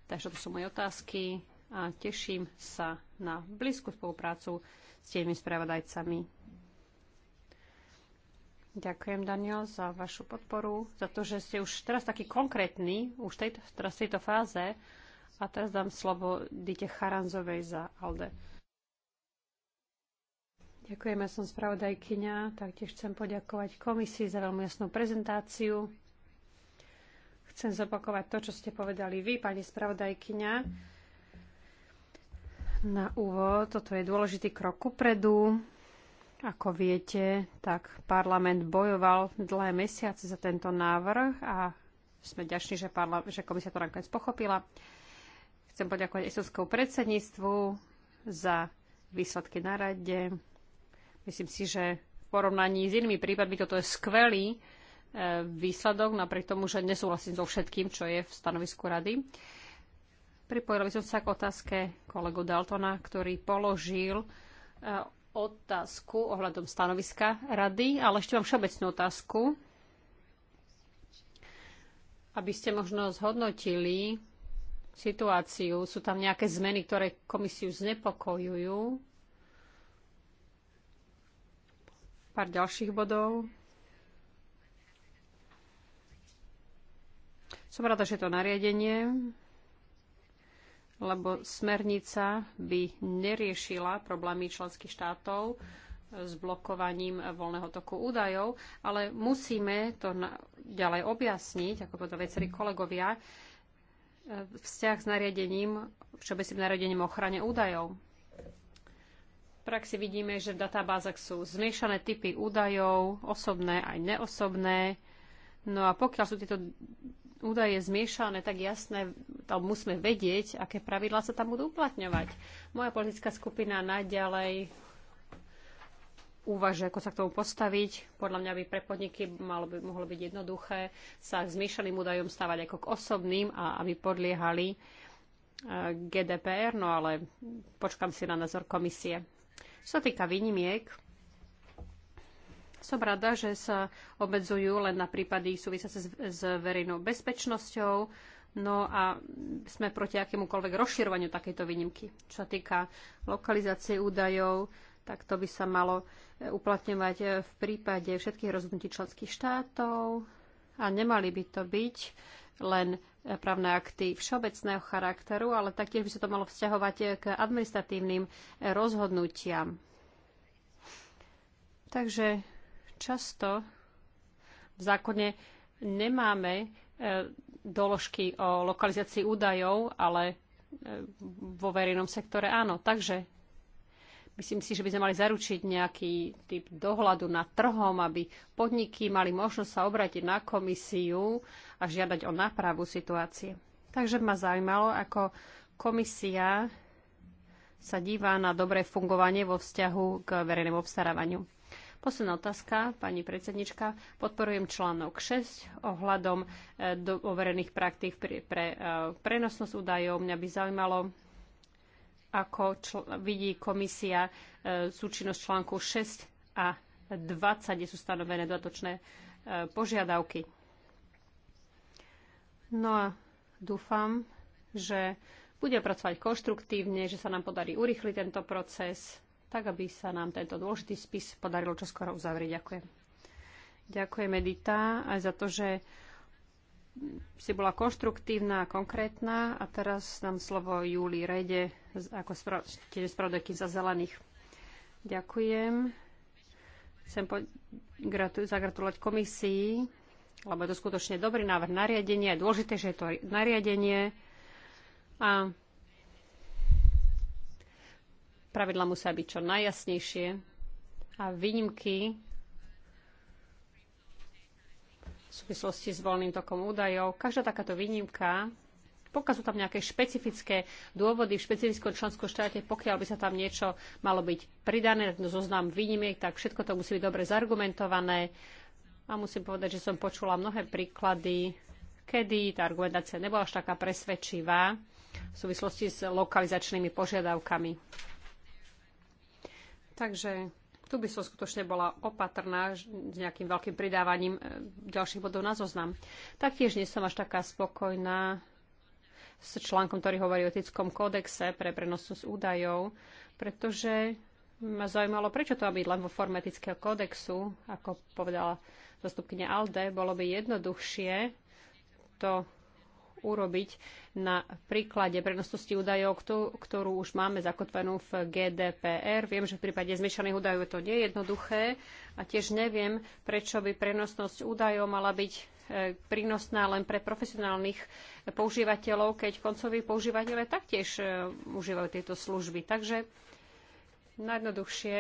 Takže to sú moje otázky a teším sa na blízku spoluprácu s tými spravodajcami. Ďakujem, Daniel, za vašu podporu, za to, že ste už teraz taký konkrétny, už tejto, teraz v tejto fáze, a teraz dám slovo Dite Charanzovej za Alde. Ďakujem, ja som spravodajkyňa. Taktiež chcem poďakovať komisii za veľmi jasnú prezentáciu. Chcem zopakovať to, čo ste povedali vy, pani spravodajkyňa. Na úvod, toto je dôležitý krok predu. Ako viete, tak parlament bojoval dlhé mesiace za tento návrh a sme ďační, že, parla- že komisia to nakoniec pochopila. Chcem poďakovať estonskou predsedníctvu za výsledky na rade. Myslím si, že v porovnaní s inými prípadmi toto je skvelý e, výsledok, napriek tomu, že nesúhlasím so všetkým, čo je v stanovisku rady. Pripojila by som sa k otázke kolegu Daltona, ktorý položil e, otázku ohľadom stanoviska rady, ale ešte mám všeobecnú otázku, aby ste možno zhodnotili situáciu? Sú tam nejaké zmeny, ktoré komisiu znepokojujú? Pár ďalších bodov. Som rada, že to nariadenie, lebo smernica by neriešila problémy členských štátov s blokovaním voľného toku údajov, ale musíme to ďalej objasniť, ako povedali viacerí kolegovia, vzťah s nariadením, všeobecným nariadením ochrane údajov. V praxi vidíme, že v databázach sú zmiešané typy údajov, osobné aj neosobné. No a pokiaľ sú tieto údaje zmiešané, tak jasné, tam musíme vedieť, aké pravidlá sa tam budú uplatňovať. Moja politická skupina naďalej uvaže, ako sa k tomu postaviť. Podľa mňa by pre podniky malo by, mohlo byť jednoduché sa k zmýšľaným údajom stávať ako k osobným a aby podliehali e, GDPR, no ale počkam si na názor komisie. Čo sa týka výnimiek, som rada, že sa obmedzujú len na prípady súvisiace s, s verejnou bezpečnosťou, No a sme proti akémukoľvek rozširovaniu takejto výnimky. Čo sa týka lokalizácie údajov, tak to by sa malo e, uplatňovať e, v prípade všetkých rozhodnutí členských štátov a nemali by to byť len e, právne akty všeobecného charakteru, ale taktiež by sa to malo vzťahovať k administratívnym rozhodnutiam. Takže často v zákone nemáme doložky o lokalizácii údajov, ale vo verejnom sektore áno. Takže Myslím si, že by sme mali zaručiť nejaký typ dohľadu nad trhom, aby podniky mali možnosť sa obrátiť na komisiu a žiadať o nápravu situácie. Takže ma zaujímalo, ako komisia sa dívá na dobré fungovanie vo vzťahu k verejnému obstarávaniu. Posledná otázka, pani predsednička. Podporujem článok 6 ohľadom eh, overených praktík pre, pre eh, prenosnosť údajov. Mňa by zaujímalo, ako vidí komisia e, súčinnosť článku 6 a 20, kde sú stanovené dodatočné e, požiadavky. No a dúfam, že bude pracovať konštruktívne, že sa nám podarí urýchliť tento proces, tak aby sa nám tento dôležitý spis podarilo čoskoro uzavrieť. Ďakujem. Ďakujem Edita aj za to, že si bola konštruktívna a konkrétna. A teraz dám slovo Júli Rede ako spra- tiež spravodajky za zelených. Ďakujem. Chcem zagratulovať komisii, lebo je to skutočne dobrý návrh nariadenia. Je dôležité, že je to nariadenie. A pravidla musia byť čo najjasnejšie. A výnimky v súvislosti s voľným tokom údajov. Každá takáto výnimka pokiaľ sú tam nejaké špecifické dôvody v špecifickom členskom štáte, pokiaľ by sa tam niečo malo byť pridané, no zoznam výnimiek, tak všetko to musí byť dobre zargumentované. A musím povedať, že som počula mnohé príklady, kedy tá argumentácia nebola až taká presvedčivá v súvislosti s lokalizačnými požiadavkami. Takže tu by som skutočne bola opatrná s nejakým veľkým pridávaním eh, ďalších bodov na zoznam. Taktiež nie som až taká spokojná s článkom, ktorý hovorí o etickom kódexe pre prenosnosť údajov, pretože ma zaujímalo, prečo to má byť len vo forme etického kódexu, ako povedala zastupkynia Alde, bolo by jednoduchšie to urobiť na príklade prenosnosti údajov, ktorú už máme zakotvenú v GDPR. Viem, že v prípade zmiešaných údajov je to nejednoduché a tiež neviem, prečo by prenosnosť údajov mala byť prínosná len pre profesionálnych používateľov, keď koncoví používateľe taktiež e, užívajú tieto služby. Takže najjednoduchšie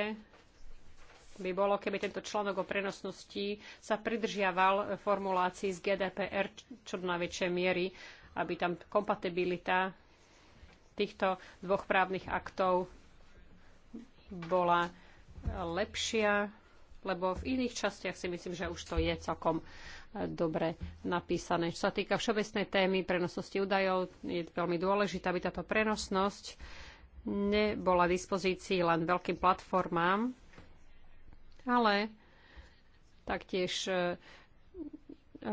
by bolo, keby tento článok o prenosnosti sa pridržiaval e, formulácii z GDPR čo do najväčšej miery, aby tam kompatibilita týchto dvoch právnych aktov bola e, lepšia, lebo v iných častiach si myslím, že už to je celkom dobre napísané. Čo sa týka všeobecnej témy prenosnosti údajov, je veľmi dôležité, aby táto prenosnosť nebola v dispozícii len veľkým platformám, ale taktiež e,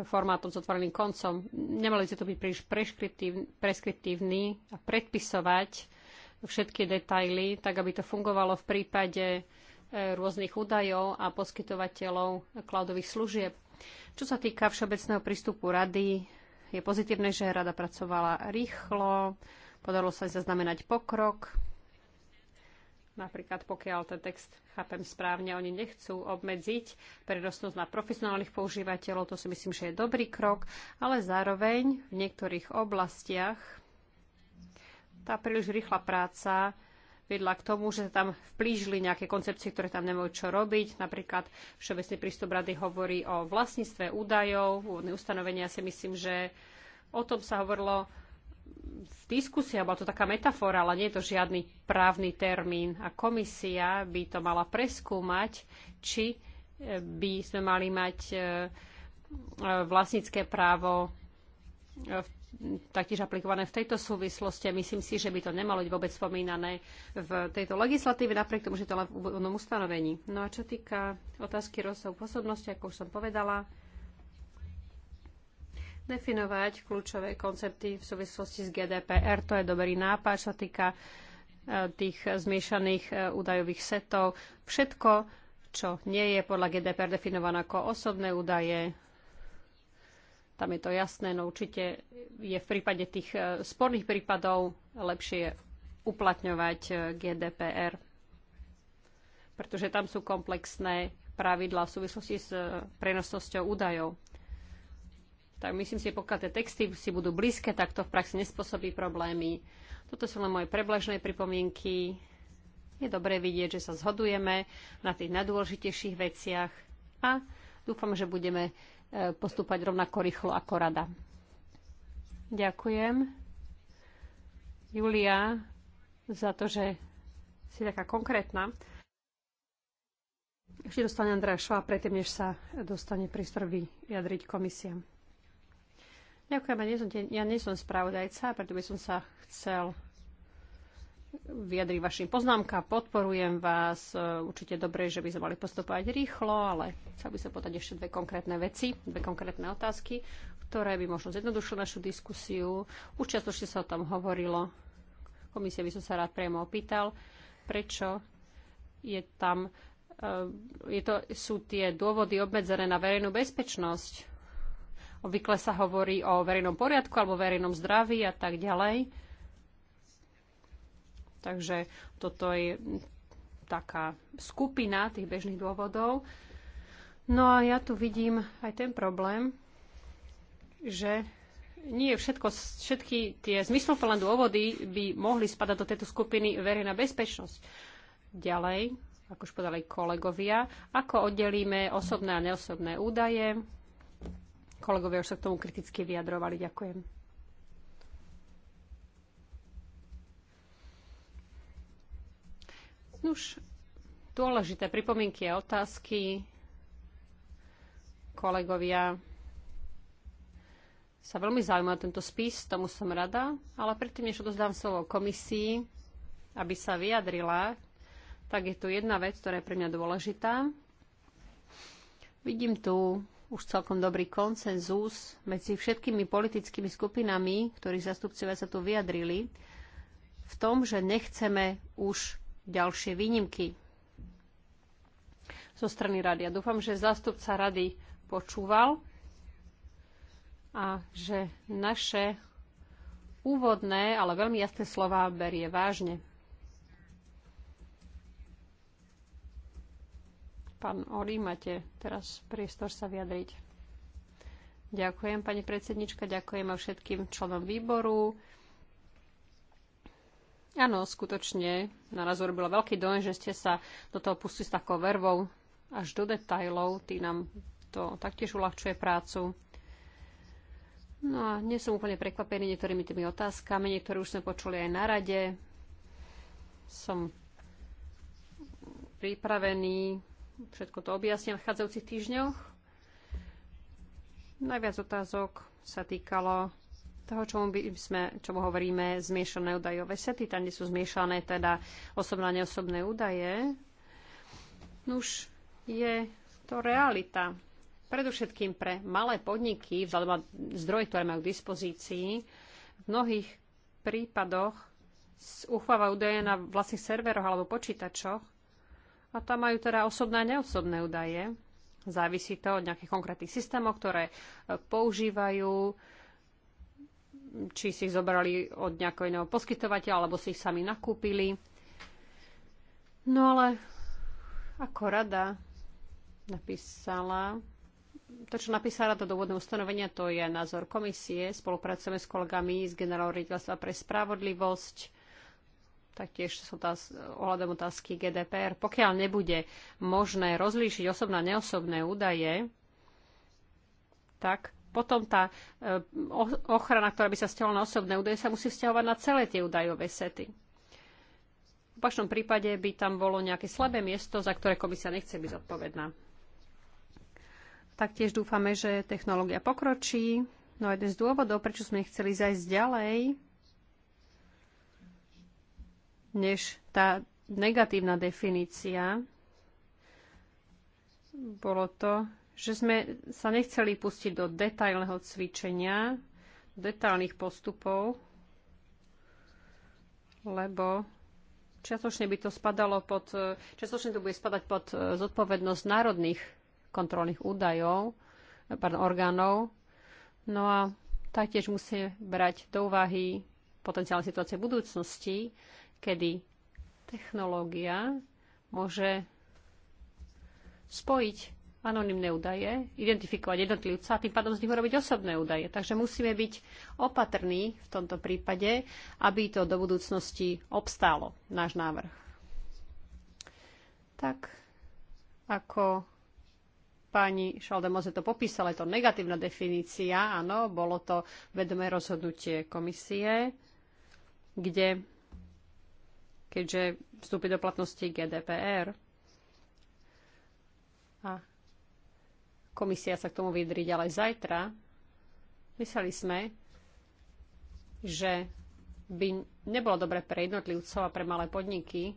formátom s otvoreným koncom. Nemali ste to byť príliš preskriptívni a predpisovať všetky detaily, tak aby to fungovalo v prípade e, rôznych údajov a poskytovateľov cloudových služieb. Čo sa týka všeobecného prístupu rady, je pozitívne, že rada pracovala rýchlo, podarilo sa zaznamenať pokrok. Napríklad, pokiaľ ten text chápem správne, oni nechcú obmedziť prednostnosť na profesionálnych používateľov, to si myslím, že je dobrý krok, ale zároveň v niektorých oblastiach tá príliš rýchla práca viedla k tomu, že sa tam vplížili nejaké koncepcie, ktoré tam nemajú čo robiť. Napríklad Všeobecný prístup rady hovorí o vlastníctve údajov, úvodné ustanovenia si myslím, že o tom sa hovorilo v diskusii, bola to taká metafora, ale nie je to žiadny právny termín. A komisia by to mala preskúmať, či e, by sme mali mať e, e, vlastnícke právo v taktiež aplikované v tejto súvislosti. Myslím si, že by to nemalo byť vôbec spomínané v tejto legislatíve, napriek tomu, že to len v úvodnom ustanovení. No a čo týka otázky rozsahu pôsobnosti, ako už som povedala, definovať kľúčové koncepty v súvislosti s GDPR, to je dobrý nápad, čo týka e, tých zmiešaných e, údajových setov. Všetko, čo nie je podľa GDPR definované ako osobné údaje, tam je to jasné, no určite je v prípade tých e, sporných prípadov lepšie uplatňovať e, GDPR, pretože tam sú komplexné pravidlá v súvislosti s e, prenosnosťou údajov. Tak myslím si, pokiaľ tie texty si budú blízke, tak to v praxi nespôsobí problémy. Toto sú len moje prebležné pripomienky. Je dobré vidieť, že sa zhodujeme na tých najdôležitejších veciach a dúfam, že budeme postúpať rovnako rýchlo ako rada. Ďakujem. Julia, za to, že si taká konkrétna. Ešte dostane Andrea Šva, predtým, než sa dostane prístor vyjadriť komisia. Ďakujem, ja nie som, ja nie som spravodajca, preto by som sa chcel vyjadriť vašim poznámka. Podporujem vás. Určite dobre, že by sme mali postupovať rýchlo, ale chcel by som podať ešte dve konkrétne veci, dve konkrétne otázky, ktoré by možno zjednodušili našu diskusiu. Už čiastočne sa o tom hovorilo. komisia by som sa rád priamo opýtal, prečo je tam, eh, je to, sú tie dôvody obmedzené na verejnú bezpečnosť. Obvykle sa hovorí o verejnom poriadku alebo verejnom zdraví a tak ďalej Takže toto je taká skupina tých bežných dôvodov. No a ja tu vidím aj ten problém, že nie všetko, všetky tie zmysluplné dôvody by mohli spadať do tejto skupiny verejná bezpečnosť. Ďalej, ako už povedali kolegovia, ako oddelíme osobné a neosobné údaje. Kolegovia už sa k tomu kriticky vyjadrovali. Ďakujem. Už dôležité pripomienky a otázky. Kolegovia sa veľmi zaujíma tento spis, tomu som rada, ale predtým, než odozdám slovo komisii, aby sa vyjadrila, tak je tu jedna vec, ktorá je pre mňa dôležitá. Vidím tu už celkom dobrý konsenzus medzi všetkými politickými skupinami, ktorých zastupcovia sa tu vyjadrili, v tom, že nechceme už ďalšie výnimky zo strany rady. Ja dúfam, že zástupca rady počúval a že naše úvodné, ale veľmi jasné slova berie vážne. Pán Ori, máte teraz priestor sa vyjadriť. Ďakujem, pani predsednička, ďakujem a všetkým členom výboru, Áno, skutočne na nás urobilo veľký dojem, že ste sa do toho pustili s takou vervou až do detajlov. Tý nám to taktiež uľahčuje prácu. No a nie som úplne prekvapený niektorými tými otázkami, niektoré už sme počuli aj na rade. Som pripravený všetko to objasniť v chádzajúcich týždňoch. Najviac otázok sa týkalo toho, čo by sme, čomu hovoríme zmiešané údajové sety, tam, kde sú zmiešané teda osobné a neosobné údaje, už je to realita. Predovšetkým pre malé podniky, vzhľadom na zdroje, ktoré majú k dispozícii, v mnohých prípadoch uchovávajú údaje na vlastných serveroch alebo počítačoch a tam majú teda osobné a neosobné údaje. Závisí to od nejakých konkrétnych systémov, ktoré e, používajú, či si ich zobrali od nejakého iného poskytovateľa, alebo si ich sami nakúpili. No ale ako rada napísala, to, čo napísala do dôvodného ustanovenia, to je názor komisie. Spolupracujeme s kolegami z Generálneho riaditeľstva pre spravodlivosť, taktiež sú otáz- ohľadom otázky GDPR. Pokiaľ nebude možné rozlíšiť osobné a neosobné údaje, tak potom tá e, ochrana, ktorá by sa vzťahovala na osobné údaje, sa musí vzťahovať na celé tie údajové sety. V opačnom prípade by tam bolo nejaké slabé miesto, za ktoré komisia nechce byť zodpovedná. Taktiež dúfame, že technológia pokročí. No a jeden z dôvodov, prečo sme chceli zajsť ďalej, než tá negatívna definícia, bolo to, že sme sa nechceli pustiť do detailného cvičenia, detailných postupov, lebo čiastočne by to spadalo pod, čiastočne to bude spadať pod zodpovednosť národných kontrolných údajov, pardon, orgánov. No a taktiež musíme brať do úvahy potenciálne situácie budúcnosti, kedy technológia môže spojiť anonimné údaje, identifikovať jednotlivca a tým pádom z nich urobiť osobné údaje. Takže musíme byť opatrní v tomto prípade, aby to do budúcnosti obstálo, náš návrh. Tak ako pani Šaldemoze to popísala, je to negatívna definícia, áno, bolo to vedomé rozhodnutie komisie, kde, keďže vstúpi do platnosti GDPR, a komisia sa k tomu vyjadriť, ale zajtra mysleli sme, že by nebolo dobre pre jednotlivcov a pre malé podniky,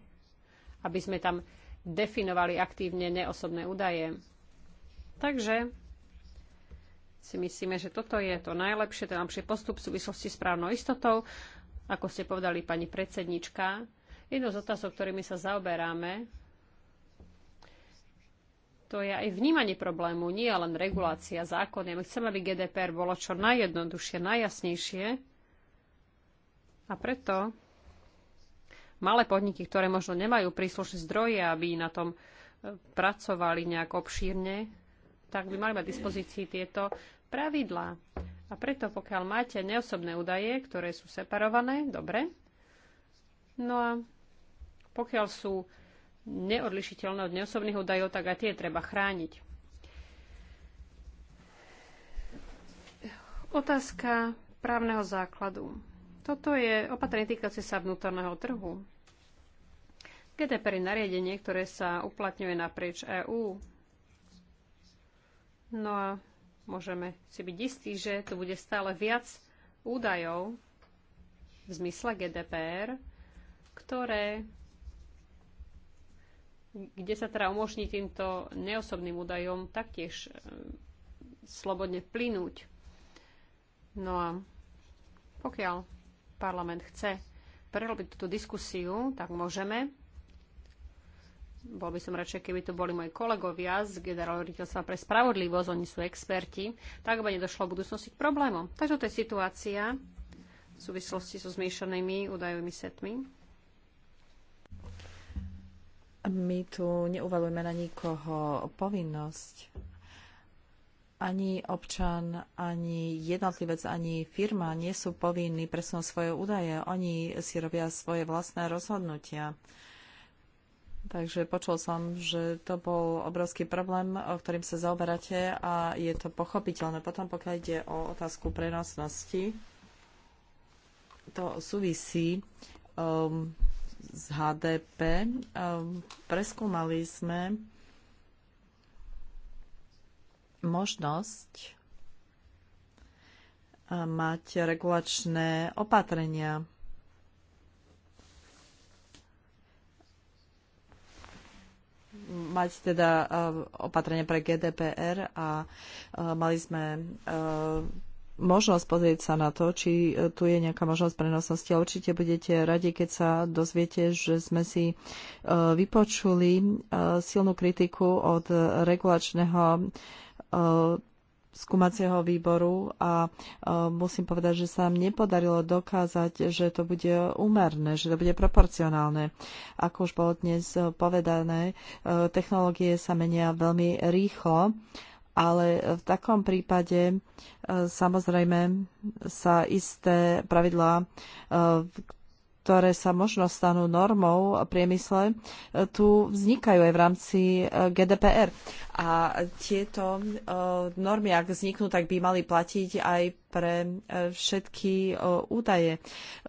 aby sme tam definovali aktívne neosobné údaje. Takže si myslíme, že toto je to najlepšie, ten najlepší postup v súvislosti s právnou istotou. Ako ste povedali, pani predsednička, jednou z otázok, ktorými sa zaoberáme, to je aj vnímanie problému, nie len regulácia, zákony. My chceme, aby GDPR bolo čo najjednoduchšie, najjasnejšie. A preto malé podniky, ktoré možno nemajú príslušné zdroje, aby na tom e, pracovali nejak obšírne, tak by mali mať dispozícii tieto pravidlá. A preto, pokiaľ máte neosobné údaje, ktoré sú separované, dobre. No a pokiaľ sú neodlišiteľné od neosobných údajov, tak aj tie treba chrániť. Otázka právneho základu. Toto je opatrenie týkajúce sa vnútorného trhu. GDPR je nariadenie, ktoré sa uplatňuje naprieč EÚ. No a môžeme si byť istí, že tu bude stále viac údajov v zmysle GDPR, ktoré kde sa teda umožní týmto neosobným údajom taktiež e, slobodne plynúť. No a pokiaľ parlament chce prerobiť túto diskusiu, tak môžeme. Bol by som radšej, keby tu boli moji kolegovia z Generálneho pre spravodlivosť, oni sú experti, tak aby nedošlo v budúcnosti k problémom. Takže to je situácia v súvislosti so zmiešanými údajovými setmi. My tu neuvalujeme na nikoho povinnosť. Ani občan, ani jednotlivec, ani firma nie sú povinní presunúť svoje údaje. Oni si robia svoje vlastné rozhodnutia. Takže počul som, že to bol obrovský problém, o ktorým sa zaoberáte a je to pochopiteľné. Potom, pokiaľ ide o otázku prenosnosti, to súvisí um, z HDP. Ehm, preskúmali sme možnosť ehm, mať regulačné opatrenia. Mať teda ehm, opatrenie pre GDPR a mali sme možnosť pozrieť sa na to, či e, tu je nejaká možnosť prenosnosti. A určite budete radi, keď sa dozviete, že sme si e, vypočuli e, silnú kritiku od regulačného skúmacieho výboru a musím povedať, že sa nám nepodarilo dokázať, že to bude úmerné, že to bude proporcionálne. Ako už bolo dnes povedané, technológie sa menia veľmi rýchlo ale v takom prípade e, samozrejme sa isté pravidlá, e, ktoré sa možno stanú normou v priemysle, e, tu vznikajú aj v rámci GDPR. A tieto normy, ak vzniknú, tak by mali platiť aj pre všetky údaje.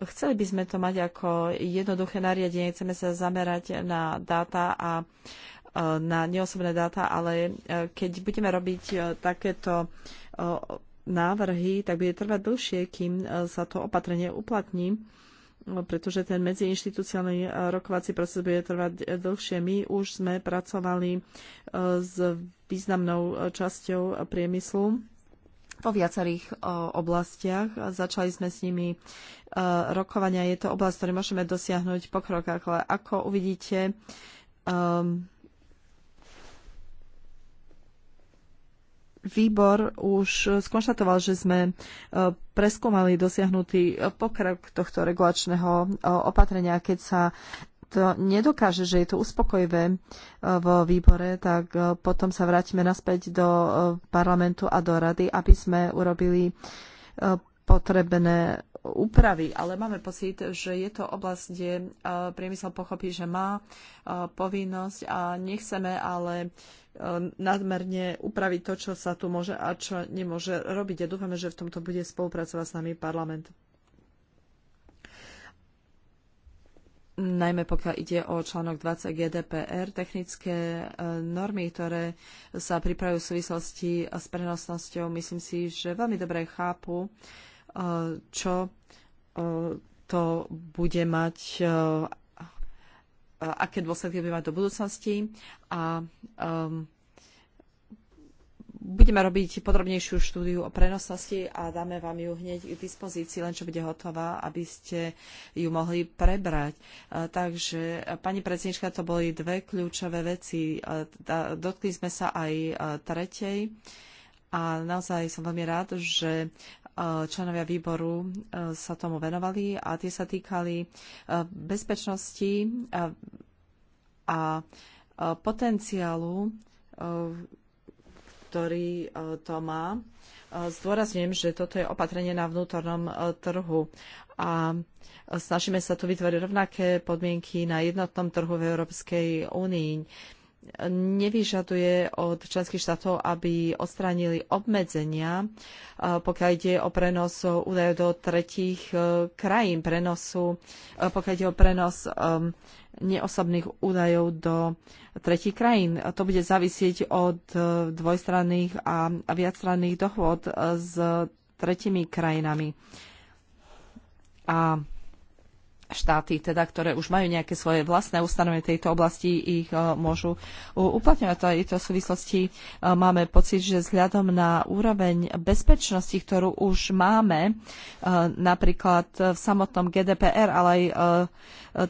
Chceli by sme to mať ako jednoduché nariadenie, chceme sa zamerať na dáta a Eh, na neosobné dáta, ale eh, keď budeme robiť eh, takéto návrhy, tak bude trvať dlhšie, kým sa to opatrenie uplatní, pretože ten medziinstitucionálny rokovací proces bude trvať dlhšie. My už sme pracovali s významnou časťou priemyslu vo viacerých oblastiach. Začali sme s nimi rokovania. Je to oblasť, ktorú môžeme dosiahnuť pokrok. Ale ako uvidíte, um, výbor už skonštatoval, že sme e, preskúmali dosiahnutý e, pokrok tohto regulačného e, opatrenia. Keď sa to nedokáže, že je to uspokojivé v výbore, tak potom sa vrátime naspäť do parlamentu a do rady, aby sme urobili potrebné úpravy, ale máme pocit, že je to oblasť, kde priemysel pochopí, že má povinnosť a nechceme ale E, nadmerne upraviť to, čo sa tu môže a čo nemôže robiť. A dúfame, že v tomto bude spolupracovať s nami parlament. najmä pokiaľ ide o článok 20 GDPR, technické e, normy, ktoré sa pripravujú v súvislosti s prenosnosťou, myslím si, že veľmi dobre chápu, e, čo to bude mať aké dôsledky bude mať do budúcnosti a um, budeme robiť podrobnejšiu štúdiu o prenosnosti a dáme vám ju hneď k dispozícii, len čo bude hotová, aby ste ju mohli prebrať. Takže, pani predsednička, to boli dve kľúčové veci. Dotkli sme sa aj tretej. A naozaj som veľmi rád, že Eh, členovia výboru eh, sa tomu venovali a tie sa týkali eh, bezpečnosti a potenciálu, ktorý to má. Zdôrazňujem, že toto je opatrenie na vnútornom trhu a snažíme sa tu vytvoriť rovnaké podmienky na jednotnom trhu v Európskej únii nevyžaduje od členských štátov, aby odstránili obmedzenia, e, pokiaľ ide o prenos údajov do tretích e, krajín, prenosu, e, pokiaľ ide o prenos neosobných údajov do tretich krajín. To bude závisieť od dvojstranných a viacstranných dohôd s tretimi krajinami. A štáty, teda, ktoré už majú nejaké svoje vlastné ustanovenie tejto oblasti, ich e, môžu uplatňovať. V súvislosti e, máme pocit, že vzhľadom na úroveň bezpečnosti, ktorú už máme, e, napríklad v samotnom GDPR, ale aj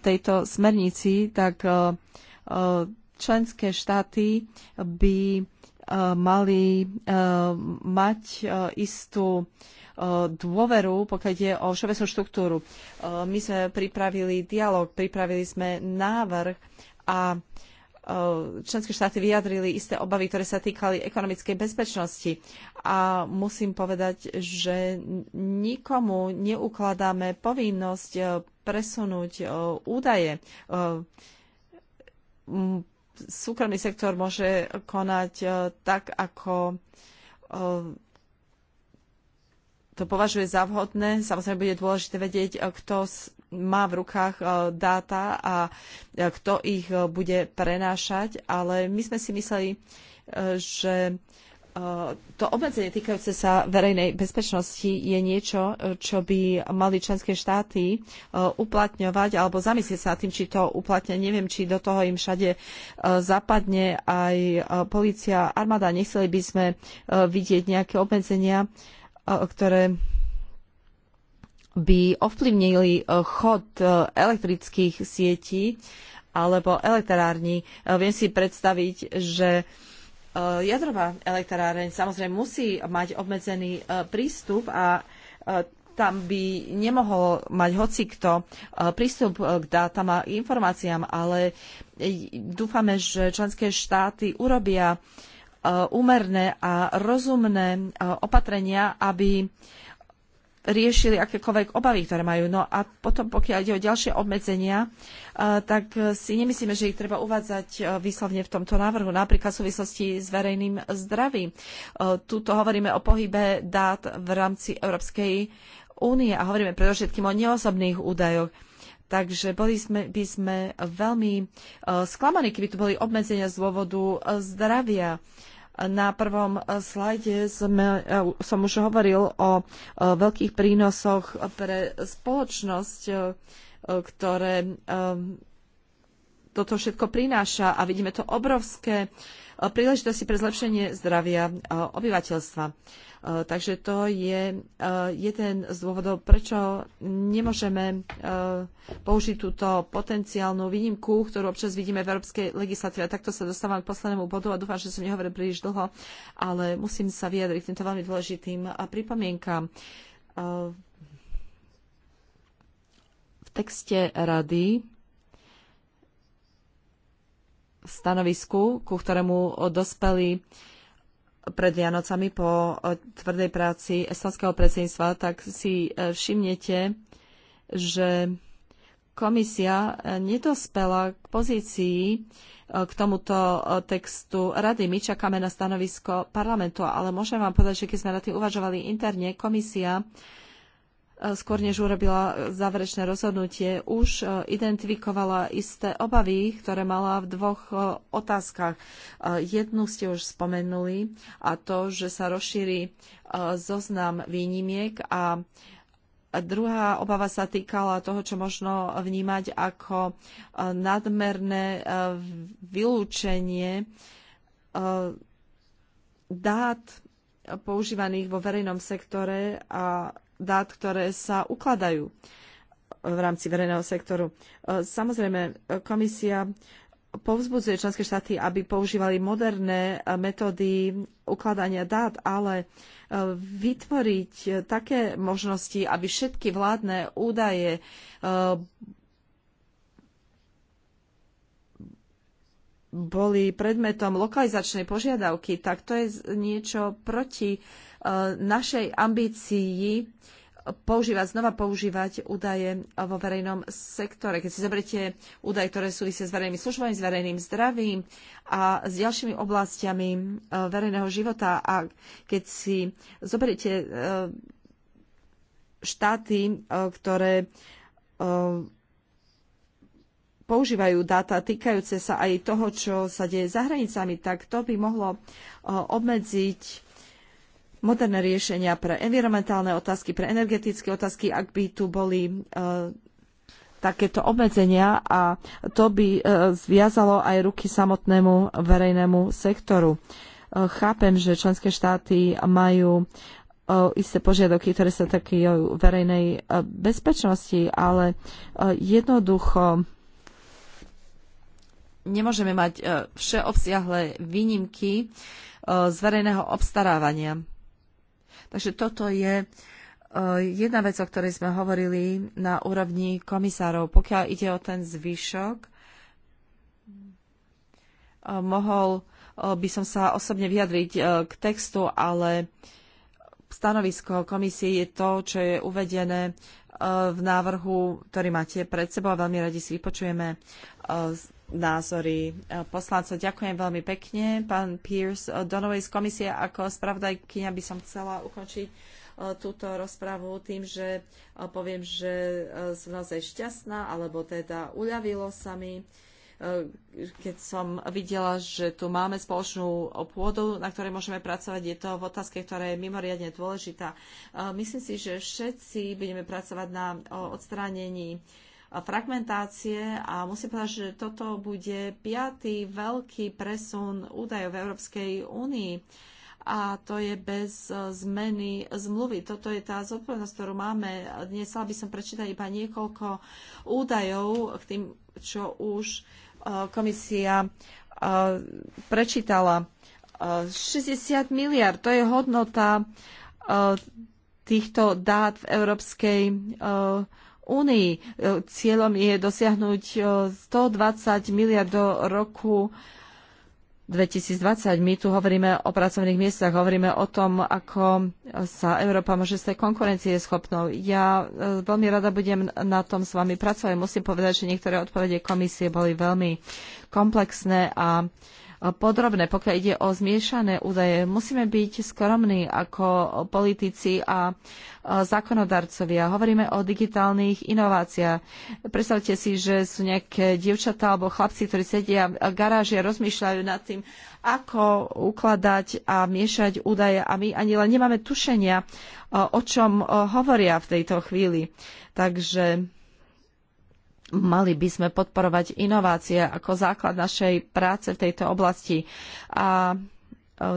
tejto smernici, tak členské štáty by mali mať istú dôveru, pokiaľ ide o všeobecnú štruktúru. E, my sme pripravili dialog, pripravili sme návrh a e, členské štáty vyjadrili isté obavy, ktoré sa týkali ekonomickej bezpečnosti. A musím povedať, že nikomu neukladáme povinnosť e, presunúť údaje. Súkromný sektor môže konať tak, ako to považuje za vhodné. Samozrejme, bude dôležité vedieť, e, kto má v rukách e, dáta a e, kto ich bude prenášať, ale my sme si mysleli, že to obmedzenie týkajúce sa verejnej bezpečnosti je niečo, čo by mali členské štáty uplatňovať alebo zamyslieť sa nad tým, či to uplatňa. Neviem, či do toho im všade zapadne aj policia, armáda. Nechceli by sme vidieť nejaké obmedzenia ktoré by ovplyvnili eh, chod eh, elektrických sietí alebo elektrárni. Eh, viem si predstaviť, že jadrová elektráreň samozrejme musí mať obmedzený prístup a tam by nemohol mať hocikto prístup k dátam a informáciám, ale dúfame, že členské štáty urobia Eh, úmerné a rozumné eh, opatrenia, aby riešili akékoľvek obavy, ktoré majú. No a potom, pokiaľ ide o ďalšie obmedzenia, eh, tak si nemyslíme, že ich treba uvádzať výslovne v tomto návrhu, napríklad v súvislosti s verejným zdravím. Tuto hovoríme o pohybe dát v rámci Európskej únie a hovoríme predovšetkým o neosobných údajoch. Takže boli sme, by sme veľmi sklamaní, keby tu boli obmedzenia z dôvodu zdravia. Na prvom e, slajde sme, e, som už hovoril o e, veľkých prínosoch pre spoločnosť, ktoré toto všetko prináša a vidíme to obrovské príležitosti pre zlepšenie zdravia obyvateľstva. E, takže to je e, jeden z dôvodov, prečo nemôžeme e, použiť túto potenciálnu výnimku, ktorú občas vidíme v európskej legislatíve. Takto sa dostávam k poslednému bodu a dúfam, že som nehovoril príliš dlho, ale musím sa vyjadriť k týmto veľmi dôležitým pripomienkám. V texte rady stanovisku, ku ktorému dospeli pred Vianocami po eh, tvrdej práci estonského predsedníctva, tak si eh, všimnete, že komisia eh, nedospela k pozícii k tomuto textu rady. My čakáme na stanovisko parlamentu, ale môžem vám povedať, že keď sme na tým uvažovali interne, komisia skôr než urobila e, záverečné rozhodnutie, už e, identifikovala isté obavy, ktoré mala v dvoch e, otázkach. Jednu ste už spomenuli a to, že sa rozšíri zoznam výnimiek a Druhá obava sa týkala toho, čo možno vnímať ako nadmerné vylúčenie dát používaných vo verejnom sektore a dát, ktoré sa ukladajú v rámci verejného sektoru. E, samozrejme, e, komisia povzbudzuje členské štáty, aby používali moderné e, metódy ukladania dát, ale vytvoriť také možnosti, aby všetky vládne údaje boli predmetom lokalizačnej požiadavky, tak to je niečo proti Eh, našej ambícii používať, znova používať údaje vo verejnom sektore. Keď si zoberiete údaje, ktoré súvisia s verejnými službami, s verejným zdravím a s ďalšími oblastiami eh, verejného života a keď si zoberiete eh, štáty, ktoré používajú dáta týkajúce sa aj toho, čo sa deje za hranicami, tak to by mohlo obmedziť moderné riešenia pre environmentálne otázky, pre energetické otázky, ak by tu boli e, takéto obmedzenia a to by e, zviazalo aj ruky samotnému verejnému sektoru. E, chápem, že členské štáty majú isté požiadavky, ktoré sa takýjú verejnej bezpečnosti, ale jednoducho nemôžeme mať všeobsiahle výnimky z verejného obstarávania. Takže toto je e, jedna vec, o ktorej sme hovorili na úrovni komisárov. Pokiaľ ide o ten zvyšok, e, mohol e, by som sa osobne vyjadriť k textu, ale stanovisko komisie je to, čo je uvedené v návrhu, ktorý máte pred sebou a veľmi radi si vypočujeme názory eh, poslancov. Ďakujem veľmi pekne. Pán Pierce eh, Donovej z komisie ako spravodajkyňa by som chcela ukončiť eh, túto rozpravu tým, že poviem, že som naozaj šťastná, alebo teda uľavilo sa mi, keď som videla, že tu máme spoločnú pôdu, na ktorej môžeme pracovať. Je to v otázke, ktorá je mimoriadne dôležitá. Myslím si, že všetci budeme pracovať na odstránení fragmentácie a musím povedať, že toto bude piatý veľký presun údajov v Európskej únii a to je bez zmeny zmluvy. Toto je tá zodpovednosť, ktorú máme. Dnes by som prečítať iba niekoľko údajov k tým, čo už e, komisia e, prečítala. 60 e, miliard, to je hodnota týchto dát v Európskej únii. E, cieľom je dosiahnuť 120 e, miliard do roku 2020. My tu hovoríme o pracovných miestach, hovoríme o tom, ako sa Európa môže stať konkurencieschopnou. Ja e, veľmi rada budem na tom s vami pracovať. Musím povedať, že niektoré odpovede komisie boli veľmi komplexné a uh, podrobné. Pokiaľ ide o zmiešané údaje, musíme byť skromní ako politici a zákonodarcovia. Hovoríme o digitálnych inováciách. Predstavte si, že sú nejaké dievčatá alebo chlapci, ktorí sedia v garáži a rozmýšľajú nad tým, ako ukladať a miešať údaje a my ani len nemáme tušenia, o čom hovoria v tejto chvíli. Takže mali by sme podporovať inovácie ako základ našej práce v tejto oblasti. A e,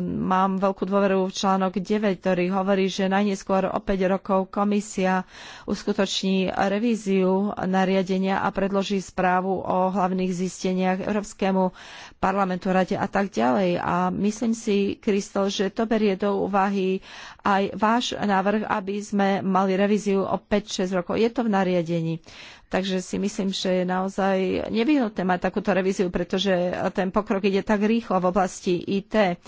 mám veľkú dôveru v článok 9, ktorý hovorí, že najneskôr o 5 rokov komisia uskutoční revíziu nariadenia a predloží správu o hlavných zisteniach Európskemu parlamentu, rade a tak ďalej. A myslím si, Kristol, že to berie do úvahy aj váš návrh, aby sme mali revíziu o 5-6 rokov. Je to v nariadení. Takže si myslím, že je naozaj nevyhnutné mať takúto revíziu, pretože ten pokrok ide tak rýchlo v oblasti IT.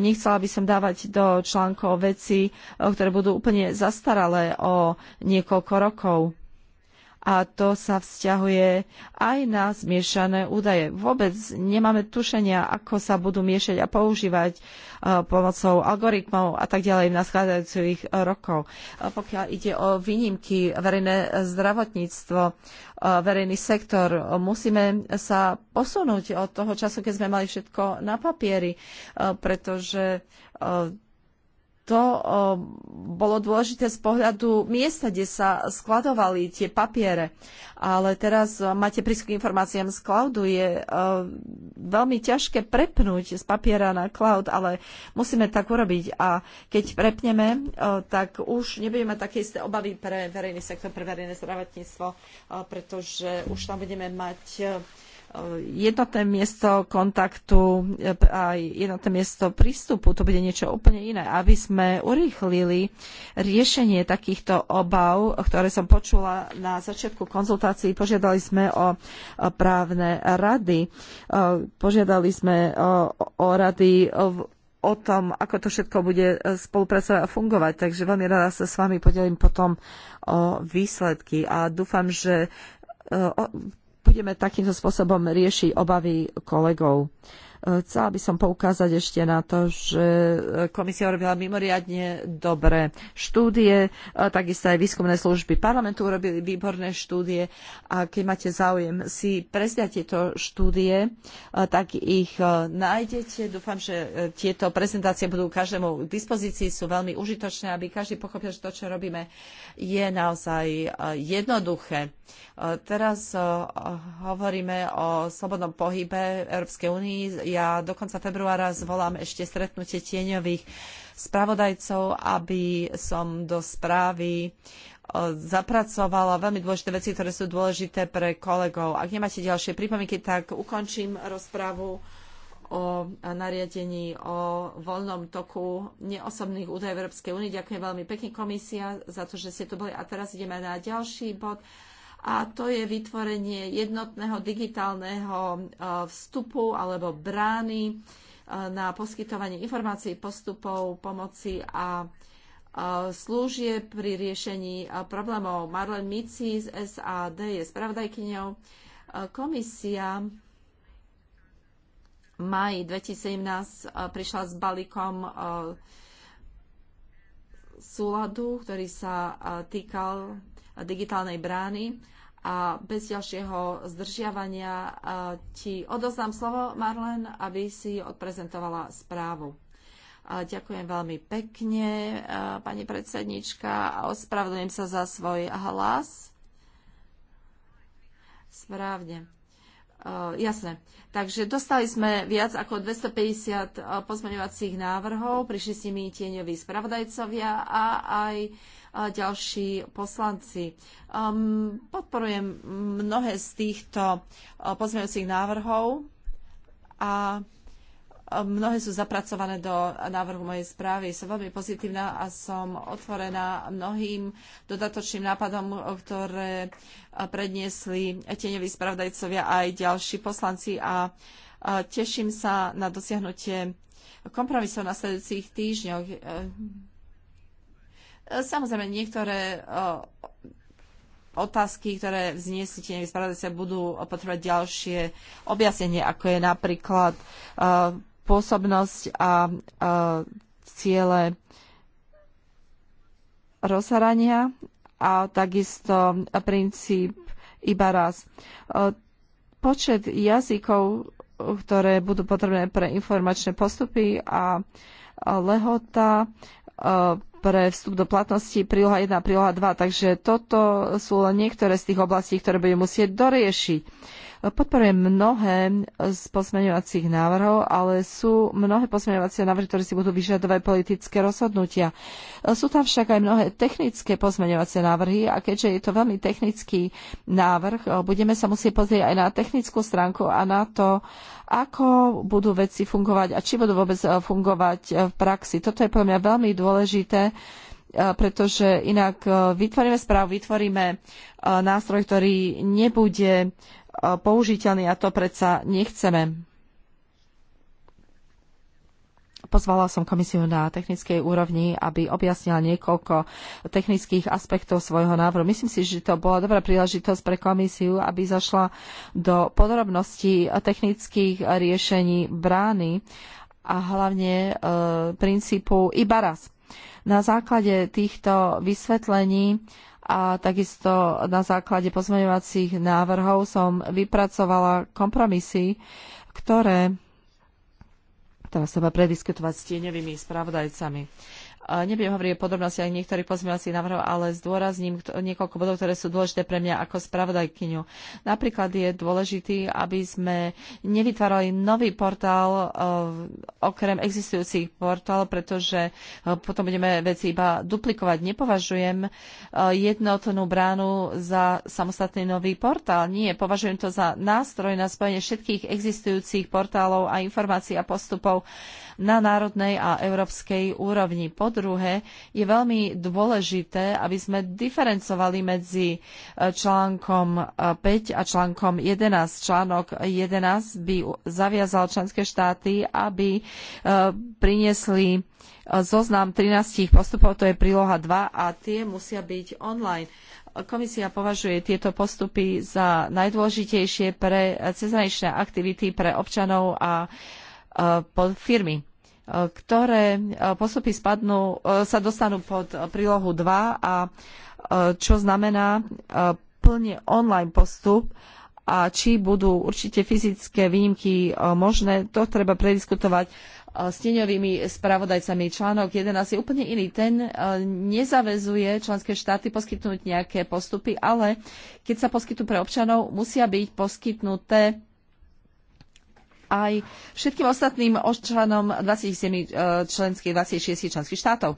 Nechcela by som dávať do článkov veci, ktoré budú úplne zastaralé o niekoľko rokov a to sa vzťahuje aj na zmiešané údaje. Vôbec nemáme tušenia, ako sa budú miešať a používať e, pomocou algoritmov a tak ďalej v nasledujúcich rokov. E, pokiaľ ide o výnimky, verejné zdravotníctvo, e, verejný sektor, musíme sa posunúť od toho času, keď sme mali všetko na papieri, pretože to bolo dôležité z pohľadu miesta, kde sa skladovali tie papiere. Ale teraz e, máte prístup informáciám z cloudu. Je e, veľmi ťažké prepnúť z papiera na cloud, ale musíme tak urobiť. A keď prepneme, e, tak už nebudeme mať také isté obavy pre verejný sektor, pre verejné zdravotníctvo, pretože už tam budeme mať jednotné miesto kontaktu e, a jednotné miesto prístupu, to bude niečo úplne iné. Aby sme urýchlili riešenie takýchto obav, ktoré som počula na začiatku konzultácií, požiadali sme o právne rady. E, požiadali sme o, o rady o tom, ako to všetko bude e, spolupracovať a fungovať. Takže veľmi rada sa s vami podelím potom o výsledky a dúfam, že budeme takýmto spôsobom riešiť obavy kolegov. Chcela by som poukázať ešte na to, že komisia urobila mimoriadne dobré štúdie, e, takisto aj výskumné služby parlamentu urobili výborné štúdie a keď máte záujem si prezdiať tieto štúdie, e, tak ich e, nájdete. Dúfam, že tieto prezentácie budú každému k dispozícii, sú veľmi užitočné, aby každý pochopil, že to, čo robíme, je naozaj jednoduché. Teraz hovoríme o slobodnom pohybe Európskej únii ja do konca februára zvolám ešte stretnutie tieňových spravodajcov, aby som do správy e, zapracovala veľmi dôležité veci, ktoré sú dôležité pre kolegov. Ak nemáte ďalšie pripomienky, tak ukončím rozpravu o nariadení o voľnom toku neosobných údajov Európskej únie. Ďakujem veľmi pekne komisia za to, že ste tu boli. A teraz ideme na ďalší bod a to je vytvorenie jednotného digitálneho e, vstupu alebo brány e, na poskytovanie informácií, postupov, pomoci a e, slúžie pri riešení problémov. Marlen Mici z SAD je spravodajkyňou. Komisia v maji 2017 prišla s balíkom súladu, ktorý sa týkal digitálnej brány. A bez ďalšieho zdržiavania ti odoznám slovo, Marlen, aby si odprezentovala správu. Ďakujem veľmi pekne, pani predsednička, a ospravedlňujem sa za svoj hlas. Správne. Uh, jasné. Takže dostali sme viac ako 250 uh, pozmeňovacích návrhov, prišli s nimi tieňoví spravodajcovia a aj ďalší poslanci. Um, podporujem mnohé z týchto uh, pozmeňujúcich návrhov a uh, mnohé sú zapracované do návrhu mojej správy. Som veľmi pozitívna a som otvorená mnohým dodatočným nápadom, ktoré uh, predniesli tieňoví spravodajcovia aj ďalší poslanci a teším sa na dosiahnutie kompromisov na sledujúcich týždňoch. Samozrejme, niektoré otázky, ktoré vzniesli tie sa budú potrebovať ďalšie objasnenie, ako je napríklad e, pôsobnosť a e, ciele rozhrania a takisto princíp iba raz. E, počet jazykov, ktoré budú potrebné pre informačné postupy a lehota pre vstup do platnosti príloha 1 a príloha 2. Takže toto sú len niektoré z tých oblastí, ktoré budeme musieť doriešiť. Podporujem mnohé z pozmeňovacích návrhov, ale sú mnohé pozmeňovacie návrhy, ktoré si budú vyžadovať politické rozhodnutia. Sú tam však aj mnohé technické pozmeňovacie návrhy a keďže je to veľmi technický návrh, budeme sa musieť pozrieť aj na technickú stránku a na to, ako budú veci fungovať a či budú vôbec eh, fungovať eh, v praxi. Toto je pre mňa veľmi dôležité, eh, pretože inak vytvoríme správu, vytvoríme nástroj, ktorý nebude použiteľný a to predsa nechceme. Pozvala som komisiu na technickej úrovni, aby objasnila niekoľko technických aspektov svojho návrhu. Myslím si, že to bola dobrá príležitosť pre komisiu, aby zašla do podrobností technických riešení brány a hlavne e, princípu iba raz. Na základe týchto vysvetlení a takisto na základe pozmeňovacích návrhov som vypracovala kompromisy, ktoré teraz treba prediskutovať s tieňovými spravodajcami. Nebudem hovoriť o podrobnosti ani niektorých pozmeňovacích návrhov, ale zdôrazním niekoľko bodov, ktoré sú dôležité pre mňa ako spravodajkyňu. Napríklad je dôležitý, aby sme nevytvárali nový portál e, okrem existujúcich portál, pretože e, potom budeme veci iba duplikovať. Nepovažujem e, jednotnú bránu za samostatný nový portál. Nie, považujem to za nástroj na spojenie všetkých existujúcich portálov a informácií a postupov, na národnej a európskej úrovni. Po druhé, je veľmi dôležité, aby sme diferencovali medzi e, článkom 5 e, a článkom 11. Článok 11 by zaviazal členské štáty, aby e, priniesli zoznam 13 postupov, to je príloha 2 a tie musia byť online. Komisia považuje tieto postupy za najdôležitejšie pre cezraničné aktivity pre občanov a Eh, pod firmy eh, ktoré eh, postupy spadnú, sa dostanú pod prílohu 2 a čo znamená plne online postup a či budú určite fyzické výnimky možné, to treba prediskutovať s tieňovými spravodajcami. Článok 11 je úplne iný. Ten nezavezuje členské štáty poskytnúť nejaké postupy, ale keď sa poskytnú pre občanov, musia byť poskytnuté aj všetkým ostatným občanom 27 eh, členských, 26 členských štátov.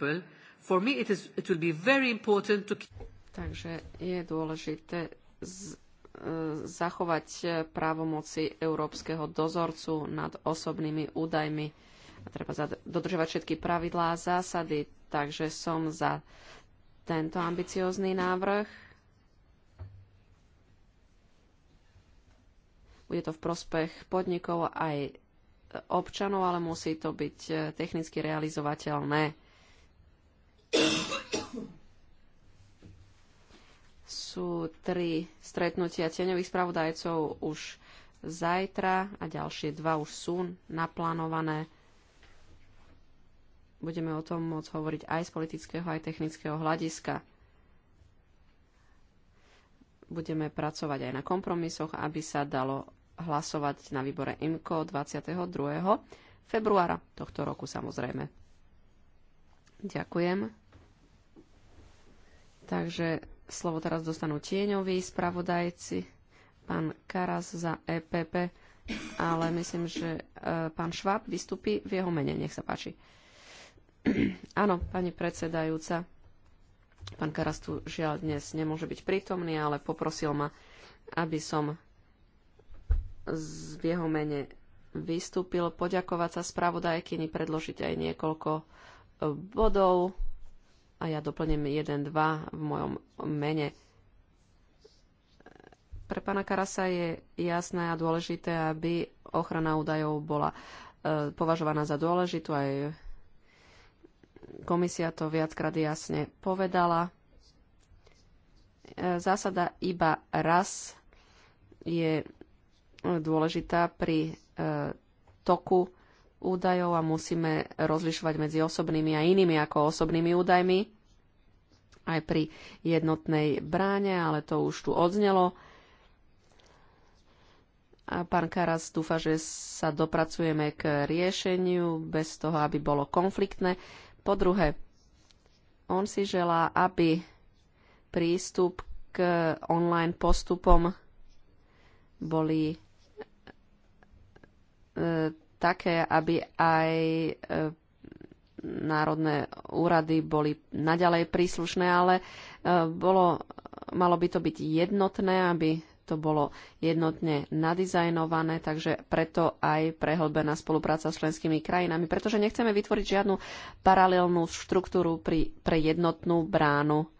Takže je dôležité z, e, zachovať eh, právomoci európskeho dozorcu nad osobnými údajmi. A treba dodržovať všetky pravidlá a zásady, takže som za tento ambiciózny návrh Bude to v prospech podnikov aj občanov, ale musí to byť e, technicky realizovateľné. Sú tri stretnutia tieňových spravodajcov už zajtra a ďalšie dva už sú naplánované. Budeme o tom môcť hovoriť aj z politického, aj technického hľadiska. Budeme pracovať aj na kompromisoch, aby sa dalo hlasovať na výbore IMCO 22. februára tohto roku samozrejme. Ďakujem. Takže slovo teraz dostanú tieňoví spravodajci, pán Karas za EPP, ale myslím, že e, pán Šváb vystupí v jeho mene. Nech sa páči. Áno, pani predsedajúca, pán Karas tu žiaľ dnes nemôže byť prítomný, ale poprosil ma, aby som v jeho mene vystúpil, poďakovať sa spravodajkyni, predložiť aj niekoľko e, bodov a ja doplním 1-2 v mojom mene. Pre pána Karasa je jasné a dôležité, aby ochrana údajov bola e, považovaná za dôležitú. Aj komisia to viackrát jasne povedala. E, zásada iba raz je dôležitá pri e, toku údajov a musíme rozlišovať medzi osobnými a inými ako osobnými údajmi aj pri jednotnej bráne, ale to už tu odznelo. A pán Karas dúfa, že sa dopracujeme k riešeniu bez toho, aby bolo konfliktné. Po druhé, on si želá, aby prístup k online postupom boli také, aby aj e, národné úrady boli naďalej príslušné, ale e, bolo, malo by to byť jednotné, aby to bolo jednotne nadizajnované, takže preto aj prehlbená spolupráca s členskými krajinami, pretože nechceme vytvoriť žiadnu paralelnú štruktúru pri, pre jednotnú bránu.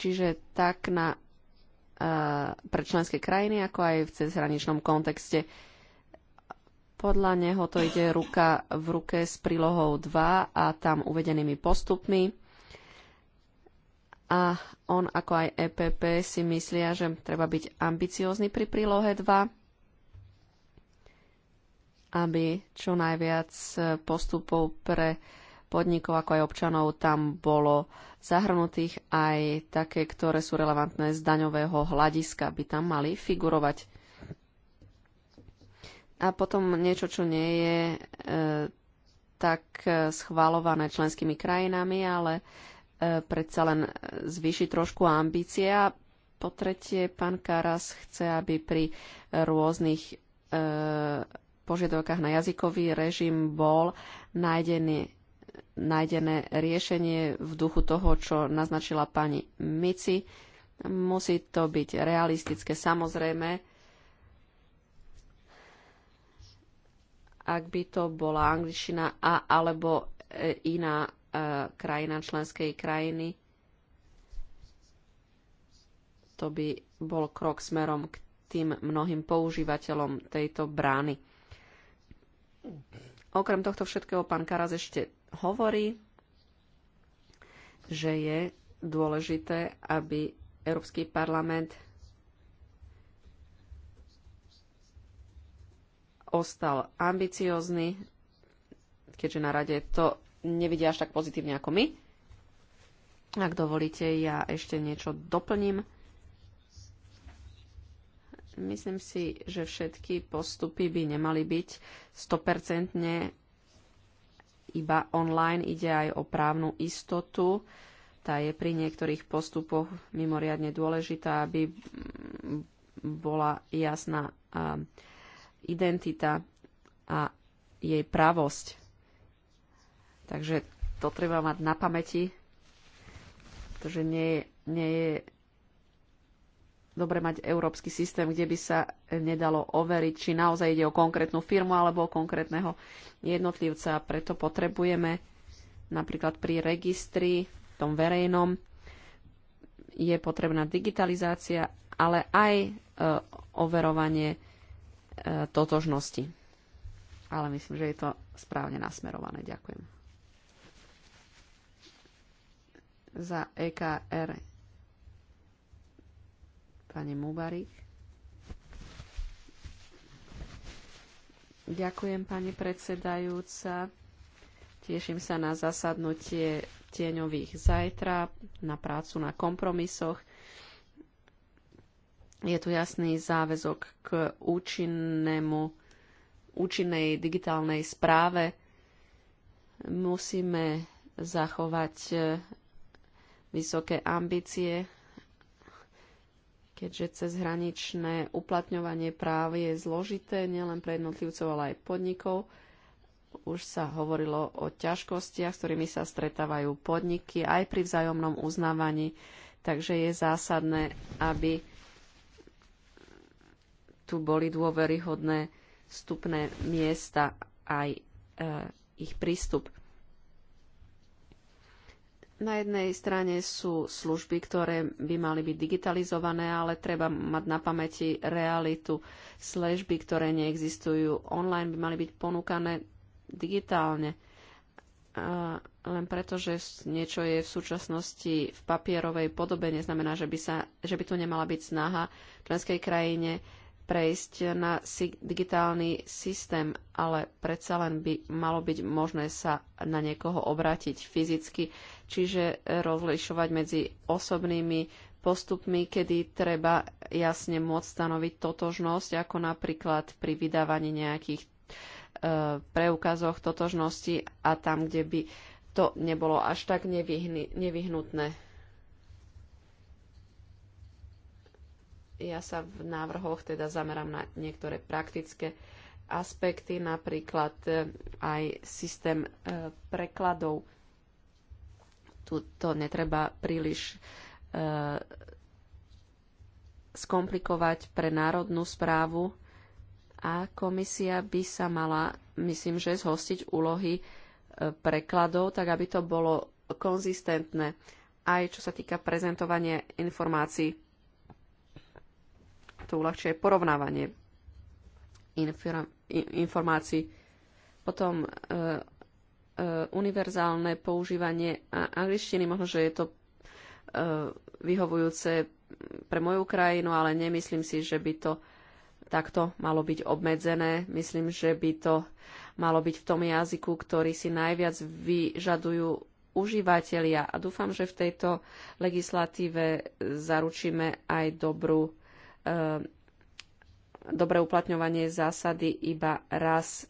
Čiže tak na Eh, pre členské krajiny, ako aj v cezhraničnom kontexte. Podľa neho to ide ruka v ruke s prílohou 2 a tam uvedenými postupmi. A on, ako aj EPP, si myslia, že treba byť ambiciózny pri prílohe 2, aby čo najviac postupov pre podnikov, ako aj občanov tam bolo zahrnutých aj také, ktoré sú relevantné z daňového hľadiska, by tam mali figurovať. A potom niečo, čo nie je e, tak schvalované členskými krajinami, ale e, predsa len zvýši trošku ambície. A po tretie, pán Karas chce, aby pri rôznych e, požiadavkách na jazykový režim bol nájdený nájdené riešenie v duchu toho, čo naznačila pani Mici. Musí to byť realistické, samozrejme. Ak by to bola angličtina a alebo e, iná e, krajina členskej krajiny, to by bol krok smerom k tým mnohým používateľom tejto brány. Okrem tohto všetkého pán Karas ešte hovorí, že je dôležité, aby Európsky parlament ostal ambiciózny, keďže na rade to nevidia až tak pozitívne ako my. Ak dovolíte, ja ešte niečo doplním. Myslím si, že všetky postupy by nemali byť 100% iba online. Ide aj o právnu istotu. Tá je pri niektorých postupoch mimoriadne dôležitá, aby bola jasná identita a jej pravosť. Takže to treba mať na pamäti, pretože nie, nie je dobre mať európsky systém, kde by sa nedalo overiť, či naozaj ide o konkrétnu firmu alebo o konkrétneho jednotlivca. Preto potrebujeme napríklad pri registri, tom verejnom, je potrebná digitalizácia, ale aj e, overovanie e, totožnosti. Ale myslím, že je to správne nasmerované. Ďakujem. Za EKR pani Mubarik. Ďakujem, pani predsedajúca. Teším sa na zasadnutie tieňových zajtra, na prácu na kompromisoch. Je tu jasný záväzok k účinnému, účinnej digitálnej správe. Musíme zachovať eh, vysoké ambície keďže cezhraničné uplatňovanie práv je zložité nielen pre jednotlivcov, ale aj podnikov. Už sa hovorilo o ťažkostiach, s ktorými sa stretávajú podniky aj pri vzájomnom uznávaní, takže je zásadné, aby tu boli dôveryhodné vstupné miesta aj e, ich prístup. Na jednej strane sú služby, ktoré by mali byť digitalizované, ale treba mať na pamäti realitu. Služby, ktoré neexistujú online, by mali byť ponúkané digitálne. A len preto, že niečo je v súčasnosti v papierovej podobe, neznamená, že by, sa, že by tu nemala byť snaha členskej krajine prejsť na digitálny systém, ale predsa len by malo byť možné sa na niekoho obrátiť fyzicky, čiže rozlišovať medzi osobnými postupmi, kedy treba jasne môcť stanoviť totožnosť, ako napríklad pri vydávaní nejakých e, preukazoch totožnosti a tam, kde by to nebolo až tak nevyhny, nevyhnutné. Ja sa v návrhoch teda zamerám na niektoré praktické aspekty, napríklad e, aj systém e, prekladov. Tu to netreba príliš e, skomplikovať pre národnú správu a komisia by sa mala, myslím, že zhostiť úlohy prekladov, tak aby to bolo konzistentné aj čo sa týka prezentovania informácií to uľahčuje porovnávanie informácií. Potom e, e, univerzálne používanie angličtiny, možno, že je to e, vyhovujúce pre moju krajinu, ale nemyslím si, že by to takto malo byť obmedzené. Myslím, že by to malo byť v tom jazyku, ktorý si najviac vyžadujú užívateľia. A dúfam, že v tejto legislatíve zaručíme aj dobrú E, dobre uplatňovanie zásady iba raz.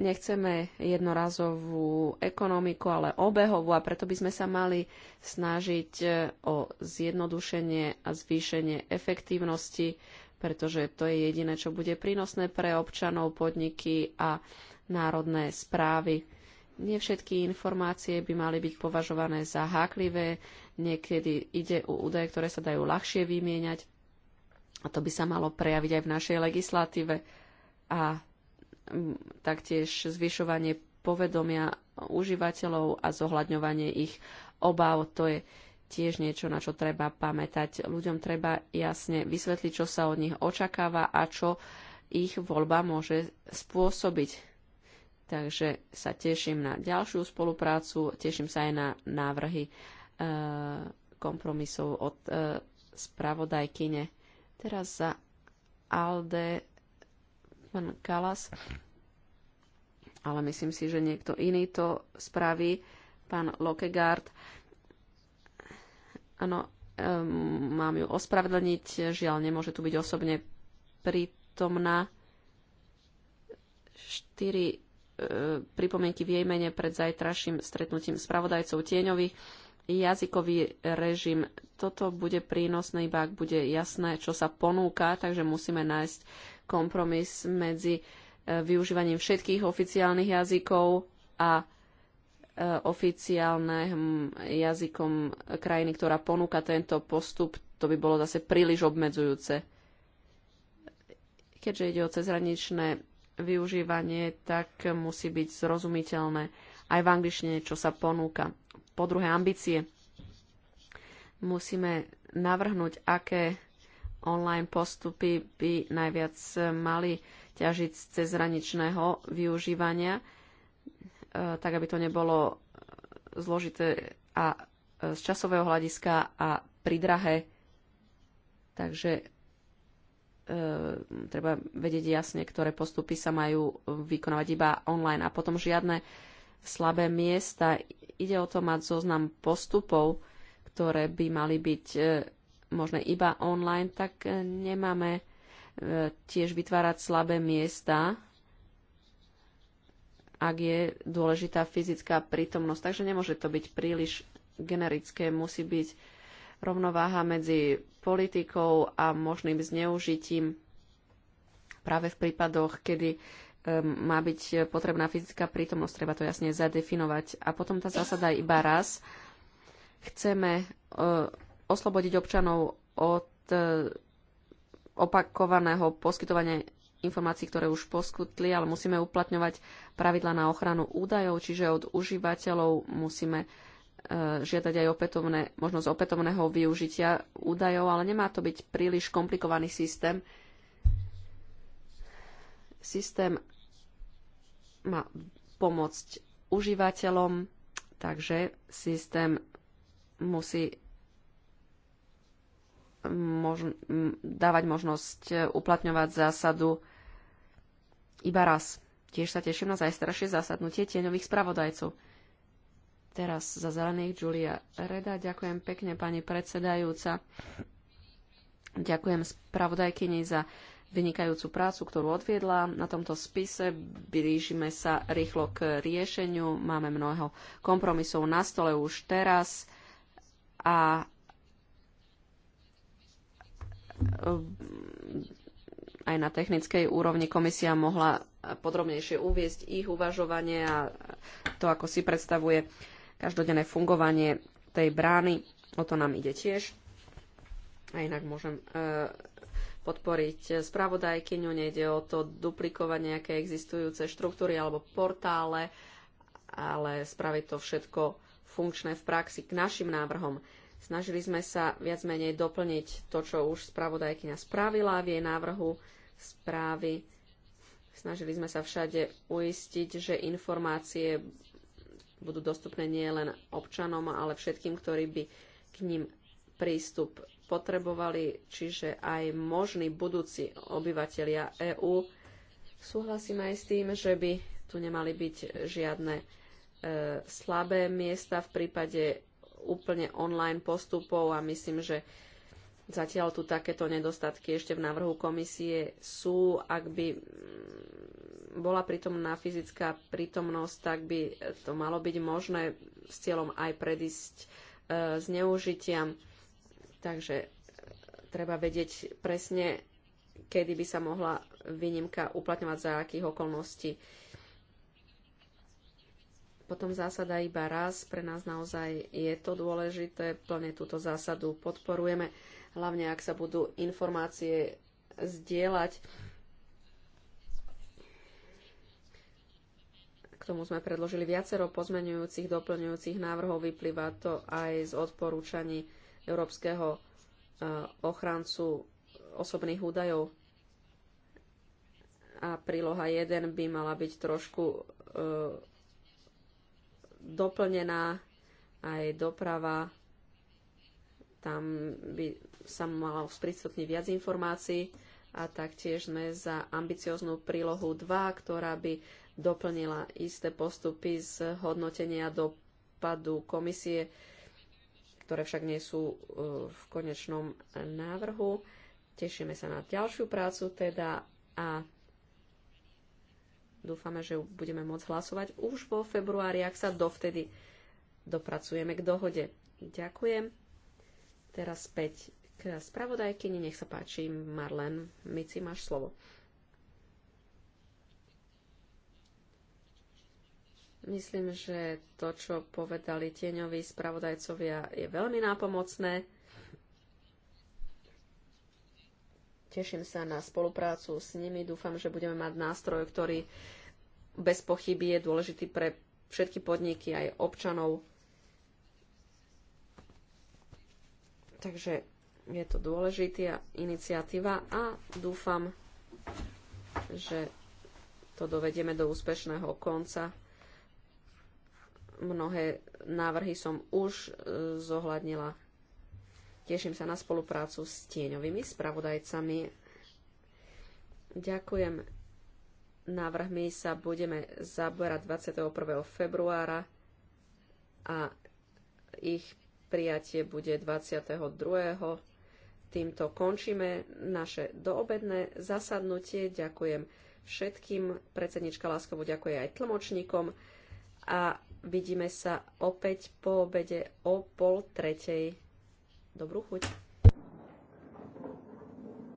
Nechceme jednorazovú ekonomiku, ale obehovú a preto by sme sa mali snažiť e, o zjednodušenie a zvýšenie efektívnosti, pretože to je jediné, čo bude prínosné pre občanov, podniky a národné správy nie všetky informácie by mali byť považované za háklivé, niekedy ide o údaje, ktoré sa dajú ľahšie vymieňať a to by sa malo prejaviť aj v našej legislatíve a mm, taktiež zvyšovanie povedomia užívateľov a zohľadňovanie ich obáv. To je tiež niečo, na čo treba pamätať. Ľuďom treba jasne vysvetliť, čo sa od nich očakáva a čo ich voľba môže spôsobiť. Takže sa teším na ďalšiu spoluprácu, teším sa aj na návrhy e, kompromisov od e, spravodajkyne. Teraz za Alde pán Kalas, ale myslím si, že niekto iný to spraví, pán Lokegard. Áno, e, mám ju ospravedlniť, žiaľ nemôže tu byť osobne prítomná. 4 E, pripomienky v jej mene pred zajtraším stretnutím spravodajcov tieňových. Jazykový režim. Toto bude prínosné, iba ak bude jasné, čo sa ponúka, takže musíme nájsť kompromis medzi e, využívaním všetkých oficiálnych jazykov a e, oficiálnym jazykom krajiny, ktorá ponúka tento postup, to by bolo zase príliš obmedzujúce. Keďže ide o cezhraničné využívanie, tak musí byť zrozumiteľné aj v angličtine, čo sa ponúka. Po druhé, ambície. Musíme navrhnúť, aké online postupy by najviac mali ťažiť z cezhraničného využívania, e, tak aby to nebolo zložité a e, z časového hľadiska a pridrahé. Takže E, treba vedieť jasne, ktoré postupy sa majú vykonávať iba online a potom žiadne slabé miesta. Ide o to mať zoznam postupov, ktoré by mali byť e, možné iba online, tak e, nemáme tiež vytvárať slabé miesta, ak je dôležitá fyzická prítomnosť. Takže nemôže to byť príliš generické, musí byť rovnováha medzi politikou a možným zneužitím práve v prípadoch, kedy má byť potrebná fyzická prítomnosť, treba to jasne zadefinovať. A potom tá zásada iba raz. Chceme e, oslobodiť občanov od e, opakovaného poskytovania informácií, ktoré už poskutli, ale musíme uplatňovať pravidla na ochranu údajov, čiže od užívateľov musíme E, žiadať aj opätovné, možnosť opätovného využitia údajov, ale nemá to byť príliš komplikovaný systém. Systém má pomôcť užívateľom, takže systém musí možn- dávať možnosť uplatňovať zásadu iba raz. Tiež sa teším na zajstrašie zasadnutie tieňových spravodajcov teraz za zelených Julia Reda. Ďakujem pekne, pani predsedajúca. Ďakujem spravodajkyni za vynikajúcu prácu, ktorú odviedla na tomto spise. Blížime sa rýchlo k riešeniu. Máme mnoho kompromisov na stole už teraz a e, aj na technickej úrovni komisia mohla podrobnejšie uviezť ich uvažovanie a to, ako si predstavuje každodenné fungovanie tej brány. O to nám ide tiež. A inak môžem e, podporiť spravodajkyňu. Nejde o to duplikovať nejaké existujúce štruktúry alebo portále, ale spraviť to všetko funkčné v praxi k našim návrhom. Snažili sme sa viac menej doplniť to, čo už spravodajkyňa spravila v jej návrhu správy. Snažili sme sa všade uistiť, že informácie budú dostupné nielen občanom, ale všetkým, ktorí by k ním prístup potrebovali, čiže aj možní budúci obyvatelia EÚ. Súhlasím aj s tým, že by tu nemali byť žiadne e, slabé miesta v prípade úplne online postupov a myslím, že zatiaľ tu takéto nedostatky ešte v návrhu komisie sú. Ak by bola pritomná fyzická prítomnosť, tak by to malo byť možné s cieľom aj predísť e, zneužitiam. Takže e, treba vedieť presne, kedy by sa mohla výnimka uplatňovať za akých okolností. Potom zásada iba raz, pre nás naozaj je to dôležité, plne túto zásadu podporujeme, hlavne ak sa budú informácie zdieľať K tomu sme predložili viacero pozmenujúcich, doplňujúcich návrhov. Vyplýva to aj z odporúčaní Európskeho e, ochrancu osobných údajov. A príloha 1 by mala byť trošku e, doplnená aj doprava. Tam by sa malo sprístupniť viac informácií a taktiež sme za ambicioznú prílohu 2, ktorá by doplnila isté postupy z hodnotenia dopadu komisie, ktoré však nie sú e, v konečnom návrhu. Tešíme sa na ďalšiu prácu teda a dúfame, že budeme môcť hlasovať už vo februári, ak sa dovtedy dopracujeme k dohode. Ďakujem. Teraz späť k spravodajkyni. Nech sa páči, Marlen, Mici, máš slovo. Myslím, že to, čo povedali tieňoví spravodajcovia, je veľmi nápomocné. Teším sa na spoluprácu s nimi. Dúfam, že budeme mať nástroj, ktorý bez pochyby je dôležitý pre všetky podniky, aj občanov. Takže je to dôležitá iniciatíva a dúfam, že to dovedieme do úspešného konca. Mnohé návrhy som už e, zohľadnila. Teším sa na spoluprácu s tieňovými spravodajcami. Ďakujem. Návrhmi sa budeme zaberať 21. februára a ich prijatie bude 22. Týmto končíme naše doobedné zasadnutie. Ďakujem všetkým. Predsednička Láskovu ďakuje aj tlmočníkom. A Vidíme sa opäť po obede o pol tretej. Dobrú chuť.